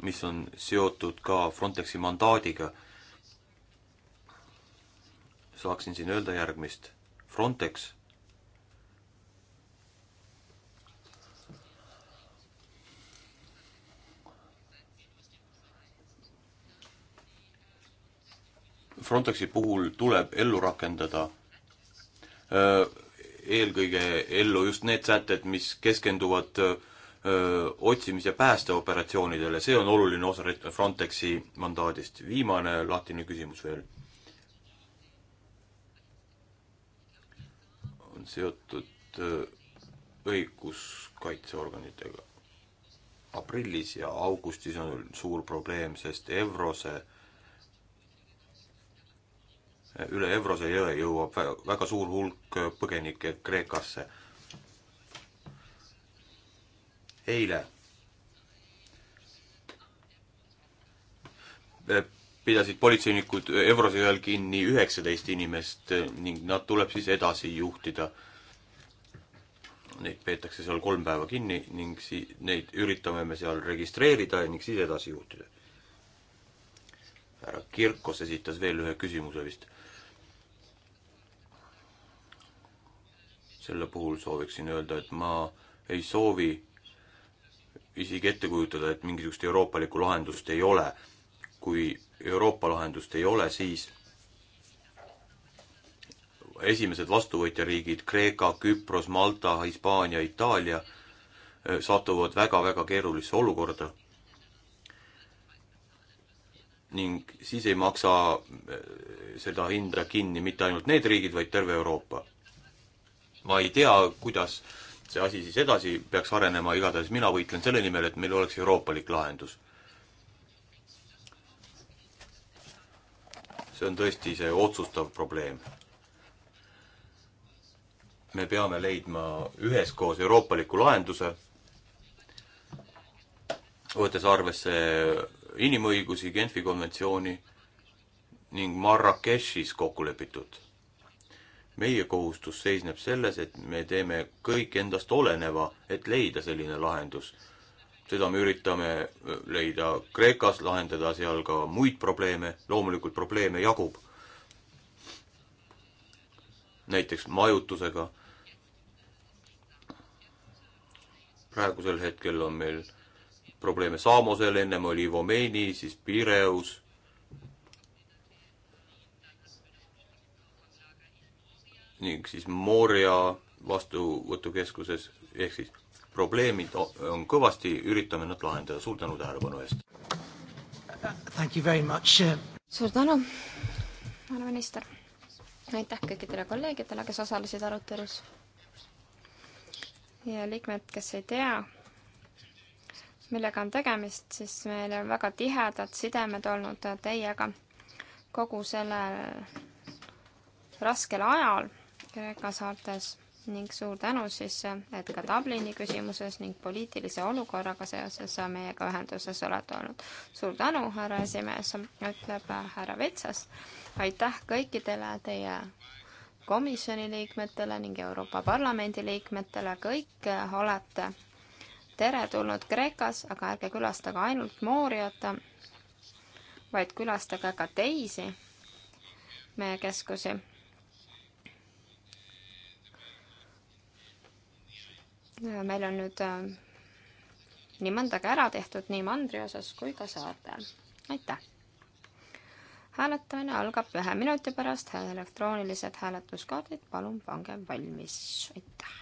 mis on seotud ka Frontexi mandaadiga. saaksin siin öelda järgmist. Frontex Frontexi puhul tuleb ellu rakendada eelkõige ellu just need sätted, mis keskenduvad otsimis- ja päästeoperatsioonidele, see on oluline osa Frontexi mandaadist. viimane lahtine küsimus veel. on seotud õiguskaitseorganitega. aprillis ja augustis on suur probleem, sest Evrose üle Evrose jõe jõuab väga suur hulk põgenikke Kreekasse. eile pidasid politseinikud Evrose jõel kinni üheksateist inimest ning nad tuleb siis edasi juhtida. Neid peetakse seal kolm päeva kinni ning si-, neid üritame me seal registreerida ning siis edasi juhtida. härra Kirkos esitas veel ühe küsimuse vist selle puhul sooviksin öelda, et ma ei soovi isegi ette kujutada, et mingisugust euroopalikku lahendust ei ole. kui Euroopa lahendust ei ole, siis esimesed vastuvõtjariigid Kreeka, Küpros, Malta, Hispaania, Itaalia eh, satuvad väga-väga keerulisse olukorda. ning siis ei maksa eh, seda hinda kinni mitte ainult need riigid, vaid terve Euroopa ma ei tea, kuidas see asi siis edasi peaks arenema, igatahes mina võitlen selle nimel, et meil oleks euroopalik lahendus. see on tõesti see otsustav probleem. me peame leidma üheskoos euroopaliku lahenduse, võttes arvesse inimõigusi, Genfi konventsiooni ning Marrakechis kokku lepitut meie kohustus seisneb selles, et me teeme kõik endast oleneva, et leida selline lahendus. seda me üritame äh, leida Kreekas, lahendada seal ka muid probleeme, loomulikult probleeme jagub. näiteks majutusega. praegusel hetkel on meil probleeme Samosel, ennem oli Vomeini, siis Pireus ning siis Mooria vastuvõtukeskuses, ehk siis probleemid on kõvasti, üritame nad lahendada, suur tänu tähelepanu eest! Uh, suur tänu, härra minister! aitäh kõikidele kolleegidele, kes osalesid arutelus! ja liikmed, kes ei tea, millega on tegemist, siis meil on väga tihedad sidemed olnud teiega kogu sellel raskel ajal Kreeka saartes ning suur tänu siis, et ka Dublini küsimuses ning poliitilise olukorraga seoses meiega ühenduses olete olnud. suur tänu, härra esimees, ütleb härra Vetsas. aitäh kõikidele teie komisjoni liikmetele ning Euroopa Parlamendi liikmetele, kõik olete teretulnud Kreekas, aga ärge külastage ainult Mooriat, vaid külastage ka teisi meie keskusi meil on nüüd äh, nii mõndagi ära tehtud nii mandri osas kui ka saartel. aitäh! hääletamine algab ühe minuti pärast, elektroonilised hääletuskaardid palun pange valmis, aitäh!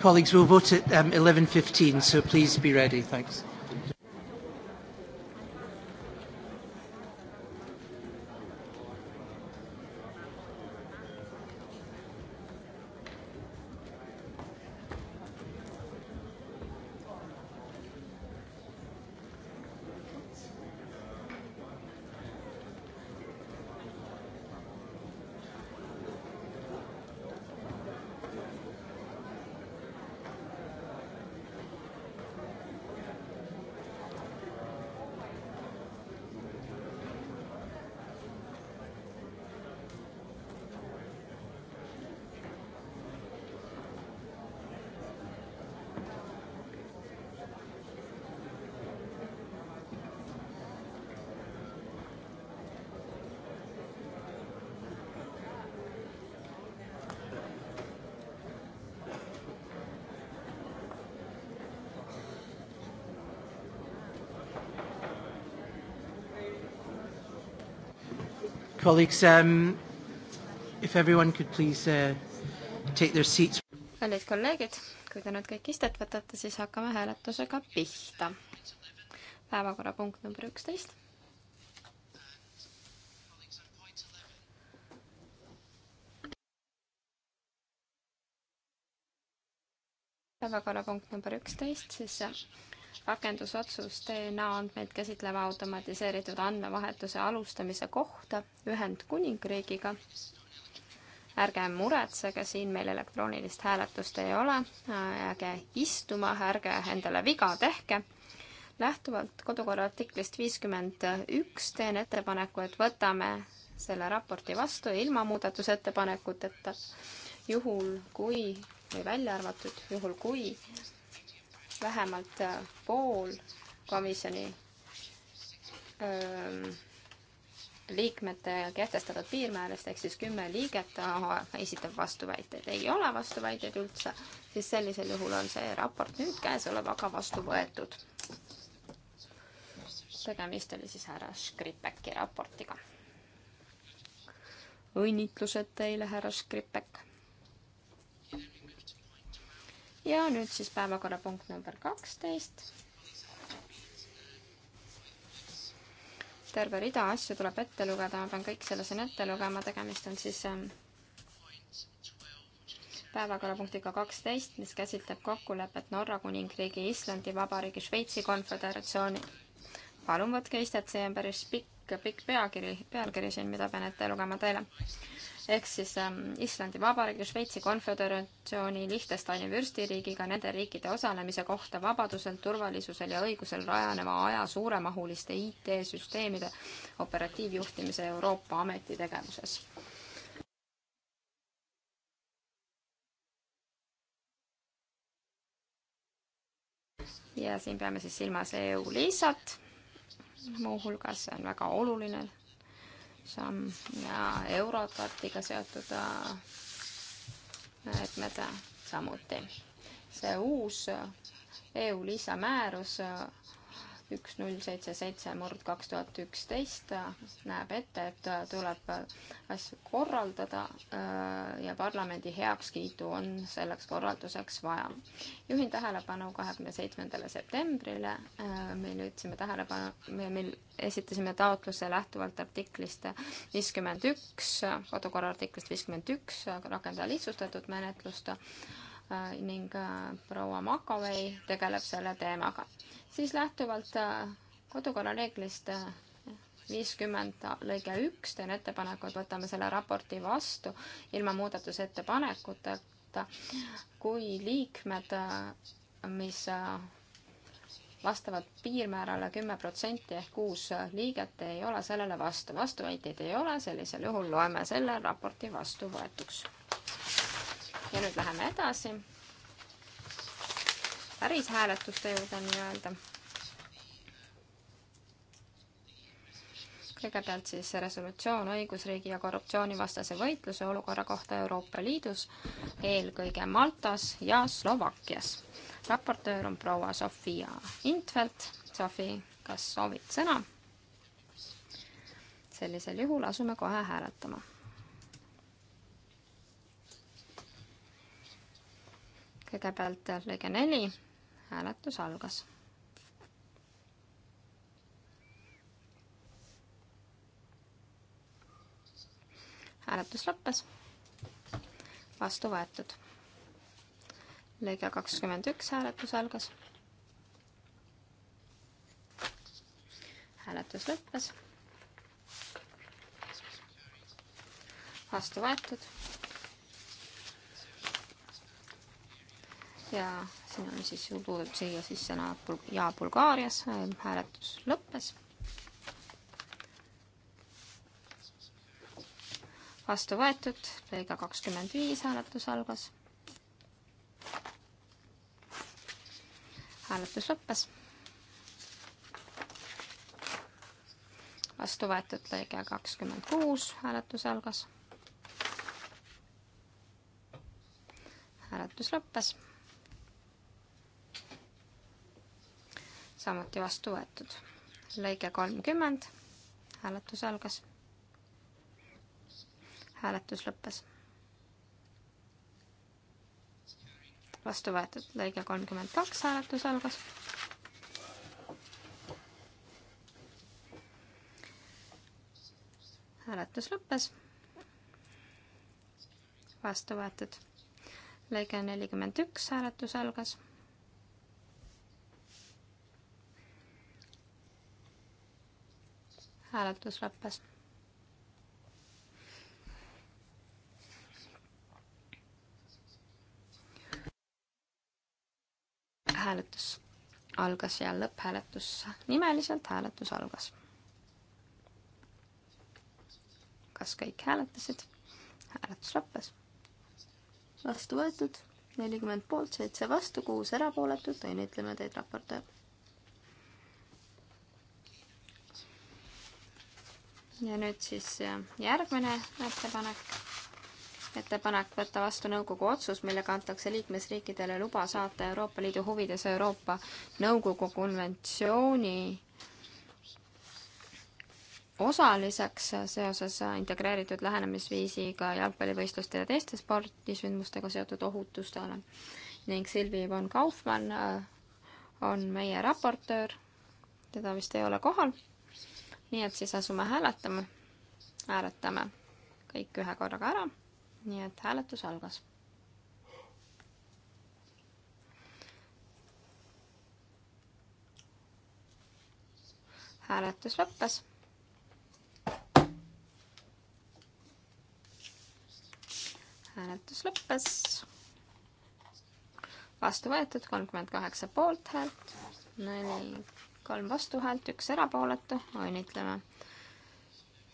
Colleagues, we'll vote at um, 11.15, so please be ready. Thanks. colleagues, um, if everyone could please uh, take their seats. kallid kolleegid, kui te nüüd kõik istet võtate, siis hakkame hääletusega pihta. päevakorrapunkt number üksteist. päevakorrapunkt number üksteist, siis rakendusotsus DNA andmeid käsitleva automatiseeritud andmevahetuse alustamise kohta Ühendkuningriigiga. ärge muretsege, siin meil elektroonilist hääletust ei ole, jääge istuma, ärge endale viga tehke. lähtuvalt kodukorra artiklist viiskümmend üks teen ettepaneku, et võtame selle raporti vastu ilma muudatusettepanekuteta, juhul kui, või välja arvatud, juhul kui vähemalt äh, pool komisjoni öö, ähm, liikmete kehtestatud piirmäärast ehk siis kümme liiget esitab vastuväiteid, ei ole vastuväiteid üldse, siis sellisel juhul on see raport nüüd käesolevaga vastu võetud. tegemist oli siis härra Škripeki raportiga. õnnitlused teile, härra Škripek ja nüüd siis päevakorrapunkt number kaksteist. terve rida asju tuleb ette lugeda, ma pean kõik selle siin ette lugema, tegemist on siis ähm, päevakorrapunktiga kaksteist, mis käsitleb kokkulepet Norra Kuningriigi, Islandi Vabariigi, Šveitsi Konföderatsiooni. palun võtke istet, see on päris pikk, pikk peakiri, pealkiri siin, mida pean ette lugema teile ehk siis ähm, Islandi Vabariigi, Šveitsi Konföderatsiooni, Liechtensteini vürstiriigiga nende riikide osalemise kohta vabadusel, turvalisusel ja õigusel rajaneva aja suuremahuliste IT-süsteemide operatiivjuhtimise Euroopa Ameti tegevuses. ja siin peame siis silmas EU-liisat, muuhulgas see on väga oluline samm ja Eurotartiga seotud äh, meetmed samuti. see uus äh, EU lisamäärus äh, üks null seitse seitse murd kaks tuhat üksteist näeb ette, et tuleb asju korraldada äh, ja parlamendi heakskiitu on selleks korralduseks vaja. juhin tähelepanu kahekümne seitsmendale septembrile, äh, mil ütlesime tähelepanu, mil esitasime taotluse lähtuvalt artiklist viiskümmend üks, kodukorra artiklist viiskümmend üks, rakendada lihtsustatud menetlust Äh, ning äh, proua Makovei tegeleb selle teemaga. siis lähtuvalt äh, kodukorra reeglist viiskümmend lõige üks teen ettepaneku, et võtame selle raporti vastu ilma muudatusettepanekuteta, kui liikmed, mis vastavad piirmäärale kümme protsenti ehk kuus liiget ei ole sellele vastu. vastuväiteid ei ole, sellisel juhul loeme selle raporti vastuvõetuks ja nüüd läheme edasi. päris hääletuste juurde nii-öelda. kõigepealt siis resolutsioon õigusriigi ja korruptsioonivastase võitluse olukorra kohta Euroopa Liidus, eelkõige Maltas ja Slovakkias. raportöör on proua Sofia Intvelt. Sofi, kas soovid sõna? sellisel juhul asume kohe hääletama kõigepealt äh, lõige neli, hääletus algas. hääletus lõppes, vastu võetud. lõige kakskümmend üks, hääletus algas. hääletus lõppes, vastu võetud ja siin on siis, puudub siia siis sõna ja Bulgaarias, hääletus lõppes. vastu võetud, lõige kakskümmend viis hääletus algas. hääletus lõppes. vastu võetud lõige kakskümmend kuus hääletus algas. hääletus lõppes samuti vastu võetud. lõige kolmkümmend, hääletus algas. hääletus lõppes. vastu võetud, lõige kolmkümmend kaks, hääletus algas. hääletus lõppes. vastu võetud, lõige nelikümmend üks, hääletus algas hääletus lõppes. hääletus algas ja lõpphääletus nimeliselt hääletus algas. kas kõik hääletasid? hääletus lõppes. vastu võetud nelikümmend poolt, seitse vastu, kuus erapooletut, õnnitleme teid, raportöör ja nüüd siis äh, järgmine ettepanek. ettepanek võtta vastu nõukogu otsus, millega antakse liikmesriikidele luba saata Euroopa Liidu huvides Euroopa Nõukogu konventsiooni osaliseks seoses integreeritud lähenemisviisiga jalgpallivõistluste ja teiste spordisündmustega seotud ohutustele. ning Silvi von Kaufmann äh, on meie raportöör, teda vist ei ole kohal nii et siis asume hääletama. hääletame kõik ühe korraga ära. nii et hääletus algas. hääletus lõppes. hääletus lõppes. vastu võetud kolmkümmend kaheksa poolthäält, neli kolm vastuhäält, üks erapooletu, õnnitleme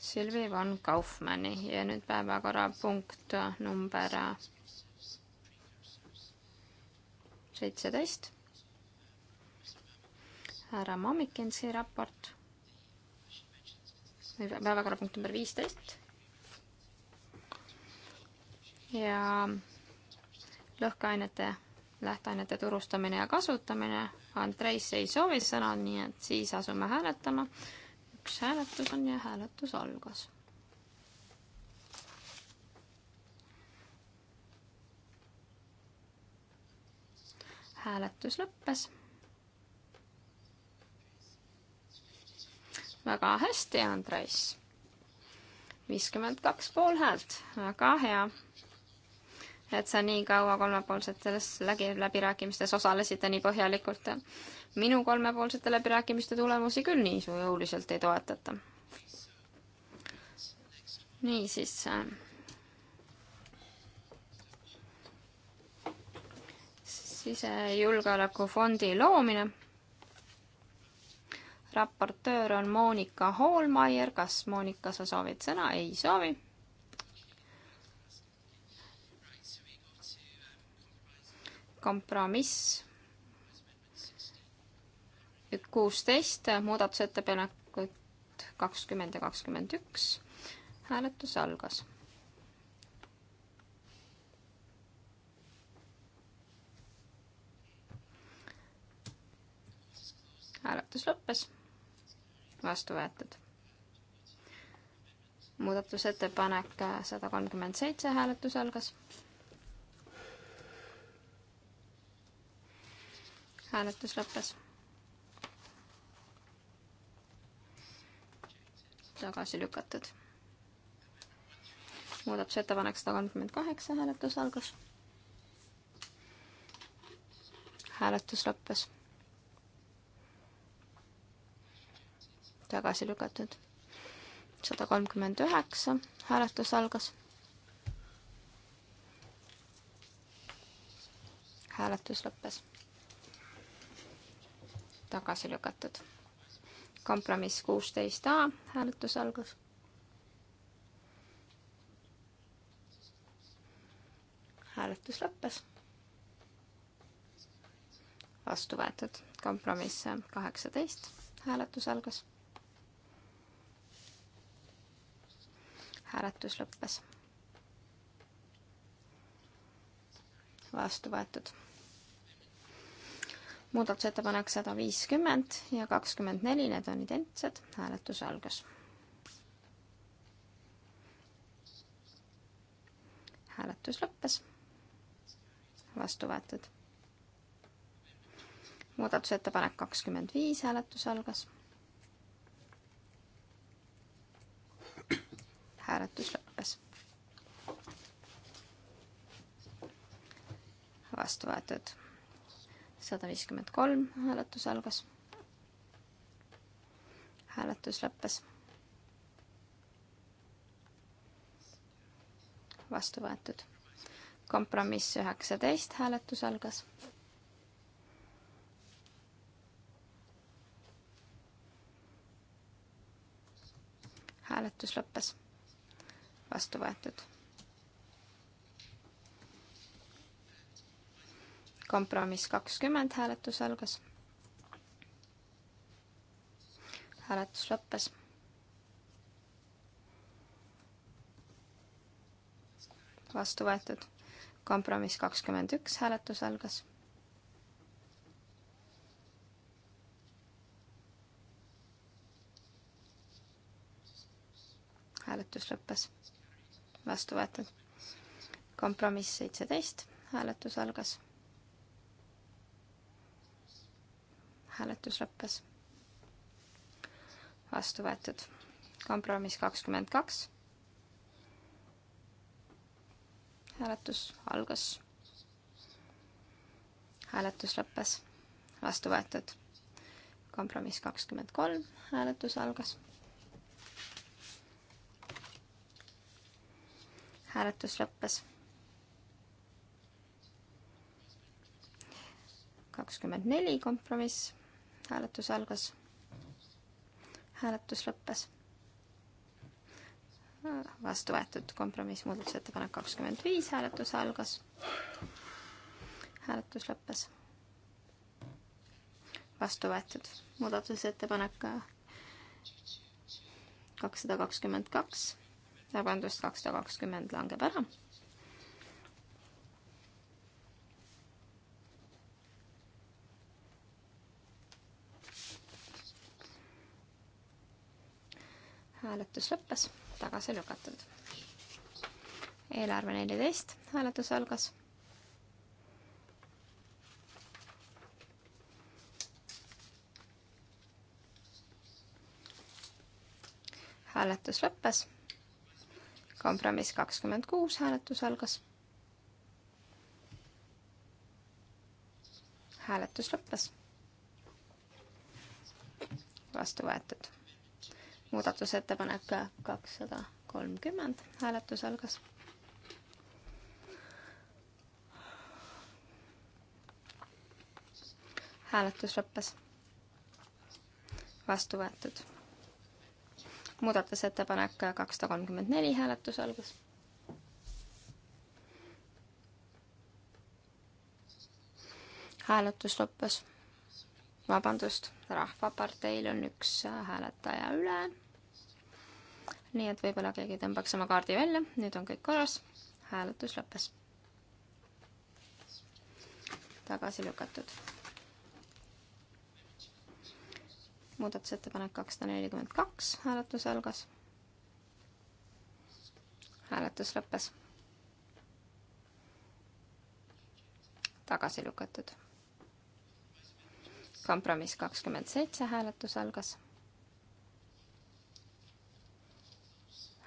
Silvi von Kaufmanni ja nüüd päevakorrapunkt number seitseteist. härra Mamikensi raport. päevakorrapunkt number viisteist. ja lõhkeainete, lähteainete turustamine ja kasutamine Andreis ei soovi sõna, nii et siis asume hääletama. üks hääletus on ja hääletus algas. hääletus lõppes. väga hästi, Andreis. viiskümmend kaks poolhäält, väga hea et sa nii kaua kolmepoolsetes läbi, läbirääkimistes osalesid ja nii põhjalikult. minu kolmepoolsete läbirääkimiste tulemusi küll nii jõuliselt ei toetata. niisiis. Äh, sisejulgeolekufondi loomine. raportöör on Monika Hoolmeier, kas Monika, sa soovid sõna? ei soovi kompromiss kuusteist, muudatusettepanekut kakskümmend ja kakskümmend üks. hääletus algas. hääletus lõppes. vastu võetud. muudatusettepanek äh, sada kolmkümmend seitse, hääletus algas hääletus lõppes. tagasi lükatud. muudatusettepanek sada kolmkümmend kaheksa, hääletus algas. hääletus lõppes. tagasi lükatud. sada kolmkümmend üheksa, hääletus algas hääletus lõppes tagasi lükatud. kompromiss kuusteist A, hääletus algas. hääletus lõppes. vastu võetud kompromiss kaheksateist, hääletus algas. hääletus lõppes. vastu võetud muudatusettepanek sada viiskümmend ja kakskümmend neli, need on identsed, hääletus algas. hääletus lõppes. vastu võetud. muudatusettepanek kakskümmend viis, hääletus algas. hääletus lõppes. vastu võetud sada viiskümmend kolm hääletus algas. hääletus lõppes. vastu võetud. kompromiss üheksateist, hääletus algas. hääletus lõppes. vastu võetud kompromiss kakskümmend hääletus algas. hääletus lõppes. vastu võetud. kompromiss kakskümmend üks hääletus algas. hääletus lõppes. vastu võetud. kompromiss seitseteist hääletus algas hääletus lõppes. vastu võetud. kompromiss kakskümmend kaks. hääletus algas. hääletus lõppes. vastu võetud. kompromiss kakskümmend kolm, hääletus algas. hääletus lõppes kakskümmend neli kompromiss hääletus algas. hääletus lõppes. vastu võetud kompromiss, muudatusettepanek kakskümmend viis, hääletus algas. hääletus lõppes. vastu võetud muudatusettepanek kakssada kakskümmend kaks, vabandust, kakssada kakskümmend langeb ära hääletus lõppes, tagasi lükatud. eelarve neliteist, hääletus algas. hääletus lõppes. kompromiss kakskümmend kuus, hääletus algas. hääletus lõppes. vastu võetud muudatusettepanek kakssada kolmkümmend, hääletus algas. hääletus lõppes. vastu võetud. muudatusettepanek kakssada kolmkümmend neli, hääletus algas. hääletus lõppes. vabandust, Rahvaparteil on üks hääletaja üle nii et võib-olla keegi tõmbaks oma kaardi välja, nüüd on kõik korras, hääletus lõppes. tagasi lükatud. muudatusettepanek kakssada nelikümmend kaks, hääletus algas. hääletus lõppes tagasi lükatud. kompromiss kakskümmend seitse hääletus algas.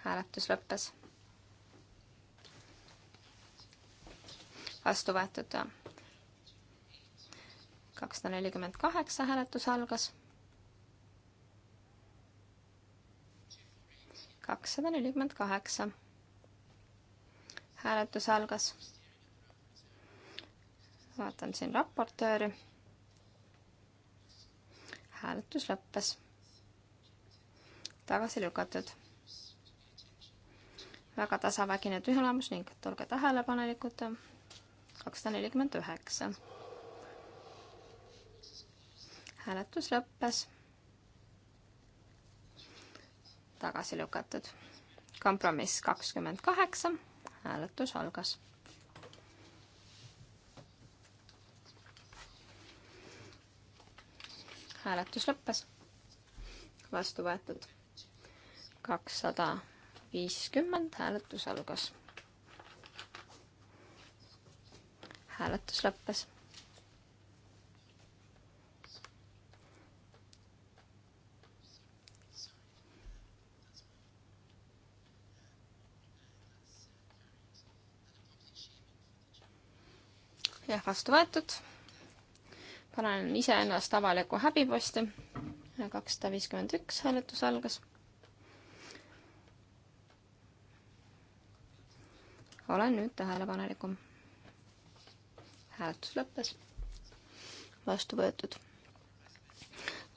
hääletus lõppes. vastu võetud. kakssada nelikümmend kaheksa hääletus algas. kakssada nelikümmend kaheksa. hääletus algas. vaatan siin raportööri. hääletus lõppes. tagasi lükatud väga tasavägine tulemus ning olge tähelepanelikud, kakssada nelikümmend üheksa. hääletus lõppes. tagasi lükatud. kompromiss kakskümmend kaheksa, hääletus algas. hääletus lõppes. vastu võetud kakssada viiskümmend, hääletus algas. hääletus lõppes. jah, vastu võetud. panen iseennast avalikku häbiposti. kakssada viiskümmend üks hääletus algas olen nüüd tähelepanelikum. hääletus lõppes. vastu võetud.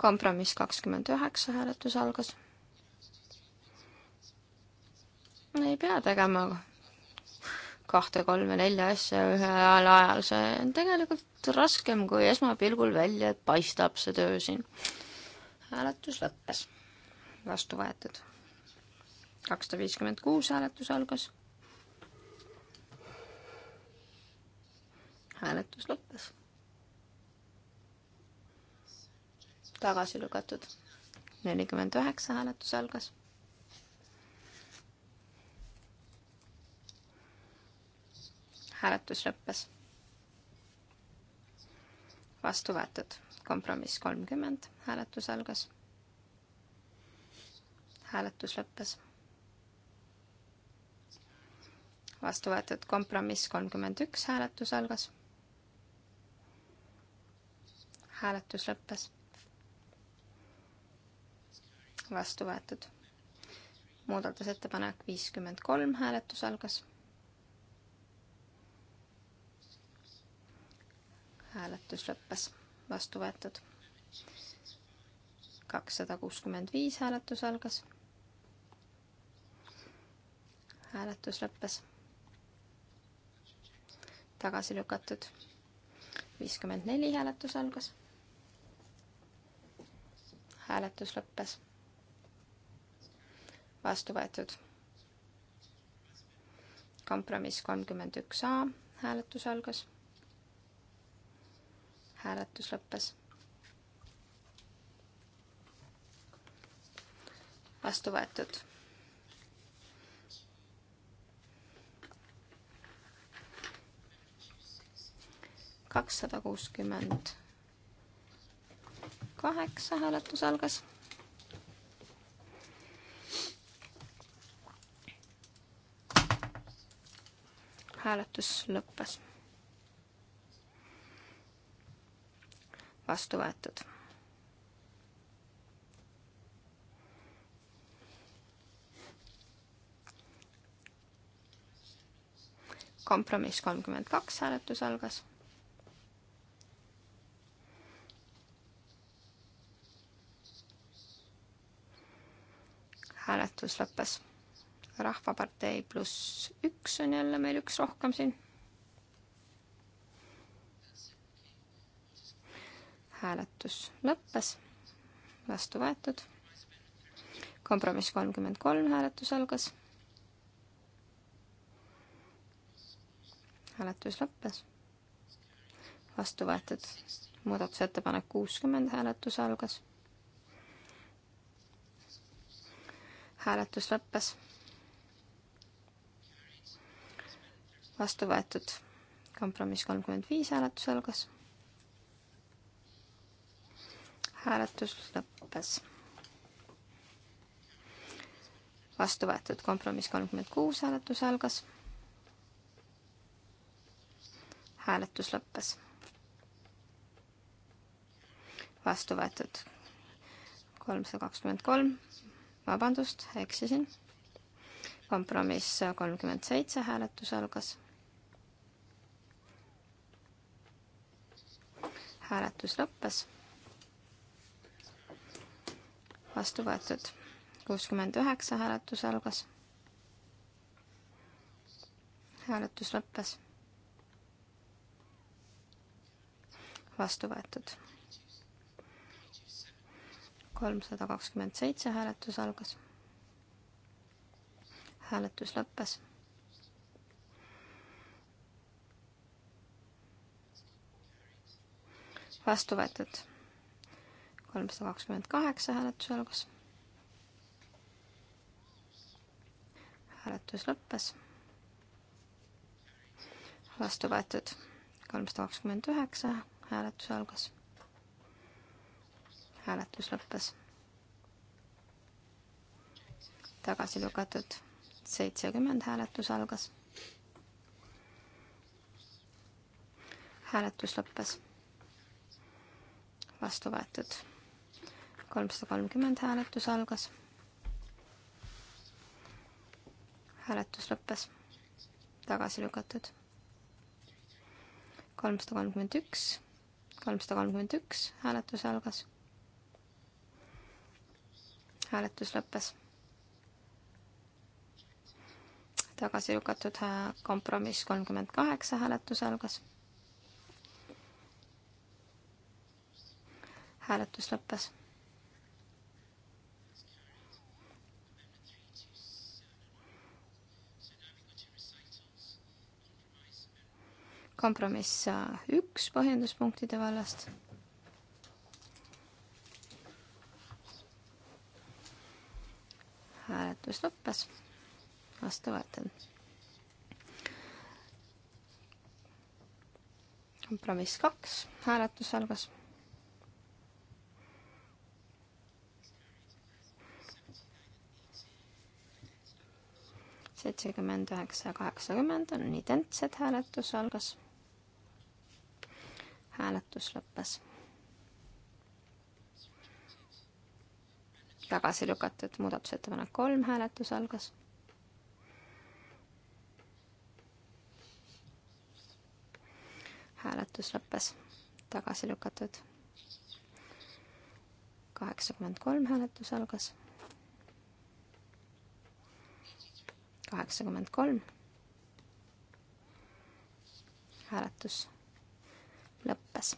kompromiss kakskümmend üheksa, hääletus algas. ei pea tegema kahte, kolme, nelja asja ühel ajal, see on tegelikult raskem, kui esmapilgul välja paistab, see töö siin. hääletus lõppes. vastu võetud. kakssada viiskümmend kuus hääletus algas hääletus lõppes. tagasi lükatud. nelikümmend üheksa hääletus algas. hääletus lõppes. vastu võetud. kompromiss kolmkümmend, hääletus algas. hääletus lõppes vastu võetud kompromiss kolmkümmend üks hääletus algas hääletus lõppes. vastu võetud. muudatusettepanek viiskümmend kolm, hääletus algas. hääletus lõppes, vastu võetud. kakssada kuuskümmend viis, hääletus algas. hääletus lõppes. tagasi lükatud viiskümmend neli hääletus algas hääletus lõppes. vastu võetud. kompromiss kolmkümmend üks A, hääletus algas. hääletus lõppes. vastu võetud kakssada kuuskümmend kaheksa hääletus algas. hääletus lõppes. vastu võetud. kompromiss kolmkümmend kaks hääletus algas hääletus lõppes. rahvapartei pluss üks on jälle meil üks rohkem siin. hääletus lõppes, vastu võetud. kompromiss kolmkümmend kolm hääletus algas. hääletus lõppes, vastu võetud. muudatusettepanek kuuskümmend hääletus algas hääletus lõppes. vastu võetud. kompromiss kolmkümmend viis hääletus algas. hääletus lõppes. vastu võetud. kompromiss kolmkümmend kuus hääletus algas. hääletus lõppes. vastu võetud. kolmsada kakskümmend kolm vabandust, eksisin. kompromiss kolmkümmend seitse hääletus algas. hääletus lõppes. vastu võetud. kuuskümmend üheksa hääletus algas. hääletus lõppes. vastu võetud kolmsada kakskümmend seitse hääletus algas. hääletus lõppes. vastu võetud. kolmsada kakskümmend kaheksa hääletus algas. hääletus lõppes. vastu võetud. kolmsada kakskümmend üheksa hääletus algas hääletus lõppes. tagasi lükatud seitsekümmend, hääletus algas. hääletus lõppes. vastu võetud kolmsada kolmkümmend, hääletus algas. hääletus lõppes. tagasi lükatud kolmsada kolmkümmend üks, kolmsada kolmkümmend üks hääletus algas hääletus lõppes. tagasi lükatud äh, kompromiss kolmkümmend kaheksa, hääletus algas. hääletus lõppes. kompromiss äh, üks põhjenduspunktide vallast hääletus lõppes, vastu võetud. kompromiss kaks, hääletus algas. seitsekümmend üheksa ja kaheksakümmend on identsed, hääletus algas. hääletus lõppes tagasi lükatud, muudatusettepanek kolm, hääletus algas. hääletus lõppes, tagasi lükatud. kaheksakümmend kolm hääletus algas. kaheksakümmend kolm. hääletus lõppes,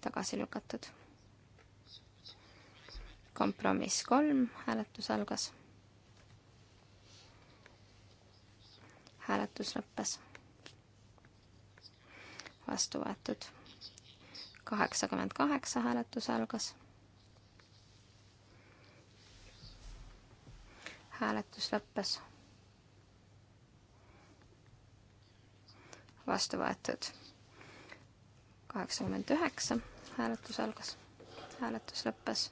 tagasi lükatud kompromiss kolm, hääletus algas. hääletus lõppes. vastu võetud. kaheksakümmend kaheksa hääletus algas. hääletus lõppes. vastu võetud. kaheksakümmend üheksa hääletus algas, hääletus lõppes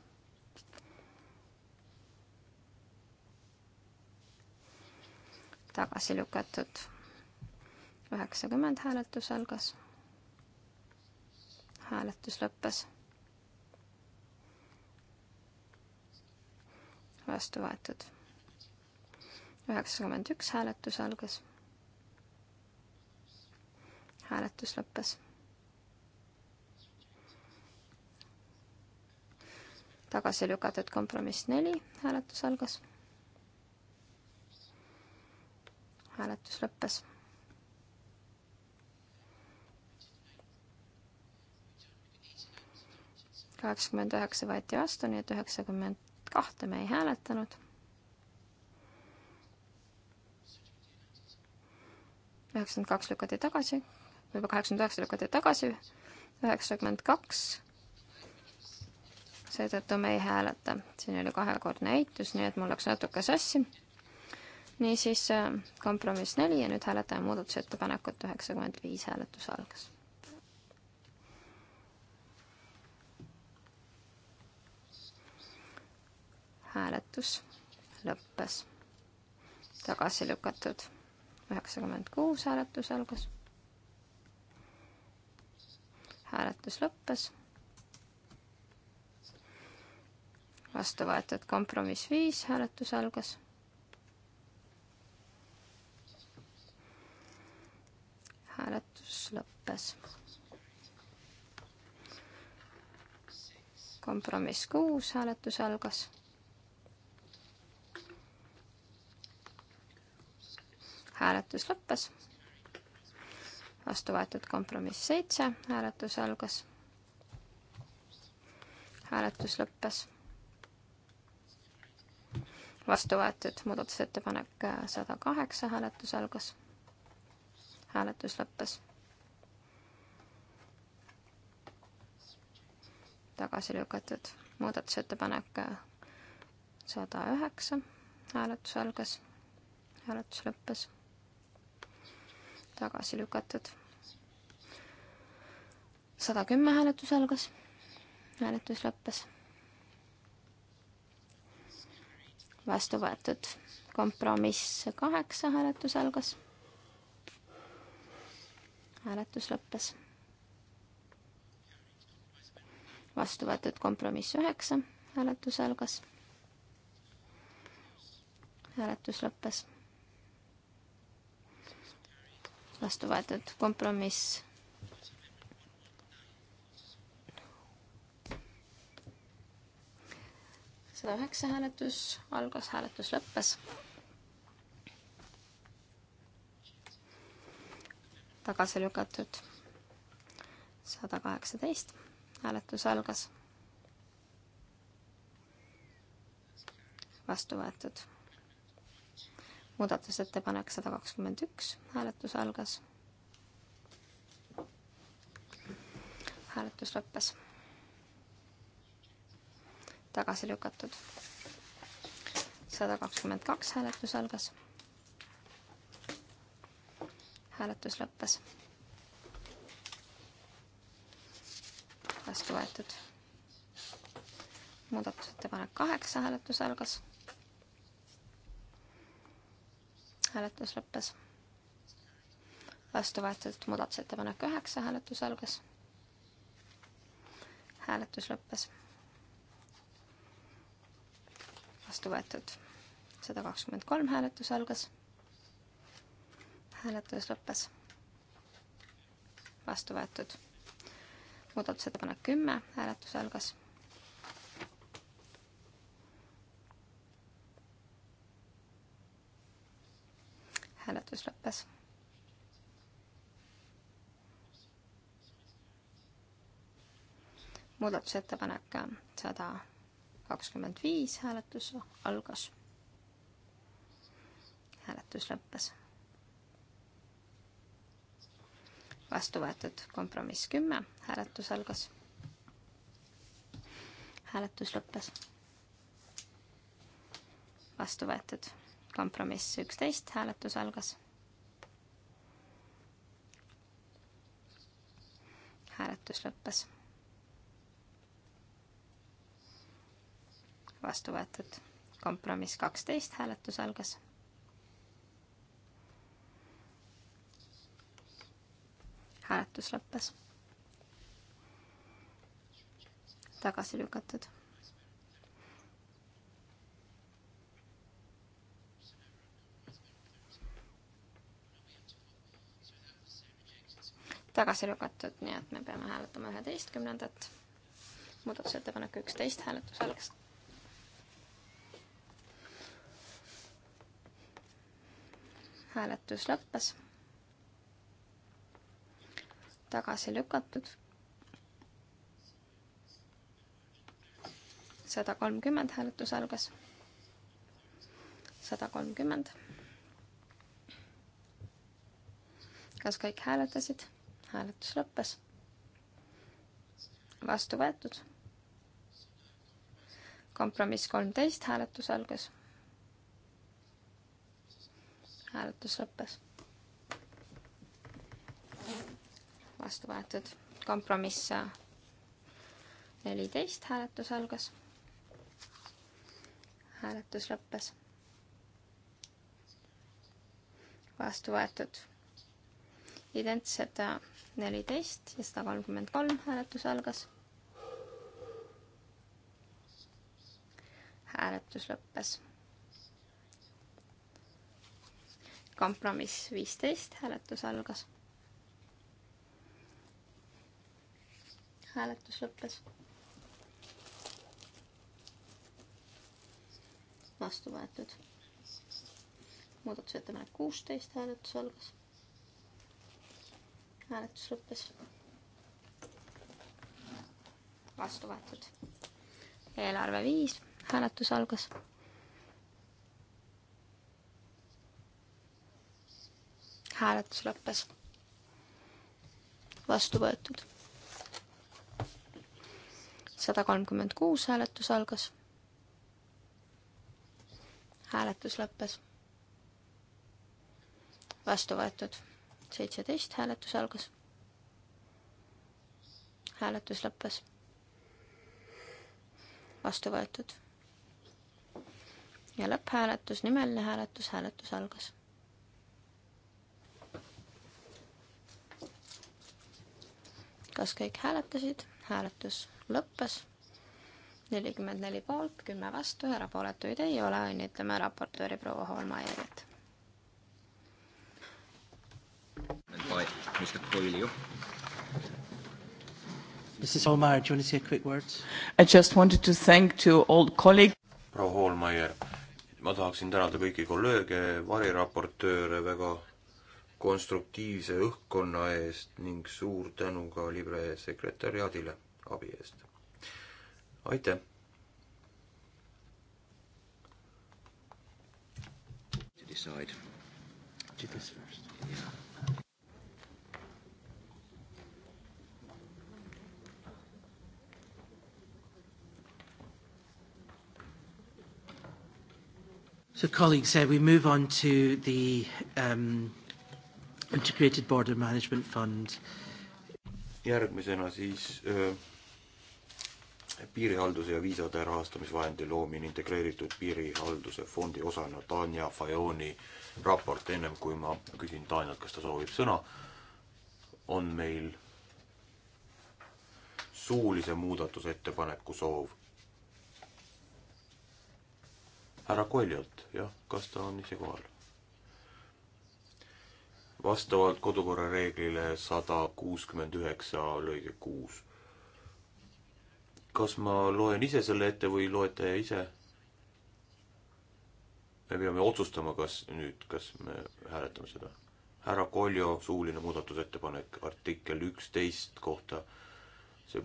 tagasi lükatud. üheksakümmend hääletus algas. hääletus lõppes. vastu võetud. üheksakümmend üks hääletus algas. hääletus lõppes. tagasi lükatud kompromiss neli, hääletus algas hääletus lõppes. kaheksakümmend üheksa võeti vastu, nii et üheksakümmend kahte me ei hääletanud. üheksakümmend kaks lükati tagasi, juba kaheksakümmend üheksa lükati tagasi, üheksakümmend kaks seetõttu me ei hääleta. siin oli kahekordne eitus, nii et mul läks natuke sassi niisiis äh, kompromiss neli ja nüüd hääletame muudatusettepanekut üheksakümmend viis, hääletus algas. hääletus lõppes. tagasi lükatud üheksakümmend kuus, hääletus algas. hääletus lõppes. vastu võetud kompromiss viis, hääletus algas hääletus lõppes. kompromiss kuus, hääletus algas. hääletus lõppes. vastu võetud kompromiss seitse, hääletus algas. hääletus lõppes vastu võetud muudatusettepanek äh, sada kaheksa hääletus algas hääletus lõppes. tagasi lükatud muudatusettepanek sada üheksa, hääletus algas, hääletus lõppes, tagasi lükatud. sada kümme hääletus algas, hääletus lõppes. vastu võetud kompromiss kaheksa hääletus algas hääletus lõppes. vastu võetud kompromiss üheksa, hääletus algas. hääletus lõppes. vastu võetud kompromiss sada üheksa hääletus algas, hääletus lõppes tagasi lükatud. sada kaheksateist, hääletus algas. vastu võetud. muudatusettepanek sada kakskümmend üks, hääletus algas. hääletus lõppes. tagasi lükatud. sada kakskümmend kaks, hääletus algas hääletus lõppes. vastu võetud. muudatusettepanek kaheksa, hääletus algas. hääletus lõppes. vastu võetud muudatusettepanek üheksa, hääletus algas. hääletus lõppes. vastu võetud sada kakskümmend kolm hääletus algas hääletus lõppes. vastu võetud. muudatusettepanek kümme, hääletus algas. hääletus lõppes. muudatusettepanek sada kakskümmend viis, hääletus algas. hääletus lõppes vastu võetud. kompromiss kümme, hääletus algas. hääletus lõppes. vastu võetud. kompromiss üksteist, hääletus algas. hääletus lõppes. vastu võetud. kompromiss kaksteist, hääletus algas hääletus lõppes. tagasi lükatud. tagasi lükatud, nii et me peame hääletama üheteistkümnendat. muudatusettepanek üksteist, hääletus algas hääletus lõppes tagasi lükatud. sada kolmkümmend hääletus algas. sada kolmkümmend. kas kõik hääletasid? hääletus lõppes. vastu võetud. kompromiss kolmteist hääletus algas. hääletus lõppes vastu võetud. kompromiss neliteist hääletus algas. hääletus lõppes. vastu võetud identsed neliteist ja sada kolmkümmend kolm hääletus algas. hääletus lõppes. kompromiss viisteist hääletus algas hääletus lõppes. vastu võetud. muudatusettepanek kuusteist, hääletus algas. hääletus lõppes. vastu võetud. eelarve viis, hääletus algas. hääletus lõppes. vastu võetud sada kolmkümmend kuus hääletus algas. hääletus lõppes. vastu võetud seitseteist hääletus algas. hääletus lõppes. vastu võetud. ja lõpphääletus, nimeline hääletus, hääletus algas. kas kõik hääletasid? hääletus lõppes. nelikümmend neli poolt, kümme vastu, erapooletuid ei ole, õnnitleme raportööri proua Holmajärjet. mis nüüd kooli juhtub? Mrs. Holmeyer, do you want to say a quick word? I just wanted to thank to old colleague. proua Holmeyer, ma tahaksin tänada kõiki kolleege, variraportööre väga konstruktiivse õhkkonna eest ning suur tänu ka libre sekretäriaadile abi eest. aitäh! Decide. Do this first. Yeah. So, colleagues, uh, we move on to the um, Integrated Border Management Fund. järgmisena siis öö, äh, piirihalduse ja viisade rahastamisvahendi loomine integreeritud piirihalduse fondi osana Tanja Fajoni raport, ennem kui ma küsin Tanjalt, kas ta soovib sõna, on meil suulise muudatusettepaneku soov. härra Koljolt, jah, kas ta on ise kohal? vastavalt kodukorra reeglile sada kuuskümmend üheksa lõige kuus kas ma loen ise selle ette või loete ise? me peame otsustama, kas nüüd, kas me hääletame seda. härra Koljo suuline muudatusettepanek artikkel üksteist kohta, see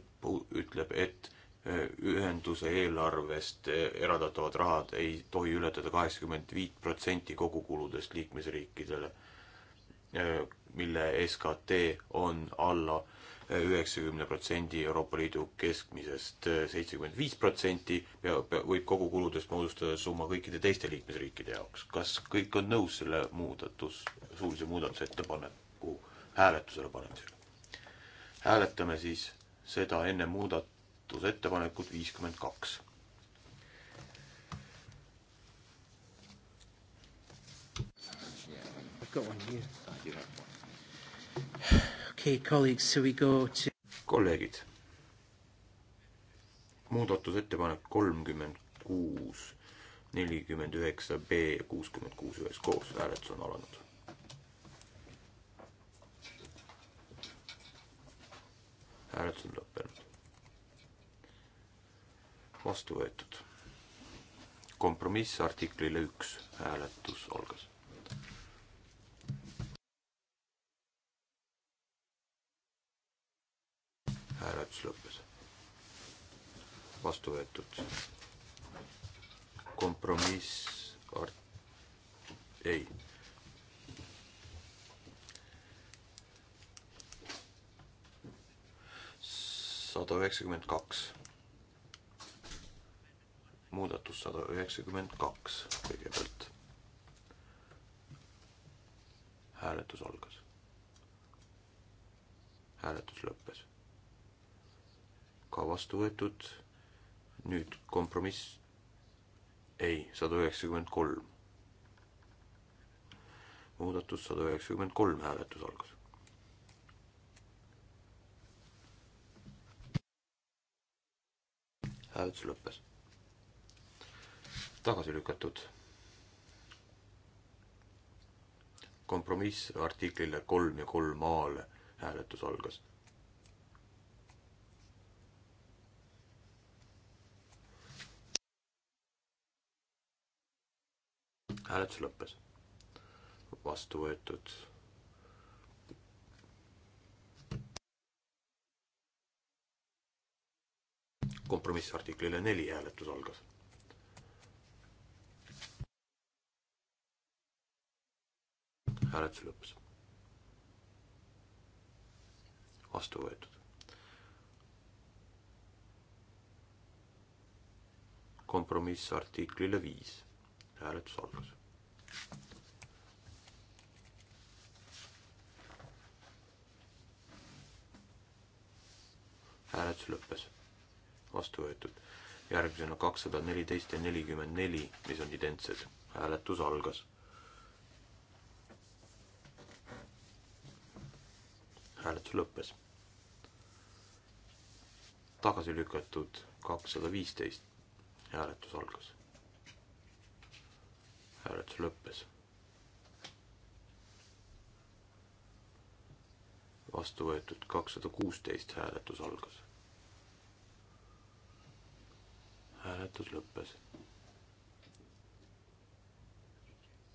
ütleb, et äh, ühenduse eelarvest äh, eraldatavad rahad ei tohi ületada kaheksakümmend viit protsenti kogukuludest liikmesriikidele, äh, mille SKT on alla kahe üheksakümne protsendi Euroopa Liidu keskmisest, eh, seitsekümmend viis protsenti võib kogukuludest moodustada summa kõikide teiste liikmesriikide jaoks. kas kõik on nõus selle muudatus, suulise muudatusettepaneku hääletusele panemisega? hääletame siis seda enne muudatusettepanekut viiskümmend kaks. I've got one here. Okay, colleagues, so we go to... kolleegid, muudatusettepanek kolmkümmend kuus, nelikümmend üheksa B ja kuuskümmend kuus üheskoos, hääletus on alanud. hääletus on lõppenud. vastu võetud. kompromiss artiklile üks, hääletus algas hääletus lõppes. vastu võetud. kompromiss art-, ei. sada üheksakümmend kaks. muudatus sada üheksakümmend kaks kõigepealt. hääletus algas. hääletus lõppes ka vastu võetud. nüüd kompromiss, ei, sada üheksakümmend kolm. muudatus sada üheksakümmend kolm, hääletus algas. hääletus lõppes. tagasi lükatud. kompromiss artiklile kolm ja kolm A-le hääletus algas hääletus lõppes. vastu võetud. kompromissartiklile neli hääletus algas. hääletus lõppes. vastu võetud. kompromissartiklile viis hääletus algas. hääletus lõppes, vastu võetud. järgmisena kakssada neliteist ja nelikümmend neli, mis on identsed, hääletus algas. hääletus lõppes. tagasi lükatud kakssada viisteist, hääletus algas hääletus lõppes. vastu võetud kakssada kuusteist hääletus algas. hääletus lõppes.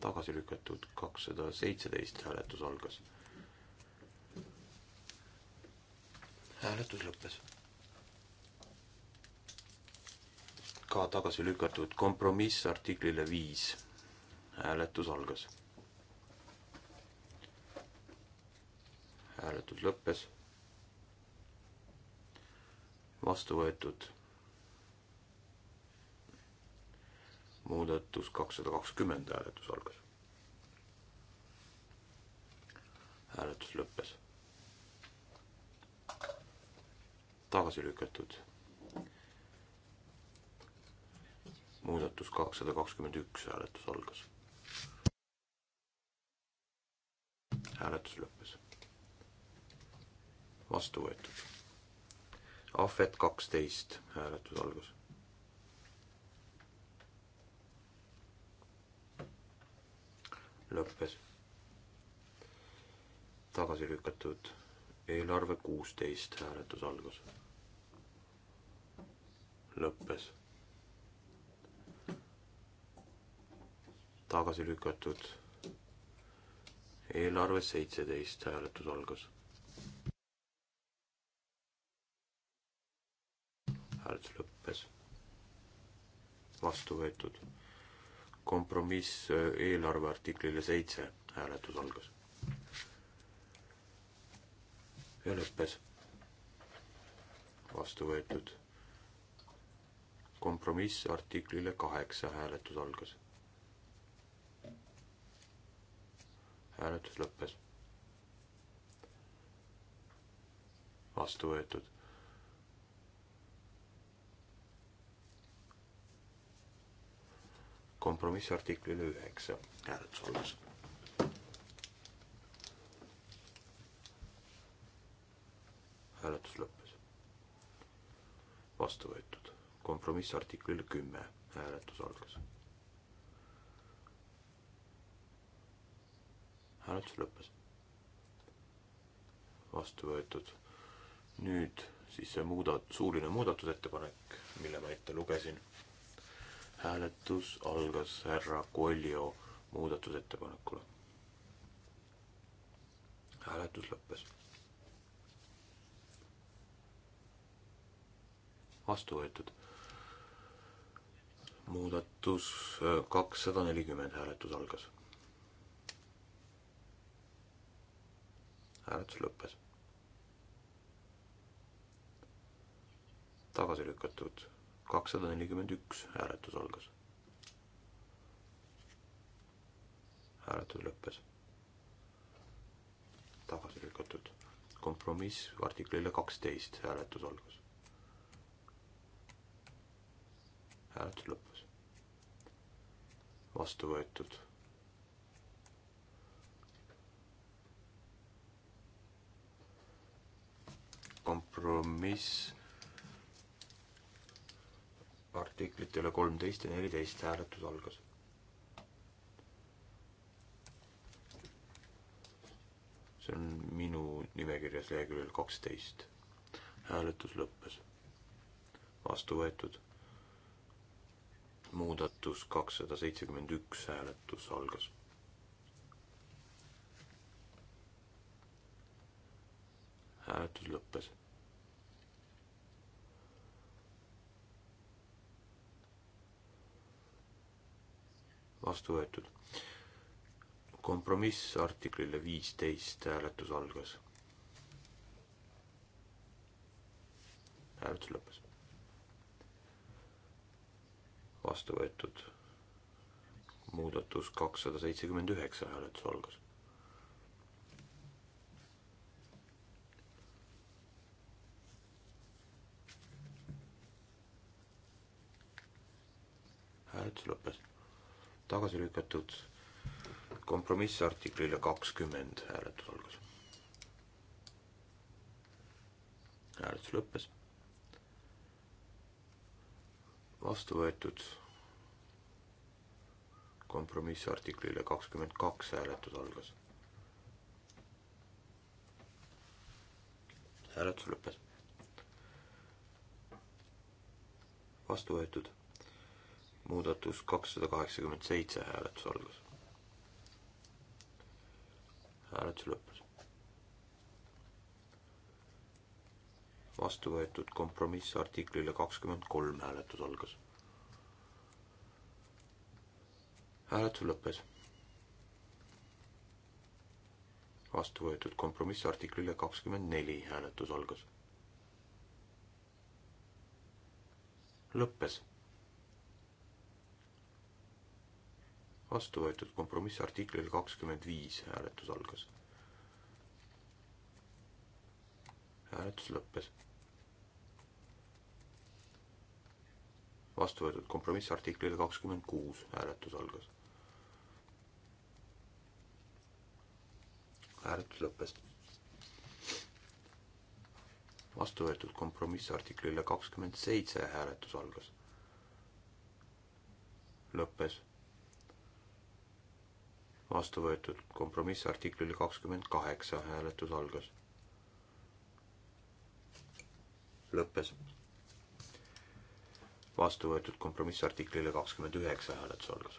tagasi lükatud kakssada seitseteist hääletus algas. hääletus lõppes. ka tagasi lükatud kompromiss artiklile viis hääletus algas. hääletus lõppes. vastu võetud muudatus kakssada kakskümmend hääletus algas. hääletus lõppes. tagasi lükatud. muudatus kakssada kakskümmend üks hääletus algas hääletus lõppes. vastu võetud. ahvet kaksteist, hääletus algas. lõppes. tagasi lükatud eelarve kuusteist, hääletus algas. lõppes. tagasi lükatud eelarves seitseteist hääletus algas. hääletus lõppes. vastu võetud. kompromiss äh, eelarve artiklile seitse, hääletus algas. ja lõppes. vastu võetud. kompromiss artiklile kaheksa, hääletus algas hääletus lõppes. vastu võetud. kompromissi artiklile üheksa hääletus alles. hääletus lõppes. vastu võetud. kompromiss artiklile kümme hääletus algas hääletus lõppes. vastu võetud. nüüd siis see muudat-, suuline muudatusettepanek, mille ma ette lugesin. hääletus algas härra Koljo muudatusettepanekule. hääletus lõppes. vastu võetud. muudatus äh, kakssada nelikümmend hääletus algas hääletus lõppes. tagasi lükatud kakssada nelikümmend üks hääletus algas. hääletus lõppes. tagasi lükatud kompromiss artiklile kaksteist hääletus algas. hääletus lõppes. vastu võetud kompromiss artiklitele kolmteist ja neliteist hääletus algas. see on minu nimekirjas leheküljel kaksteist. hääletus lõppes. vastu võetud. muudatus kakssada seitsekümmend üks hääletus algas. hääletus lõppes vastu võetud. kompromiss artiklile viisteist hääletus algas. hääletus lõppes. vastu võetud muudatus kakssada seitsekümmend üheksa hääletus algas hääletus lõppes tagasi lükatud. kompromiss artiklile kakskümmend hääletus algas. hääletus lõppes. vastu võetud. kompromiss artiklile kakskümmend kaks hääletus algas. hääletus lõppes. vastu võetud muudatus kakssada kaheksakümmend seitse hääletus algas. hääletus lõppes. vastu võetud kompromiss artiklile kakskümmend kolm hääletus algas. hääletus lõppes. vastu võetud kompromiss artiklile kakskümmend neli hääletus algas. lõppes vastu võetud kompromiss artiklil kakskümmend viis hääletus algas. hääletus lõppes. vastu võetud kompromiss artiklil kakskümmend kuus hääletus algas. hääletus lõppes. vastu võetud kompromiss artiklile kakskümmend seitse hääletus algas. lõppes vastu võetud kompromiss artiklile kakskümmend kaheksa, hääletus algas. lõppes. vastu võetud kompromiss artiklile kakskümmend üheksa, hääletus algas.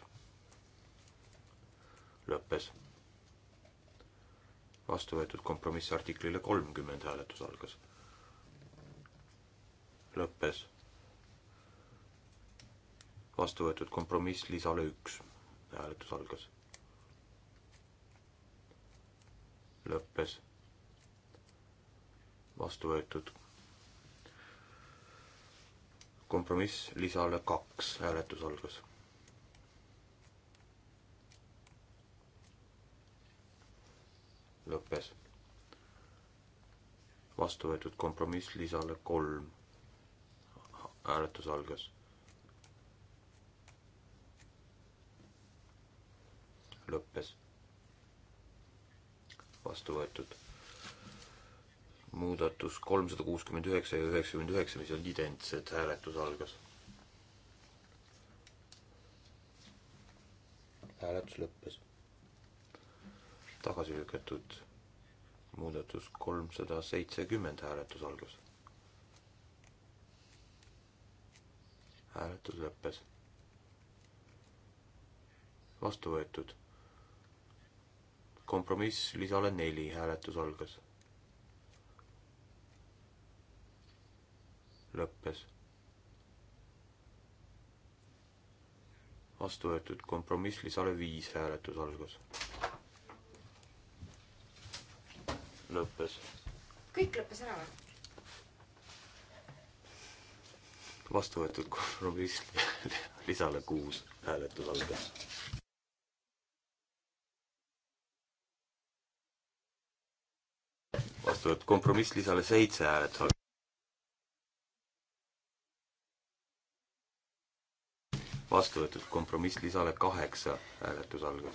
lõppes. vastu võetud kompromiss artiklile kolmkümmend, hääletus algas. lõppes. vastu võetud kompromiss lisale üks, hääletus algas lõppes. vastu võetud. kompromiss lisale kaks, hääletus algas. lõppes. vastu võetud kompromiss lisale kolm, hääletus algas lõppes vastu võetud. muudatus kolmsada kuuskümmend üheksa ja üheksakümmend üheksa, mis on identsed, hääletus algas. hääletus lõppes. tagasi lükatud muudatus kolmsada seitsekümmend, hääletus algas. hääletus lõppes. vastu võetud kompromiss lisale neli hääletus algas. lõppes. vastu võetud kompromiss lisale viis hääletus algas. lõppes. kõik lõppes ära või? vastu võetud kompromiss [LAUGHS] lisale kuus hääletus algas arvestatud, kompromiss lisale seitse häält. vastu võetud kompromiss lisale kaheksa hääletus algas.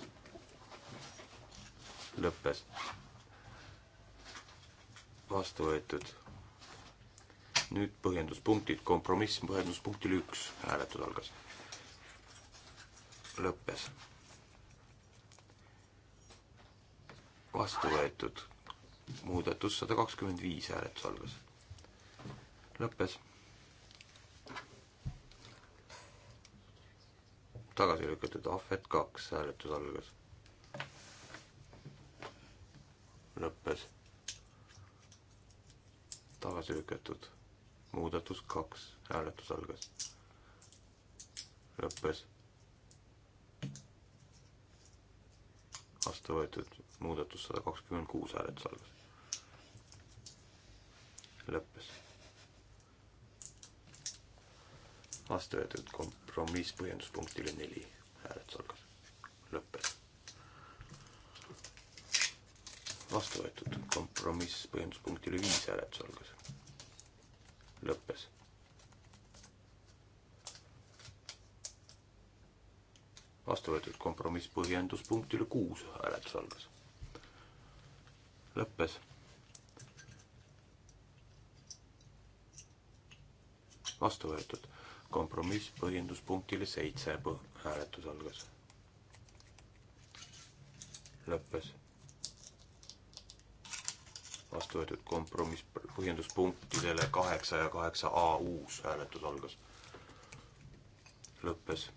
lõppes. vastu võetud. nüüd põhjenduspunktid, kompromiss põhjenduspunktil üks hääletus algas. lõppes. vastu võetud muudatus sada kakskümmend viis hääletus algas. lõppes. tagasi lükatud ahvet kaks hääletus algas. lõppes. tagasi lükatud muudatus kaks hääletus algas. lõppes. vastu võetud muudatus sada kakskümmend kuus hääletus algas lõppes. vastu võetud kompromiss põhjenduspunktile neli, hääletus algas, lõppes. vastu võetud kompromiss põhjenduspunktile viis, hääletus algas, lõppes. vastu võetud kompromiss põhjenduspunktile kuus, hääletus algas, lõppes vastu võetud. kompromiss põhjenduspunktile seitse hääletus algas. lõppes. vastu võetud kompromiss põhjenduspunktidele kaheksa ja kaheksa A uus hääletus algas. lõppes.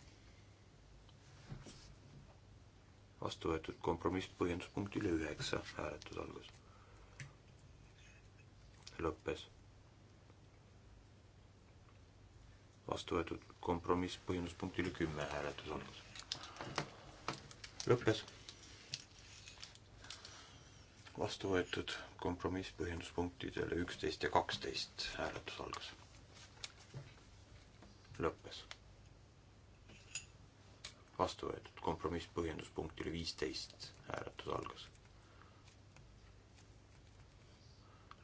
vastu võetud kompromiss põhjenduspunktile üheksa hääletus algas. lõppes vastu võetud kompromiss põhjenduspunktile kümme hääletus algas. lõppes. vastu võetud kompromiss põhjenduspunktidele üksteist ja kaksteist hääletus algas. lõppes. vastu võetud kompromiss põhjenduspunktile viisteist hääletus algas.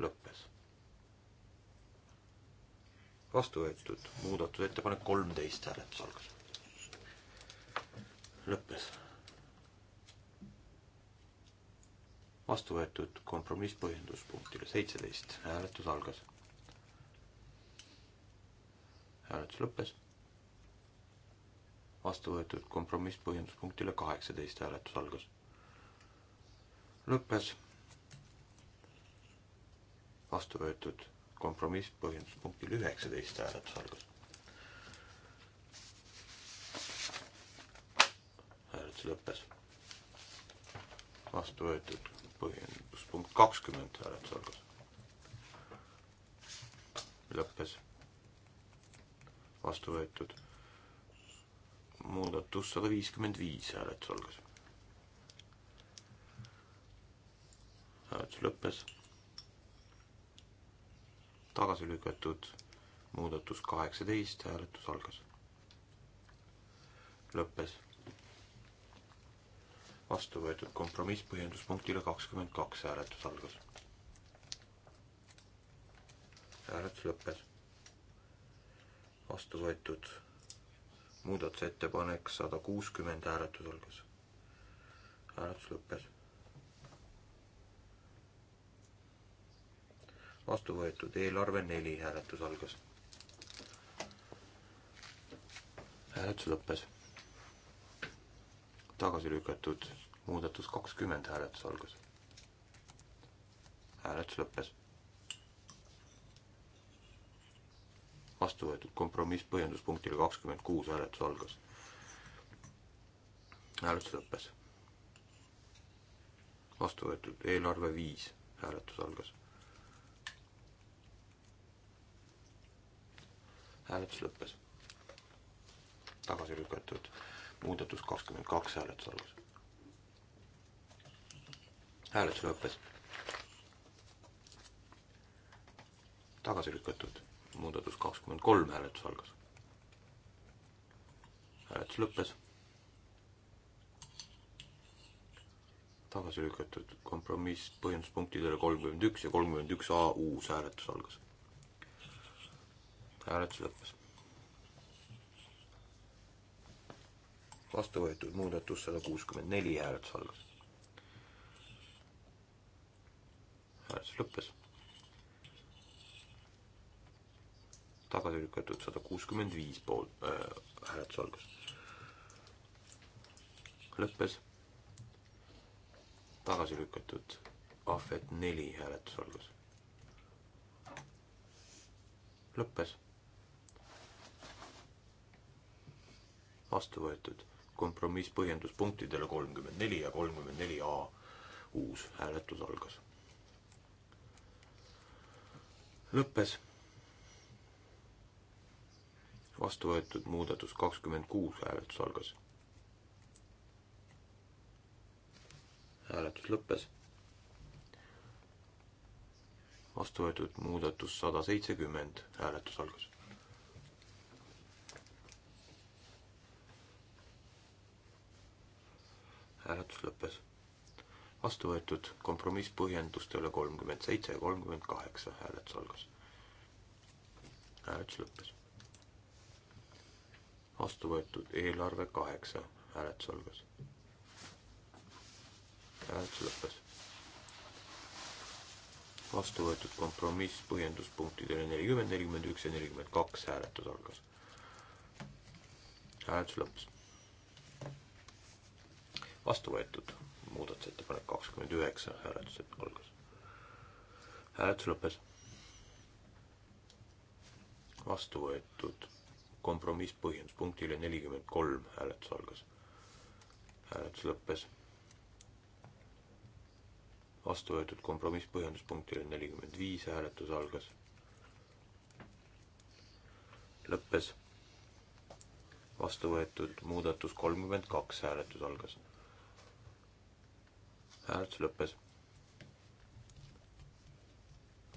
lõppes vastu võetud, muudatusettepanek kolmteist hääletus algas. lõppes. vastu võetud kompromiss põhjenduspunktile seitseteist, hääletus algas. hääletus lõppes. vastu võetud kompromiss põhjenduspunktile kaheksateist, hääletus algas. lõppes. vastu võetud kompromiss põhjenduspunktil üheksateist hääletus algas. hääletus lõppes. vastu võetud põhjenduspunkt kakskümmend hääletus algas. lõppes. vastu võetud muudatus sada viiskümmend viis hääletus algas. hääletus lõppes tagasi lükatud, muudatus kaheksateist, hääletus algas. lõppes. vastu võetud kompromiss põhjenduspunktile kakskümmend kaks, hääletus algas. hääletus lõppes. vastu võetud muudatusettepanek sada kuuskümmend, hääletus algas. hääletus lõppes vastu võetud, eelarve neli hääletus algas. hääletus lõppes. tagasi lükatud muudatus kakskümmend hääletus algas. hääletus lõppes. vastu võetud kompromiss põhjenduspunktile kakskümmend kuus hääletus algas. hääletus lõppes. vastu võetud eelarve viis hääletus algas hääletus lõppes. tagasi lükatud muudatus kakskümmend kaks hääletus algas. hääletus lõppes. tagasi lükatud muudatus kakskümmend kolm hääletus algas. hääletus lõppes. tagasi lükatud kompromiss põhjenduspunktidele kolmkümmend üks ja kolmkümmend üks A uus hääletus algas hääletus lõppes. vastu võetud muudatus sada kuuskümmend neli hääletus algas. hääletus lõppes. tagasi lükatud sada kuuskümmend viis poolt äh,, hääletus algas. lõppes. tagasi lükatud ahvet neli hääletus algas. lõppes vastu võetud. kompromiss põhjenduspunktidele kolmkümmend neli ja kolmkümmend neli A uus hääletus algas. lõppes. vastu võetud muudatus kakskümmend kuus hääletus algas. hääletus lõppes. vastu võetud muudatus sada seitsekümmend hääletus algas hääletus lõppes. vastu võetud kompromisspõhjendustele kolmkümmend seitse ja kolmkümmend kaheksa hääletus algas. hääletus lõppes. vastu võetud eelarve kaheksa hääletus algas. hääletus lõppes. vastu võetud kompromiss põhjenduspunktidele nelikümmend, nelikümmend üks ja nelikümmend kaks hääletus algas. hääletus lõppes vastu võetud. muudatusettepanek kakskümmend üheksa, hääletus algas. hääletus lõppes. vastu võetud kompromiss põhjenduspunktile nelikümmend kolm, hääletus algas. hääletus lõppes. vastu võetud kompromiss põhjenduspunktile nelikümmend viis, hääletus algas. lõppes. vastu võetud muudatus kolmkümmend kaks, hääletus algas hääletus lõppes.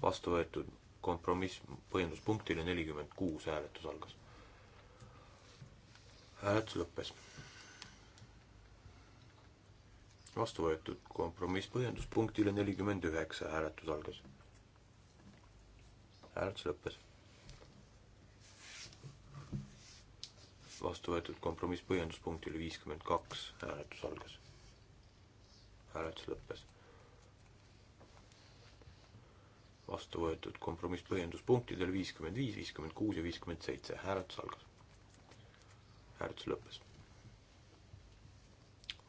vastu võetud kompromiss põhjenduspunktile nelikümmend kuus hääletus algas. hääletus lõppes. vastu võetud kompromiss põhjenduspunktile nelikümmend üheksa hääletus algas. hääletus lõppes. vastu võetud kompromiss põhjenduspunktile viiskümmend kaks hääletus algas hääletus lõppes. vastu võetud kompromisspõhjenduspunktidel viiskümmend viis, viiskümmend kuus ja viiskümmend seitse, hääletus algas. hääletus lõppes.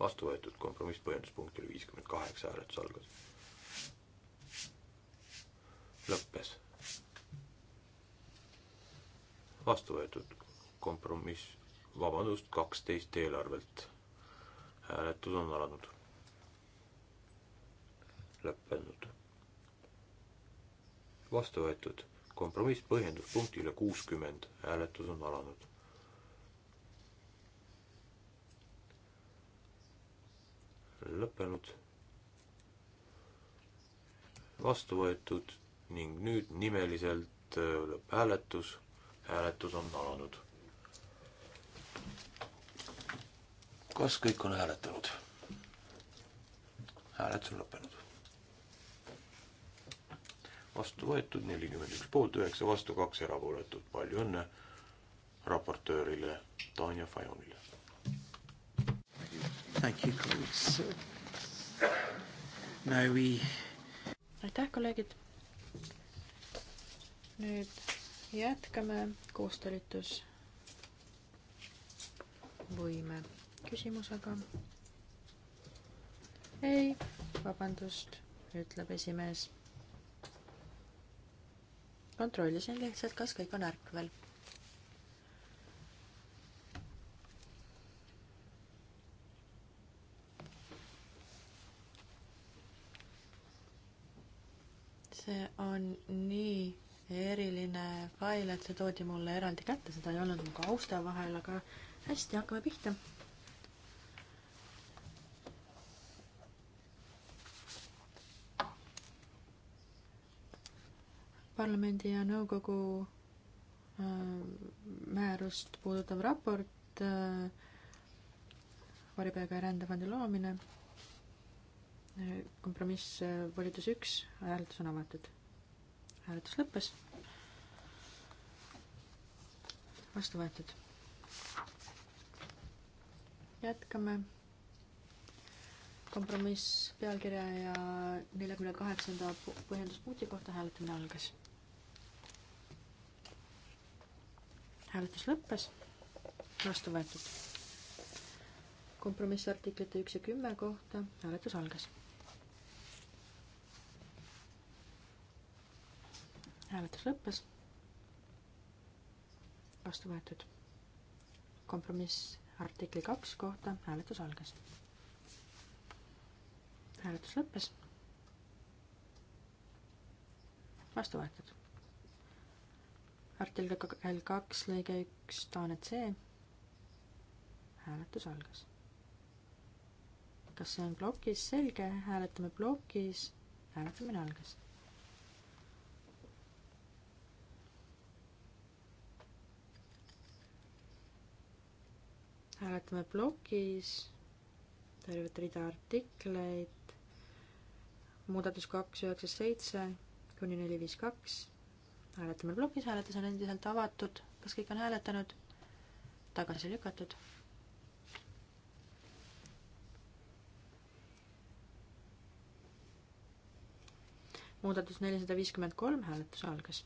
vastu võetud kompromisspõhjenduspunktil viiskümmend kaheksa, hääletus algas. lõppes. vastu võetud kompromiss, vabandust, kaksteist eelarvelt. hääletus on alanud lõppenud. vastu võetud kompromiss põhjenduspunktile kuuskümmend, hääletus on alanud. lõppenud. vastu võetud ning nüüd nimeliselt äh, lõpphääletus, hääletus on alanud. kas kõik on hääletanud? hääletus on lõppenud vastu võetud, nelikümmend üks poolt, üheksa vastu, kaks erapooletut. palju õnne raportöörile Tanja Fajonile. We... aitäh, kolleegid. nüüd jätkame koostalitus võime küsimusega. ei, vabandust, ütleb esimees kontrollisin lihtsalt, kas kõik on ärkvel. see on nii eriline fail, et see toodi mulle eraldi kätte, seda ei olnud mu kausta vahel, aga hästi, hakkame pihta parlamendi ja nõukogu äh, määrust puudutav raport, äh, varjupaiga ja rändefondi loomine, kompromiss äh, volitus üks, hääletus on avatud. hääletus lõppes. vastu võetud. jätkame kompromiss pealkirja ja neljakümne kaheksanda põhjenduspunkti kohta hääletamine algas hääletus lõppes, vastu võetud. kompromissartiklite üks ja kümme kohta hääletus algas. hääletus lõppes, vastu võetud. kompromiss artikli kaks kohta hääletus algas. hääletus lõppes, vastu võetud artikkel kaks lõige üks taane C. hääletus algas. kas see on plokis? selge, hääletame plokis. hääletamine algas. hääletame plokis tervet rida artikleid, muudatus kaks üheksa seitse kuni neli viis kaks hääletame plokis, hääletus on endiselt avatud, kas kõik on hääletanud? tagasi lükatud. muudatus nelisada viiskümmend kolm, hääletus algas.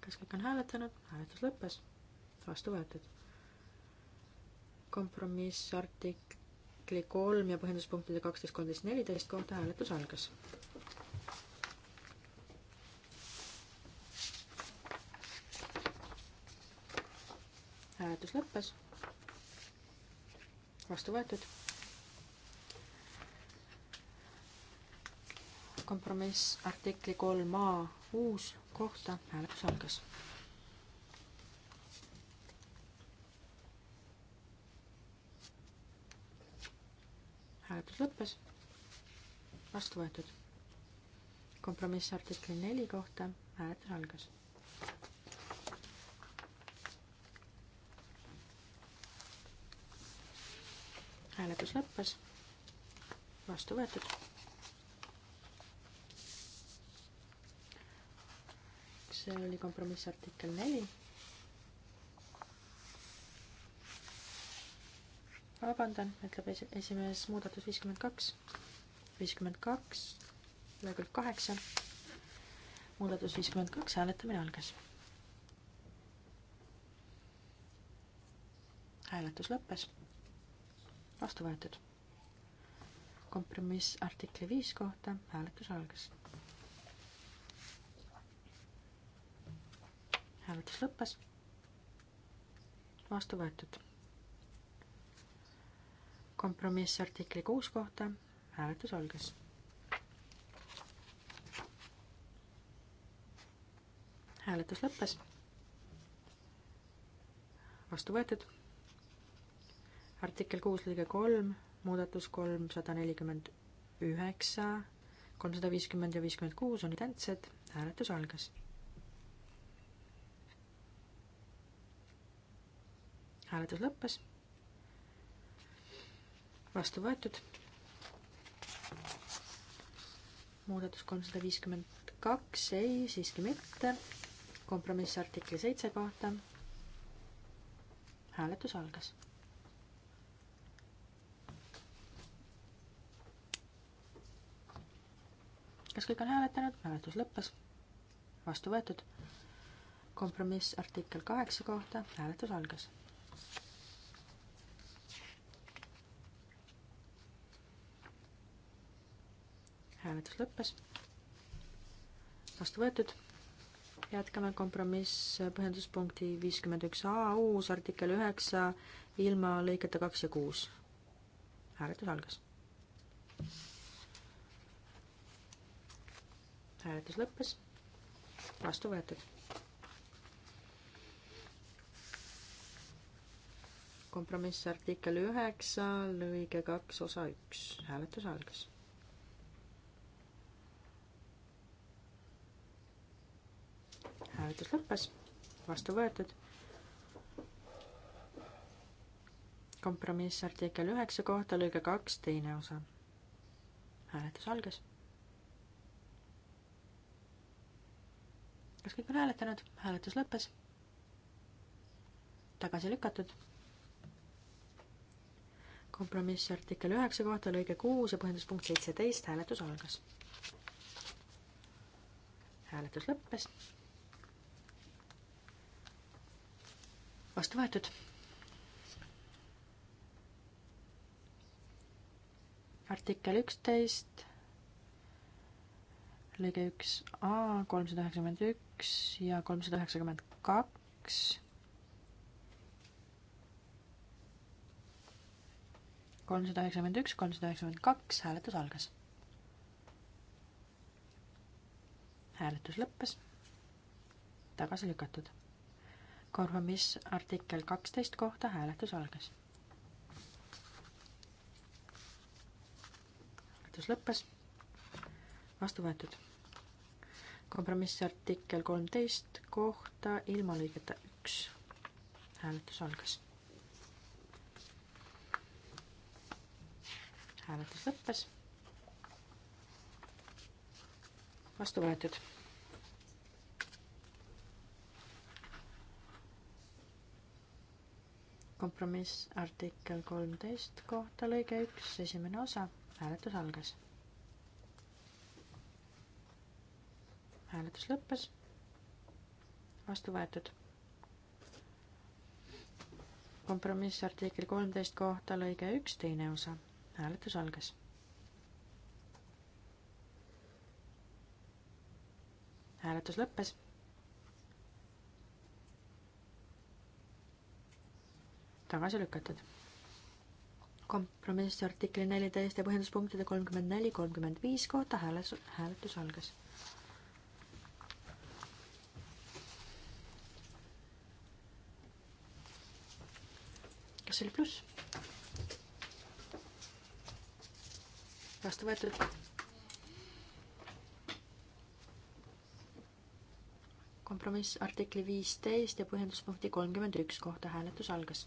kas kõik on hääletanud? hääletus lõppes. vastu võetud. kompromiss artik-, artikli kolm ja põhjenduspunktide kaksteist, kolmteist, neliteist kohta hääletus algas. hääletus lõppes. vastu võetud. kompromiss artikli kolm A uus kohta hääletus algas hääletus lõppes. vastu võetud. kompromiss artikli neli kohta hääletus algas. hääletus lõppes. vastu võetud. see oli kompromiss artikkel neli vabandan, ütleb esi-, esimees muudatus viiskümmend kaks, viiskümmend kaks, lehekülg kaheksa, muudatus viiskümmend kaks, hääletamine algas. hääletus lõppes, vastu võetud. kompromiss artikli viis kohta, hääletus algas. hääletus lõppes, vastu võetud kompromiss artikli kuus kohta, hääletus algas. hääletus lõppes. vastu võetud. artikkel kuus lõige kolm, muudatus kolmsada nelikümmend üheksa, kolmsada viiskümmend ja viiskümmend kuus on identsed, hääletus algas. hääletus lõppes vastu võetud. muudatus kolmsada viiskümmend kaks, ei, siiski mitte. kompromiss artikli seitse kohta. hääletus algas. kas kõik on hääletanud? hääletus lõppes. vastu võetud. kompromiss artikkel kaheksa kohta, hääletus algas hääletus lõppes. vastu võetud. jätkame kompromiss põhjenduspunkti viiskümmend üks A uus artikkel üheksa ilma lõiketa kaks ja kuus. hääletus algas. hääletus lõppes. vastu võetud. kompromiss artikkel üheksa lõige kaks osa üks. hääletus algas hääletus lõppes, vastu võetud. kompromiss artikkel üheksa kohta lõige kaks, teine osa. hääletus algas. kas kõik on hääletanud? hääletus lõppes. tagasi lükatud kompromissi artikkel üheksa kohta lõige kuus ja põhjenduspunkt seitseteist hääletus algas. hääletus lõppes vastu võetud. artikkel üksteist, lõige üks A, kolmsada üheksakümmend üks ja kolmsada üheksakümmend kaks. kolmsada üheksakümmend üks, kolmsada üheksakümmend kaks, hääletus algas. hääletus lõppes tagasi lükatud kompromiss artikkel kaksteist kohta hääletus algas. hääletus lõppes. vastu võetud. kompromiss artikkel kolmteist kohta ilma lõigeta üks. hääletus algas. hääletus lõppes. vastu võetud kompromiss artikkel kolmteist kohta lõige üks, esimene osa, hääletus algas. hääletus lõppes. vastu võetud. kompromiss artikkel kolmteist kohta lõige üks, teine osa, hääletus algas. hääletus lõppes tagasi lükatud. kompromissi artikli neliteist ja põhjenduspunktide kolmkümmend neli, kolmkümmend viis kohta hääletus, hääletus algas. kas see oli pluss? vastu võetud. kompromiss artikli viisteist ja põhjenduspunkti kolmkümmend üks kohta hääletus algas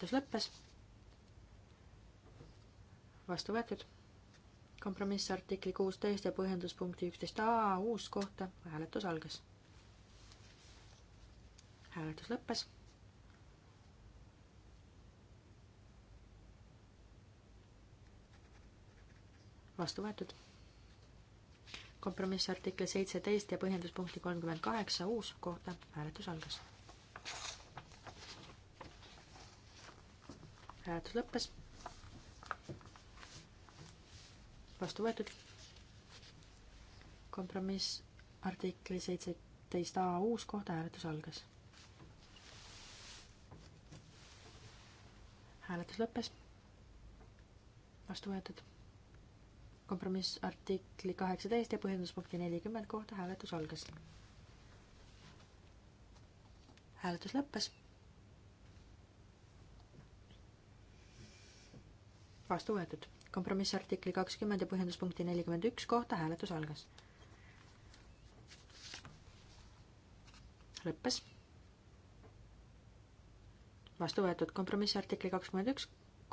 hääletus lõppes. vastu võetud. kompromiss artikli kuusteist ja põhjenduspunkti üksteist A uus kohta, hääletus algas. hääletus lõppes vastu võetud. kompromiss artikkel seitseteist ja põhjenduspunkti kolmkümmend kaheksa uus kohta hääletus algas. hääletus lõppes. vastu võetud. kompromiss artikli seitseteist A uus koht, hääletus algas. hääletus lõppes. vastu võetud. kompromiss artikli kaheksateist ja põhjenduspunkti nelikümmend kohta hääletus algas. hääletus lõppes vastu võetud. kompromiss artikli kakskümmend ja põhjenduspunkti nelikümmend üks kohta hääletus algas. lõppes. vastu võetud kompromiss artikli kakskümmend üks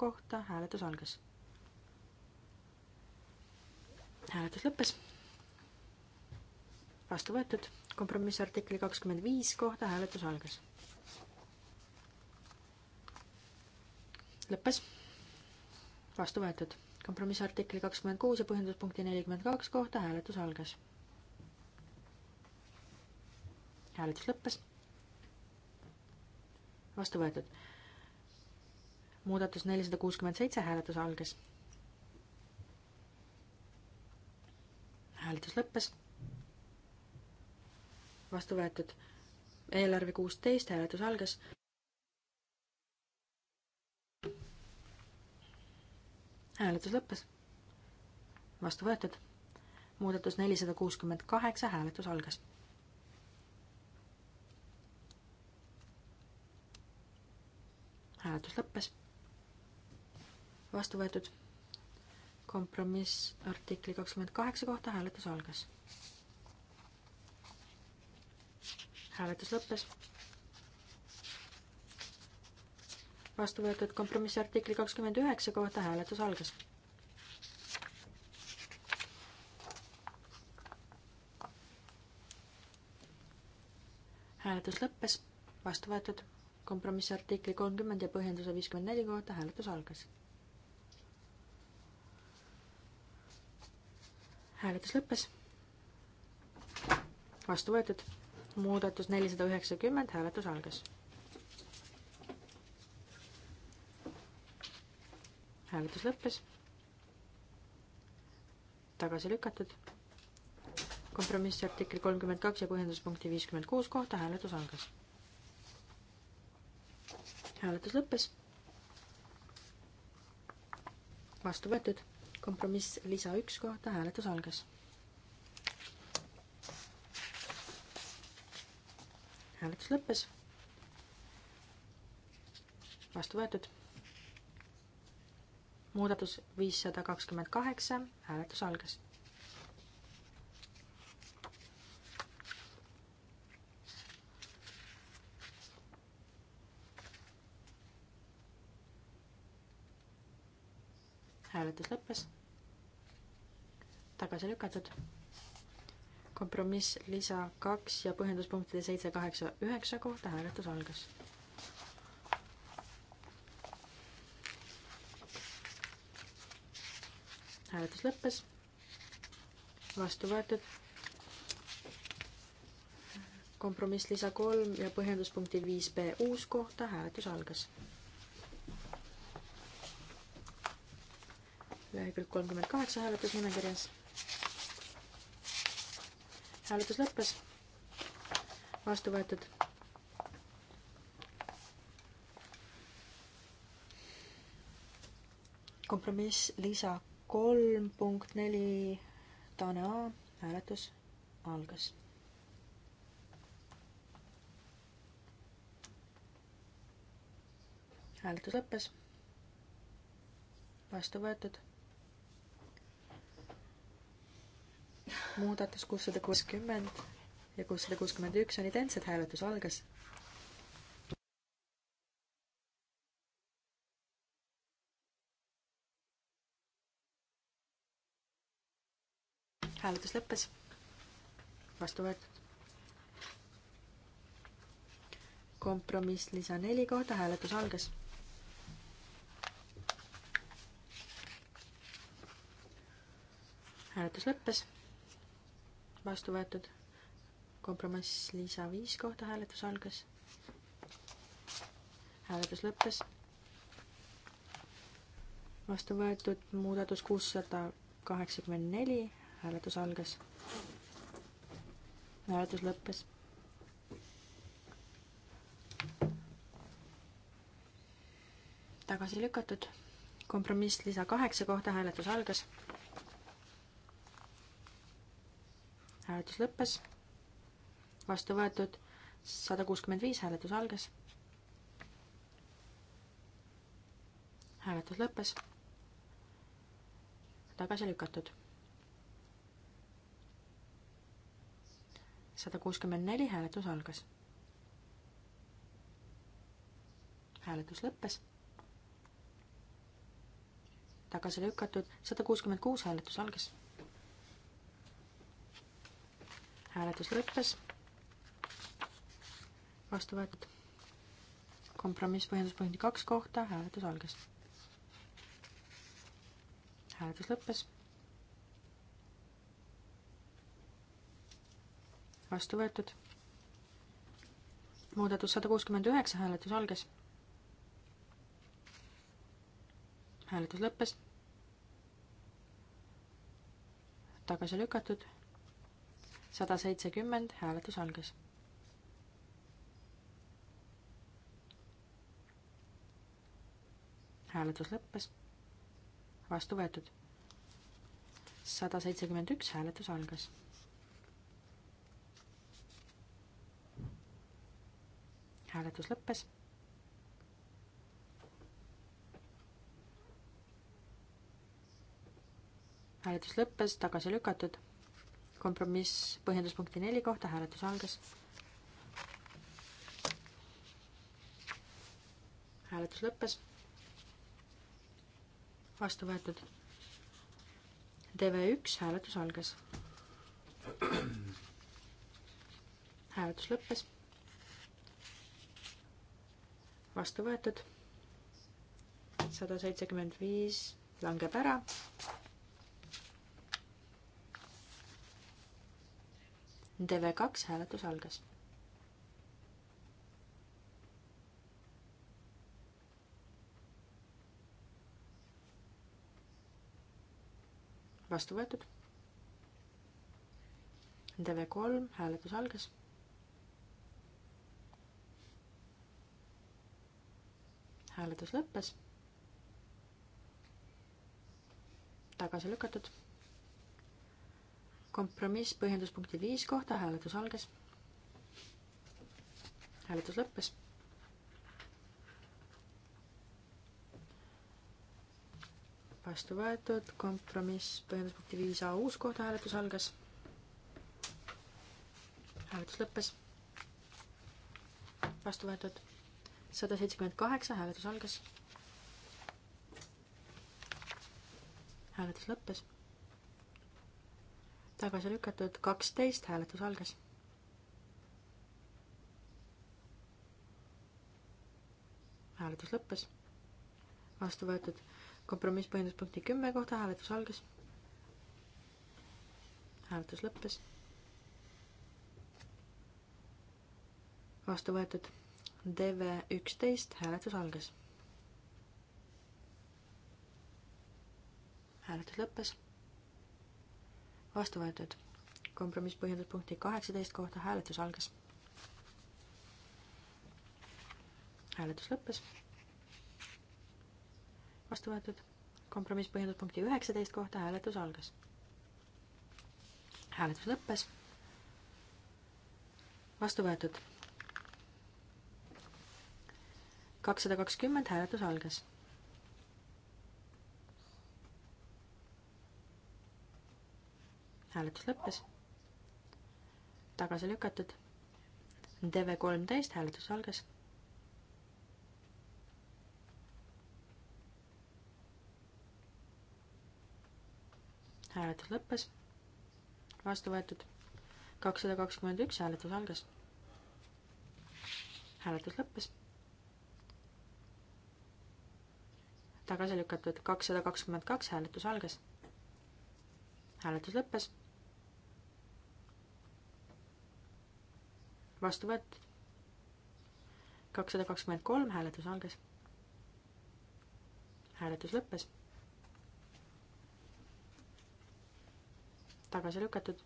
kohta hääletus algas. hääletus lõppes. vastu võetud kompromiss artikli kakskümmend viis kohta hääletus algas. lõppes vastu võetud. kompromissartikli kakskümmend kuus ja põhjenduspunkti nelikümmend kaks kohta hääletus algas. hääletus lõppes. vastu võetud. muudatus nelisada kuuskümmend seitse, hääletus algas. hääletus lõppes. vastu võetud. eelarve kuusteist, hääletus algas. hääletus lõppes. vastu võetud. muudatus nelisada kuuskümmend kaheksa, hääletus algas. hääletus lõppes. vastu võetud. kompromiss artikli kakskümmend kaheksa kohta, hääletus algas. hääletus lõppes vastu võetud kompromissi artikli kakskümmend üheksa kohta hääletus algas. hääletus lõppes, vastu võetud kompromissi artikli kolmkümmend ja põhjenduse viiskümmend neli kohta hääletus algas. hääletus lõppes, vastu võetud muudatus nelisada üheksakümmend, hääletus algas hääletus lõppes. tagasi lükatud. kompromissi artikkel kolmkümmend kaks ja põhjenduspunkti viiskümmend kuus kohta hääletus algas. hääletus lõppes. vastu võetud. kompromiss lisa üks kohta hääletus algas. hääletus lõppes. vastu võetud muudatus viissada kakskümmend kaheksa, hääletus algas. hääletus lõppes. tagasi lükatud. kompromiss lisa kaks ja põhjenduspunktide seitse, kaheksa, üheksa kohta hääletus algas hääletus lõppes. vastu võetud. kompromiss lisa kolm ja põhjenduspunkti viis B uus kohta, hääletus algas. lehekülg kolmkümmend kaheksa hääletusnimekirjas. hääletus lõppes. vastu võetud kompromiss lisa kolm punkt neli Taane A hääletus algas. hääletus lõppes. vastu võetud. muudatus kuussada kuuskümmend ja kuussada kuuskümmend üks on identsed, hääletus algas hääletus lõppes. vastu võetud. kompromiss lisa neli kohta, hääletus algas. hääletus lõppes. vastu võetud. kompromiss lisa viis kohta, hääletus algas. hääletus lõppes vastu võetud muudatus kuussada kaheksakümmend neli, hääletus algas. hääletus lõppes. tagasi lükatud. kompromiss lisa kaheksa kohta hääletus algas. hääletus lõppes. vastu võetud sada kuuskümmend viis, hääletus algas. hääletus lõppes. tagasi lükatud sada kuuskümmend neli hääletus algas. hääletus lõppes. tagasi lükatud, sada kuuskümmend kuus hääletus algas. hääletus lõppes. vastu võetud. kompromiss põhjenduspunkti kaks kohta, hääletus algas. hääletus lõppes vastu võetud. muudatus sada kuuskümmend üheksa, hääletus algas. hääletus lõppes. tagasi lükatud. sada seitsekümmend, hääletus algas. hääletus lõppes. vastu võetud. sada seitsekümmend üks, hääletus algas hääletus lõppes. hääletus lõppes, tagasi lükatud. kompromiss põhjenduspunkti neli kohta hääletus algas. hääletus lõppes. vastu võetud. TV1 hääletus algas. [CLEARS THROAT] hääletus lõppes vastu võetud. sada seitsekümmend viis langeb ära. TV2 hääletus algas. vastu võetud. TV3 hääletus algas hääletus lõppes. tagasi lükatud. kompromiss põhjenduspunkti viis kohta, hääletus algas. hääletus lõppes. vastu võetud, kompromiss põhjenduspunkti viis A uus koht, hääletus algas. hääletus lõppes. vastu võetud sada seitsekümmend kaheksa, hääletus algas. hääletus lõppes. tagasi lükatud kaksteist, hääletus algas hääletus lõppes. vastu võetud kompromiss põhjenduspunkti kümme kohta hääletus algas. hääletus lõppes. vastu võetud DV üksteist, hääletus algas. hääletus lõppes. vastu võetud. kompromiss põhjendatud punkti kaheksateist kohta hääletus algas. hääletus lõppes. vastu võetud. kompromiss põhjendatud punkti üheksateist kohta hääletus algas. hääletus lõppes. vastu võetud kakssada kakskümmend hääletus algas. hääletus lõppes. tagasi lükatud. DV kolmteist hääletus algas. hääletus lõppes. vastu võetud. kakssada kakskümmend üks hääletus algas. hääletus lõppes tagasi lükatud kakssada kakskümmend kaks, hääletus algas. hääletus lõppes. vastu võetud. kakssada kakskümmend kolm, hääletus algas. hääletus lõppes. tagasi lükatud.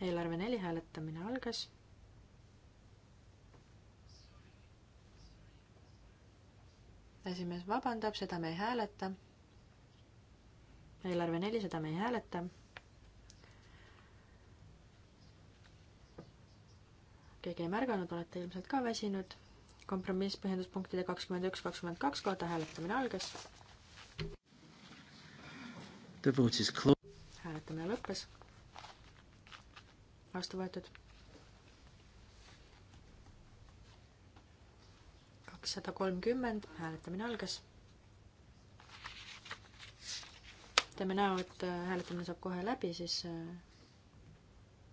eelarve neli hääletamine algas esimees vabandab, seda me ei hääleta. eelarve neli, seda me ei hääleta. keegi ei märganud, olete ilmselt ka väsinud. kompromiss põhjenduspunktide kakskümmend üks, kakskümmend kaks kohta hääletamine algas. hääletamine lõppes. vastu võetud kakssada kolmkümmend, hääletamine algas. teeme näo, et äh, hääletamine saab kohe läbi, siis äh,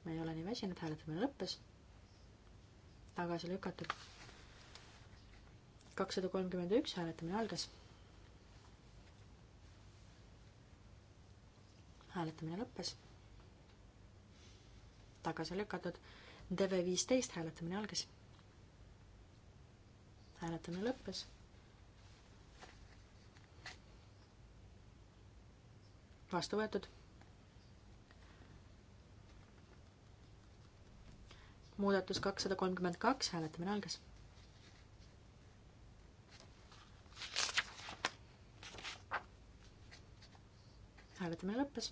ma ei ole nii väsinud, hääletamine lõppes. tagasi lükatud. kakssada kolmkümmend üks, hääletamine algas. hääletamine lõppes. tagasi lükatud. DV viisteist hääletamine algas hääletamine lõppes. vastu võetud. muudatus kakssada kolmkümmend kaks, hääletamine algas. hääletamine lõppes.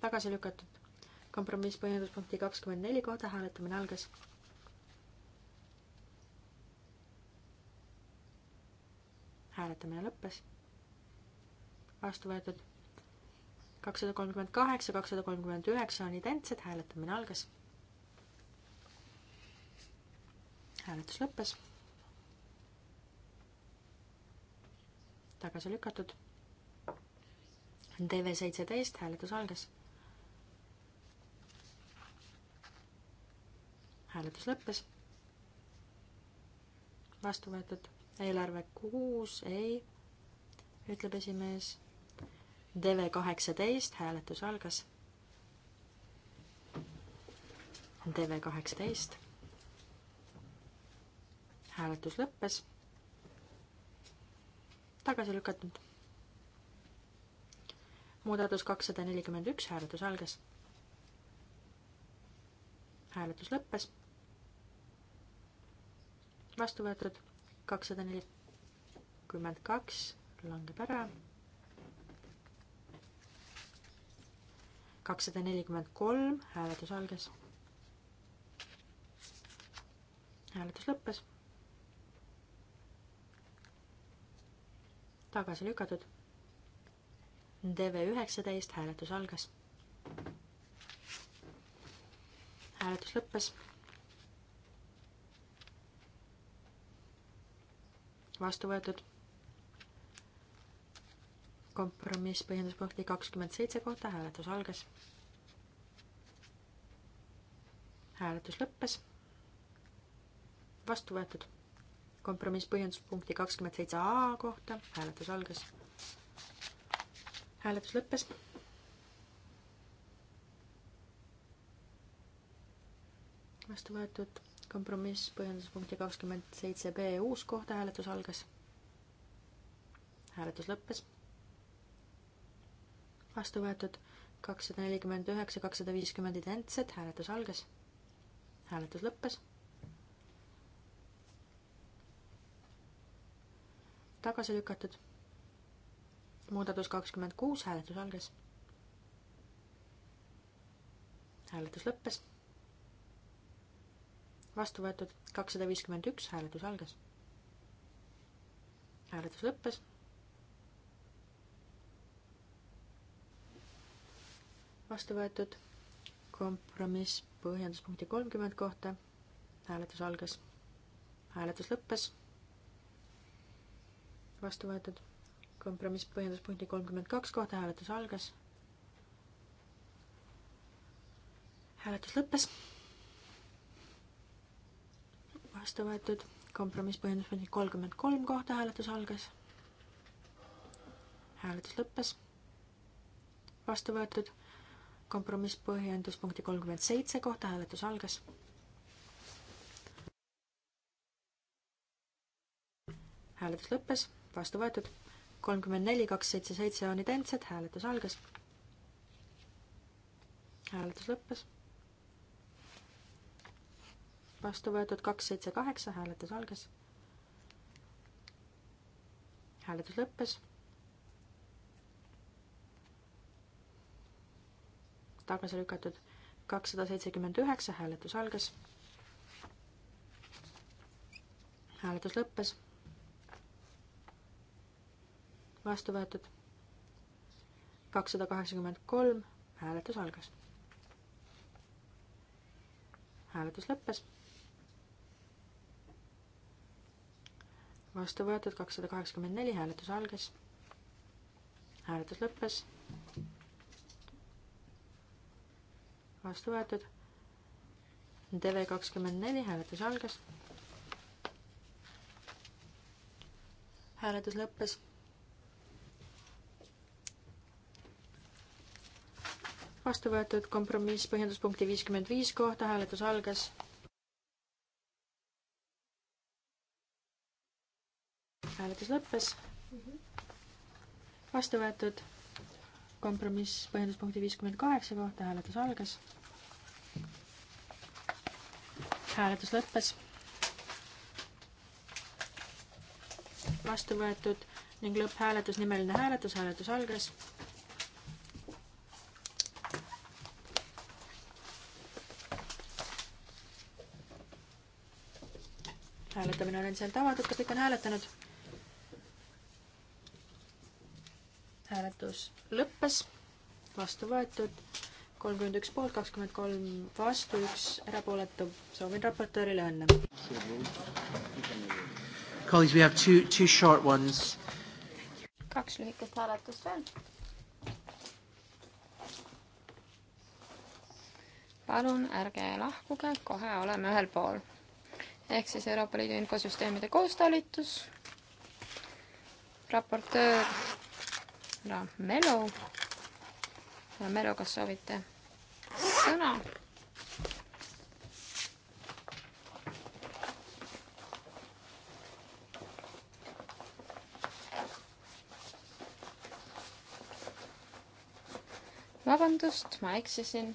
tagasi lükatud. kompromiss põhjenduspunkti kakskümmend neli kohta hääletamine algas hääletamine lõppes. vastu võetud kakssada kolmkümmend kaheksa, kakssada kolmkümmend üheksa on identsed, hääletamine algas. hääletus lõppes. tagasi lükatud. TV seitseteist, hääletus algas. hääletus lõppes. vastu võetud eelarve kuus, ei, ütleb esimees. DV kaheksateist, hääletus algas. DV kaheksateist. hääletus lõppes. tagasi lükatud. muudatus kakssada nelikümmend üks, hääletus algas. hääletus lõppes. vastu võetud kakssada nelikümmend kaks langeb ära. kakssada nelikümmend kolm, hääletus algas. hääletus lõppes. tagasi lükatud. DV üheksateist, hääletus algas. hääletus lõppes vastu võetud. kompromiss põhjenduspunkti kakskümmend seitse kohta hääletus algas. hääletus lõppes. vastu võetud. kompromiss põhjenduspunkti kakskümmend seitse A kohta hääletus algas. hääletus lõppes. vastu võetud kompromiss põhjenduspunkti kakskümmend seitse B uus kohtahääletus algas. hääletus lõppes. vastu võetud kakssada nelikümmend üheksa, kakssada viiskümmend identsed, hääletus algas. hääletus lõppes. tagasi lükatud. muudatus kakskümmend kuus, hääletus algas. hääletus lõppes vastu võetud kakssada viiskümmend üks, hääletus algas. hääletus lõppes. vastu võetud kompromiss põhjenduspunkti kolmkümmend kohta, hääletus algas, hääletus lõppes. vastu võetud kompromiss põhjenduspunkti kolmkümmend kaks kohta, hääletus algas. hääletus lõppes vastu võetud, kompromiss põhjenduspunkti kolmkümmend kolm kohta hääletus algas. hääletus lõppes. vastu võetud, kompromiss põhjenduspunkti kolmkümmend seitse kohta hääletus algas. hääletus lõppes, vastu võetud, kolmkümmend neli, kaks, seitse, seitse on identsed, hääletus algas. hääletus lõppes vastu võetud kaks, seitse, kaheksa, hääletus algas. hääletus lõppes. tagasi lükatud kakssada seitsekümmend üheksa, hääletus algas. hääletus lõppes. vastu võetud kakssada kaheksakümmend kolm, hääletus algas. hääletus lõppes vastu võetud kakssada kaheksakümmend neli, hääletus algas. hääletus lõppes. vastu võetud. TV kakskümmend neli, hääletus algas. hääletus lõppes. vastu võetud kompromiss põhjenduspunkti viiskümmend viis kohta, hääletus algas hääletus lõppes. vastu võetud kompromiss põhjenduspunkti viiskümmend kaheksa kohta, hääletus algas. hääletus lõppes. vastu võetud ning lõpphääletus, nimeline hääletus, hääletus algas. hääletamine on endiselt avatud, kas kõik on hääletanud? hääletus lõppes, vastu võetud, kolmkümmend üks poolt, kakskümmend kolm vastu, üks erapooletu. soovin raportöörile õnne. Colleagues, we have two, two short ones. kaks lühikest hääletust veel. palun ärge lahkuge, kohe oleme ühel pool. ehk siis Euroopa Liidu infosüsteemide koostalitus raportöör Melo. Melo, kas soovite sõna? vabandust, ma eksisin.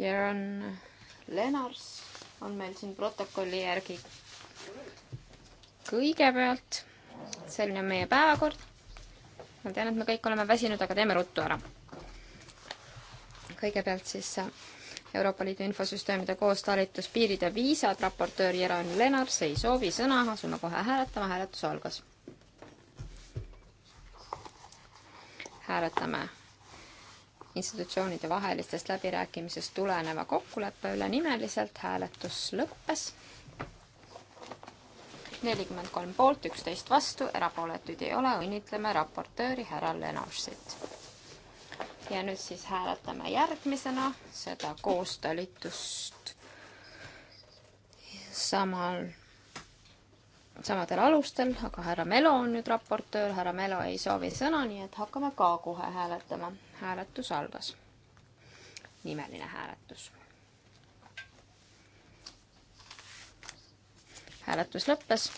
Jaron Lenars on meil siin protokolli järgi kõigepealt selline on meie päevakord ma tean, et me kõik oleme väsinud, aga teeme ruttu ära. kõigepealt siis äh, Euroopa Liidu infosüsteemide koostalitus piirid ja viisad, raportöör Jeroen Lenars ei soovi sõna, asume kohe hääletama, hääletus algas. hääletame institutsioonide vahelistest läbirääkimisest tuleneva kokkuleppe üle nimeliselt, hääletus lõppes nelikümmend kolm poolt, üksteist vastu, erapooletuid ei ole, õnnitleme raportööri härra Lenorsit. ja nüüd siis hääletame järgmisena seda koostalitust samal, samadel alustel, aga härra Melo on nüüd raportöör, härra Melo ei soovi sõna, nii et hakkame ka kohe hääletama. hääletus algas. nimeline hääletus hääletus lõppes.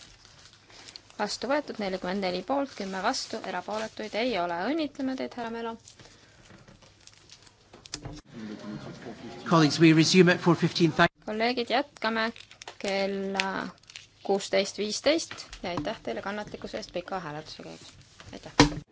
vastu võetud nelikümmend neli poolt, kümme vastu, erapooletuid ei ole. õnnitleme teid, härra Melo. kolleegid, jätkame kella kuusteist viisteist ja aitäh teile kannatlikkuse eest pika hääletuse käigus. aitäh!